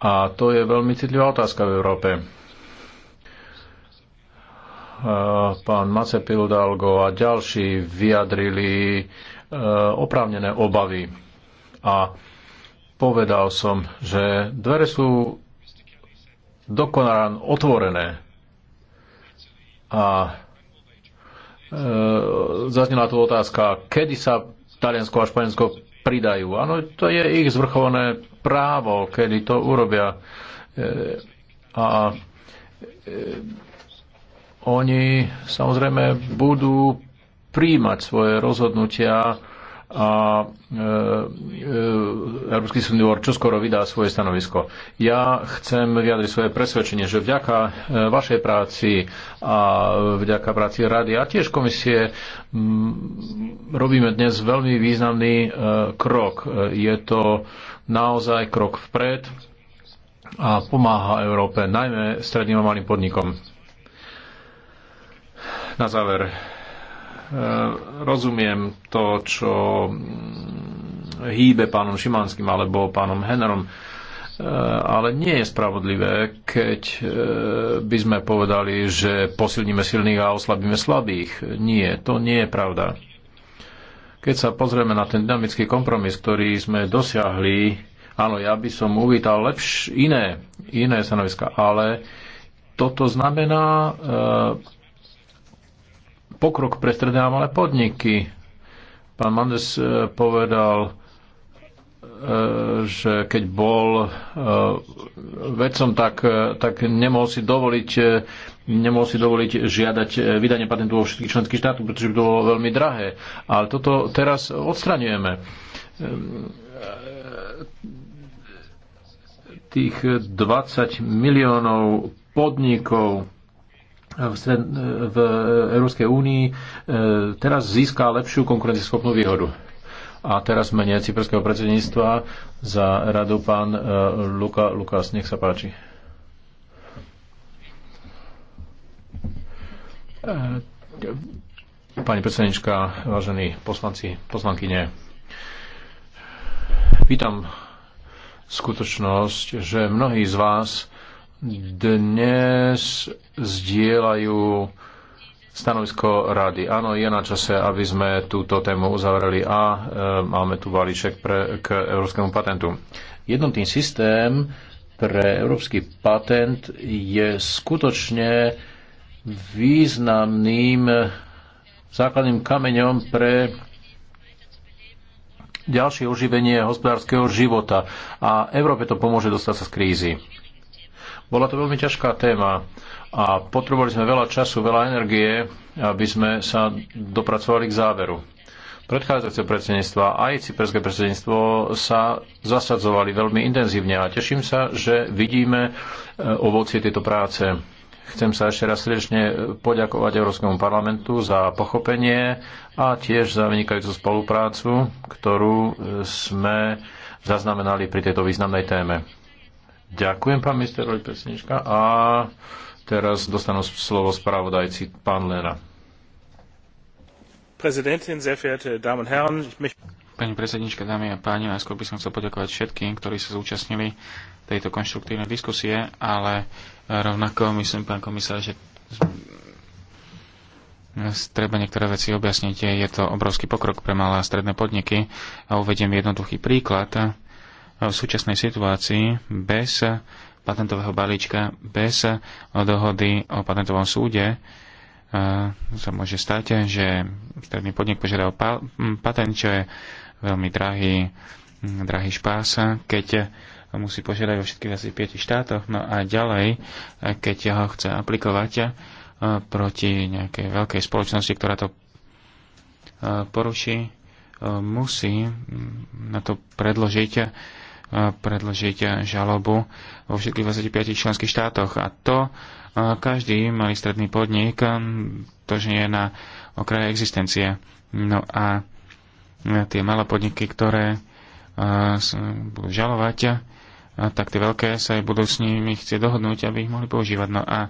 A to je veľmi citlivá otázka v Európe Eh, pán Macepildalgo a ďalší vyjadrili eh, oprávnené obavy. A povedal som, že dvere sú dokonale otvorené. A e, zaznela tu otázka, kedy sa Taliansko a Španielsko pridajú. Áno, to je ich zvrchované právo, kedy to urobia. E, a e, oni samozrejme budú príjmať svoje rozhodnutia a e, e, Európsky súdny dvor čoskoro vydá svoje stanovisko. Ja chcem vyjadriť svoje presvedčenie, že vďaka e, vašej práci a vďaka práci rady a tiež komisie mm, robíme dnes veľmi významný krok. Je to naozaj krok vpred a pomáha Európe, najmä stredným a malým podnikom. Na záver, eh, rozumiem to, čo mm, hýbe pánom Šimanským alebo pánom Hennerom, eh, ale nie je spravodlivé, keď eh, by sme povedali, že posilníme silných a oslabíme slabých. Nie, to nie je pravda. Keď sa pozrieme na ten dynamický kompromis, ktorý sme dosiahli, áno, ja by som uvítal lepš iné, iné stanoviska, ale toto znamená e, pokrok pre stredné a malé podniky. Pán Mandes eh, povedal, eh, že keď bol eh, vedcom, tak, tak nemohol si dovoliť nemohol si dovoliť žiadať vydanie patentu vo všetkých členských štátoch, pretože by to bolo veľmi drahé. Ale toto teraz odstraňujeme. Ehm, tých 20 miliónov podnikov v, stred, v Európskej únii e, teraz získa lepšiu konkurencieschopnú výhodu. A teraz mene cyperského predsedníctva za radu pán e, Luka Lukas. Nech sa páči. E, pani predsednička, vážení poslanci, poslankyne, vítam skutočnosť, že mnohí z vás dnes zdieľajú stanovisko rady. Áno, je na čase, aby sme túto tému uzavreli a e, máme tu balíček pre, k európskemu patentu. Jednotný systém pre európsky patent je skutočne významným základným kameňom pre ďalšie oživenie hospodárskeho života a Európe to pomôže dostať sa z krízy. Bola to veľmi ťažká téma a potrebovali sme veľa času, veľa energie, aby sme sa dopracovali k záveru. Predchádzajúce predsedníctva aj cyperské predsedníctvo sa zasadzovali veľmi intenzívne a teším sa, že vidíme e, ovocie tejto práce. Chcem sa ešte raz srdečne poďakovať Európskemu parlamentu za pochopenie a tiež za vynikajúcu spoluprácu, ktorú e, sme zaznamenali pri tejto významnej téme. Ďakujem, pán minister Pesnička. A teraz dostanú slovo spravodajci pán Lena. Pani predsednička, dámy a páni, najskôr by som chcel poďakovať všetkým, ktorí sa zúčastnili tejto konštruktívnej diskusie, ale rovnako myslím, pán komisár, že treba niektoré veci objasniť. Je to obrovský pokrok pre malé a stredné podniky. A uvediem jednoduchý príklad v súčasnej situácii bez patentového balíčka, bez dohody o patentovom súde e, sa môže stať, že stredný podnik požiada o patent, čo je veľmi drahý, drahý špás, keď musí požiadať vo všetkých asi 5 štátoch. No a ďalej, keď ho chce aplikovať e, proti nejakej veľkej spoločnosti, ktorá to e, poruší, musí na to predložiť predložiť žalobu vo všetkých 25 členských štátoch. A to každý malý stredný podnik, to, že je na okraji existencie. No a tie malé podniky, ktoré budú žalovať, tak tie veľké sa aj budú s nimi chcieť dohodnúť, aby ich mohli používať. No a,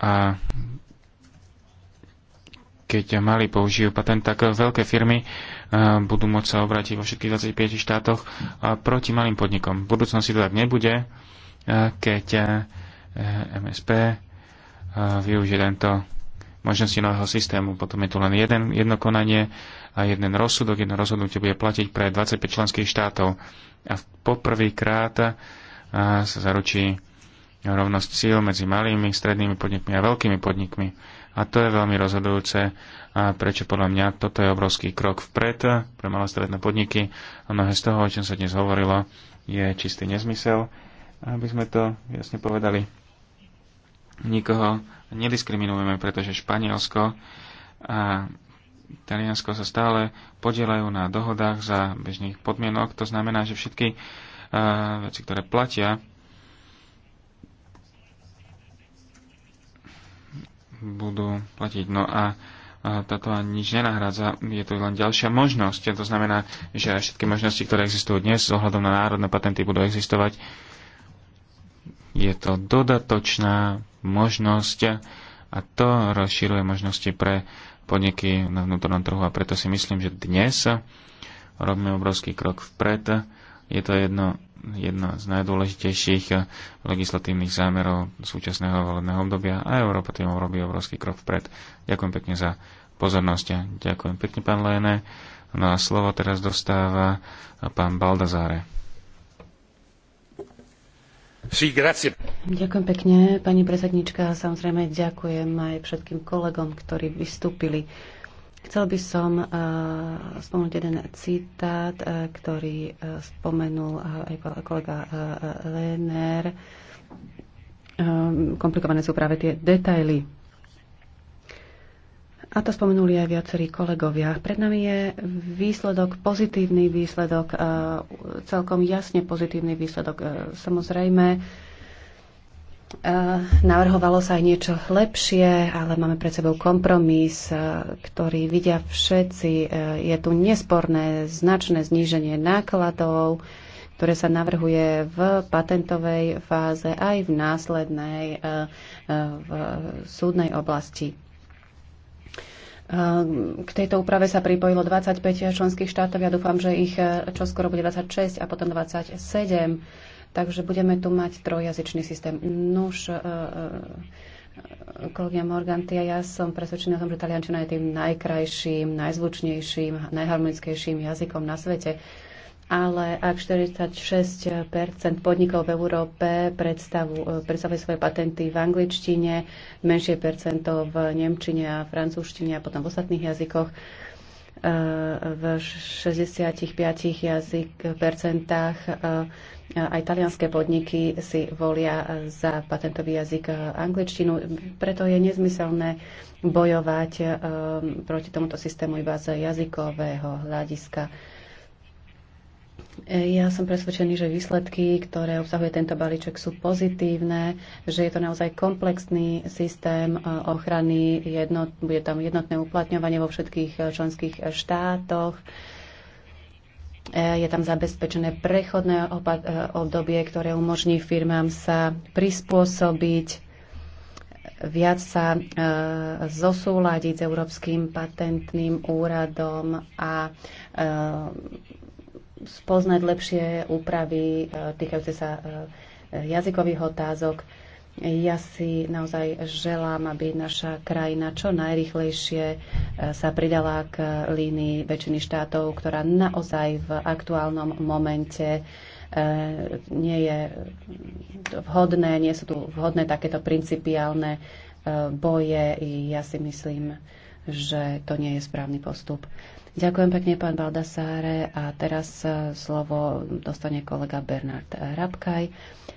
a keď mali použijú patent, tak veľké firmy budú môcť sa obrátiť vo všetkých 25 štátoch proti malým podnikom. V budúcnosti to tak nebude, keď e, MSP využije tento možnosti nového systému. Potom je tu len jeden, jedno konanie a jeden rozsudok. Jedno rozhodnutie bude platiť pre 25 členských štátov. A poprvýkrát sa zaručí rovnosť síl medzi malými, strednými podnikmi a veľkými podnikmi. A to je veľmi rozhodujúce a prečo podľa mňa toto je obrovský krok vpred pre malé stredné podniky. A mnohé z toho, o čom sa dnes hovorilo, je čistý nezmysel. Aby sme to jasne povedali, nikoho nediskriminujeme, pretože Španielsko a Taliansko sa stále podielajú na dohodách za bežných podmienok. To znamená, že všetky uh, veci, ktoré platia, budú platiť. No a táto ani nič nenahrádza, je to len ďalšia možnosť. To znamená, že všetky možnosti, ktoré existujú dnes, s ohľadom na národné patenty budú existovať. Je to dodatočná možnosť a to rozširuje možnosti pre podniky na vnútornom trhu a preto si myslím, že dnes robíme obrovský krok vpred. Je to jedno jedna z najdôležitejších eh, legislatívnych zámerov súčasného volebného obdobia a Európa tým robí obrovský krok vpred. Ďakujem pekne za pozornosť. Ďakujem pekne, pán Lene. No a slovo teraz dostáva eh, pán Baldazáre. Ďakujem pekne, pani predsednička. Samozrejme, ďakujem aj všetkým kolegom, ktorí vystúpili. Chcel by som uh, spomenúť jeden citát, uh, ktorý uh, spomenul uh, aj kolega uh, Léner. Um, ehm, komplikované sú práve tie detaily. A to spomenuli aj viacerí kolegovia. Pred nami je výsledok, pozitívny výsledok, celkom jasne pozitívny výsledok. Samozrejme, Eh, navrhovalo sa aj niečo lepšie, ale máme pred sebou kompromis, eh, ktorý vidia všetci. Eh, je tu nesporné značné zníženie nákladov, ktoré sa navrhuje v patentovej fáze aj v následnej v súdnej oblasti. K tejto úprave sa pripojilo 25 členských štátov. Ja dúfam, že ich čoskoro bude 26 a potom 27 Takže budeme tu mať trojjazyčný systém. Nuž, e, e, kolegia Morgantia, ja som presvedčená o tom, že taliančina je tým najkrajším, najzvučnejším, najharmonickejším jazykom na svete. Ale ak 46 podnikov v Európe e, predstavuje svoje patenty v angličtine, menšie percento v nemčine a francúzštine a potom v ostatných jazykoch, v 65 jazyk, percentách aj talianské podniky si volia za patentový jazyk angličtinu, preto je nezmyselné bojovať eh, proti tomuto systému iba z jazykového hľadiska. Eh, ja som presvedčený, že výsledky, ktoré obsahuje tento balíček, sú pozitívne, že je to naozaj komplexný systém eh, ochrany, jednot, bude tam jednotné uplatňovanie vo všetkých členských štátoch je tam zabezpečené prechodné e, obdobie, ktoré umožní firmám sa prispôsobiť, viac sa e, zosúľadiť s Európskym patentným úradom a e, spoznať lepšie úpravy týkajúce sa jazykových otázok. Ja si naozaj želám, aby naša krajina čo najrychlejšie e, sa pridala k línii väčšiny štátov, ktorá naozaj v aktuálnom momente e, nie je vhodné, nie sú tu vhodné takéto principiálne e, boje. Ja si myslím, že to nie je správny postup. Ďakujem pekne, pán Baldasáre. A teraz e, slovo dostane kolega Bernard Rabkaj.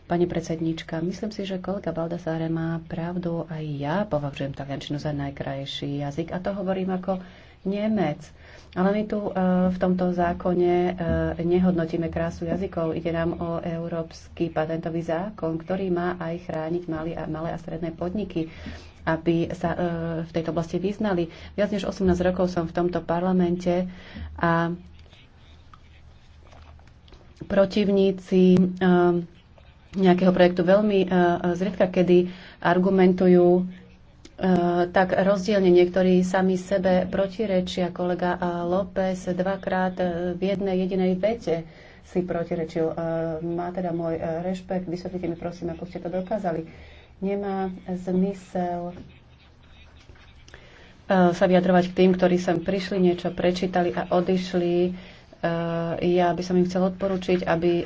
Pani predsednička, myslím si, že kolega Baldasáre má pravdu. Aj ja považujem taliančinu za najkrajší jazyk a to hovorím ako Nemec. Ale my tu e, v tomto zákone e, nehodnotíme krásu jazykov. Ide nám o európsky patentový zákon, ktorý má aj chrániť malé a, malé a stredné podniky aby sa e, v tejto oblasti vyznali. Viac než 18 rokov som v tomto parlamente a protivníci e, nejakého projektu veľmi e, zriedka kedy argumentujú tak rozdielne niektorí sami sebe protirečia. Kolega López dvakrát v jednej jedinej vete si protirečil. Má teda môj rešpekt. Vysvetlite mi prosím, ako ste to dokázali. Nemá zmysel e, sa vyjadrovať k tým, ktorí sem prišli, niečo prečítali a odišli. E, ja by som im chcel odporučiť, aby e,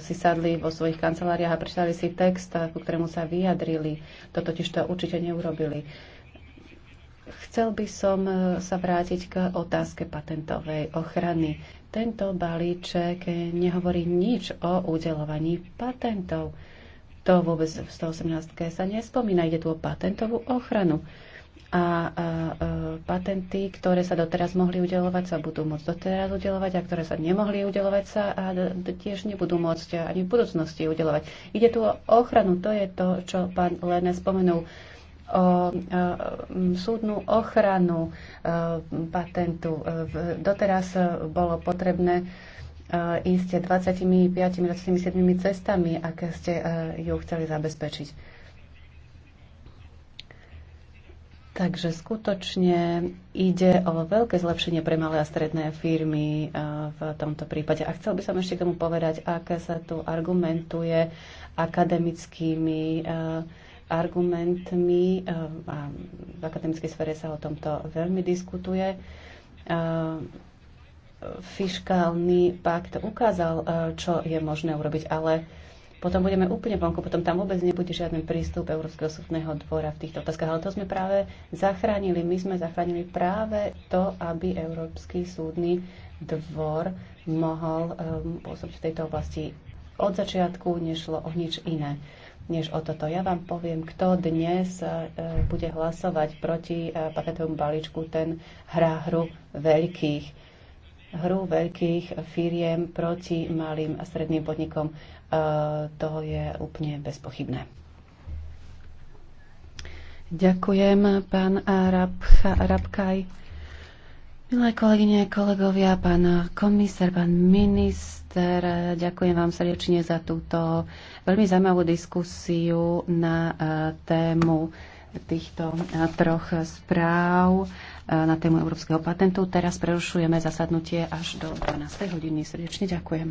si sadli vo svojich kanceláriách a prečítali si text, ku ktorému sa vyjadrili. To totiž to určite neurobili. Chcel by som sa vrátiť k otázke patentovej ochrany. Tento balíček nehovorí nič o udelovaní patentov. To vôbec v 118. sa nespomína. Ide tu o patentovú ochranu. A, a, a patenty, ktoré sa doteraz mohli udelovať, sa budú môcť doteraz udelovať a ktoré sa nemohli udelovať, sa a tiež nebudú môcť e, ani v budúcnosti udelovať. Ide tu o ochranu, to je to, čo pán Lene spomenul, o a, e, súdnu ochranu a, e, patentu. V, doteraz bolo potrebné ísť 25, 27 cestami, aké ste eh, ju chceli zabezpečiť. Takže skutočne ide o veľké zlepšenie pre malé a stredné firmy eh, v tomto prípade. A chcel by som ešte k tomu povedať, aké sa tu argumentuje akademickými eh, argumentmi. A v akademickej sfere sa o tomto veľmi diskutuje. Fiskálny pakt ukázal, e, čo je možné urobiť, ale potom budeme úplne vonku, potom tam vôbec nebude žiadny prístup Európskeho súdneho dvora v týchto otázkach. Ale to sme práve zachránili. My sme zachránili práve to, aby Európsky súdny dvor mohol um, pôsobiť v tejto oblasti. Od začiatku nešlo o nič iné než o toto. Ja vám poviem, kto dnes uh, bude hlasovať proti uh, paketovému balíčku, ten hrá hru veľkých hru veľkých firiem proti malým a stredným podnikom. E, to je úplne bezpochybné. Ďakujem, pán Rabcha, Rabkaj. Milé kolegyne, kolegovia, pán komisár, pán minister, ďakujem vám srdečne za túto veľmi zaujímavú diskusiu na e, tému týchto e, troch správ E, na tému európskeho patentu. Teraz prerušujeme zasadnutie až do 12. hodiny. Srdečne ďakujem.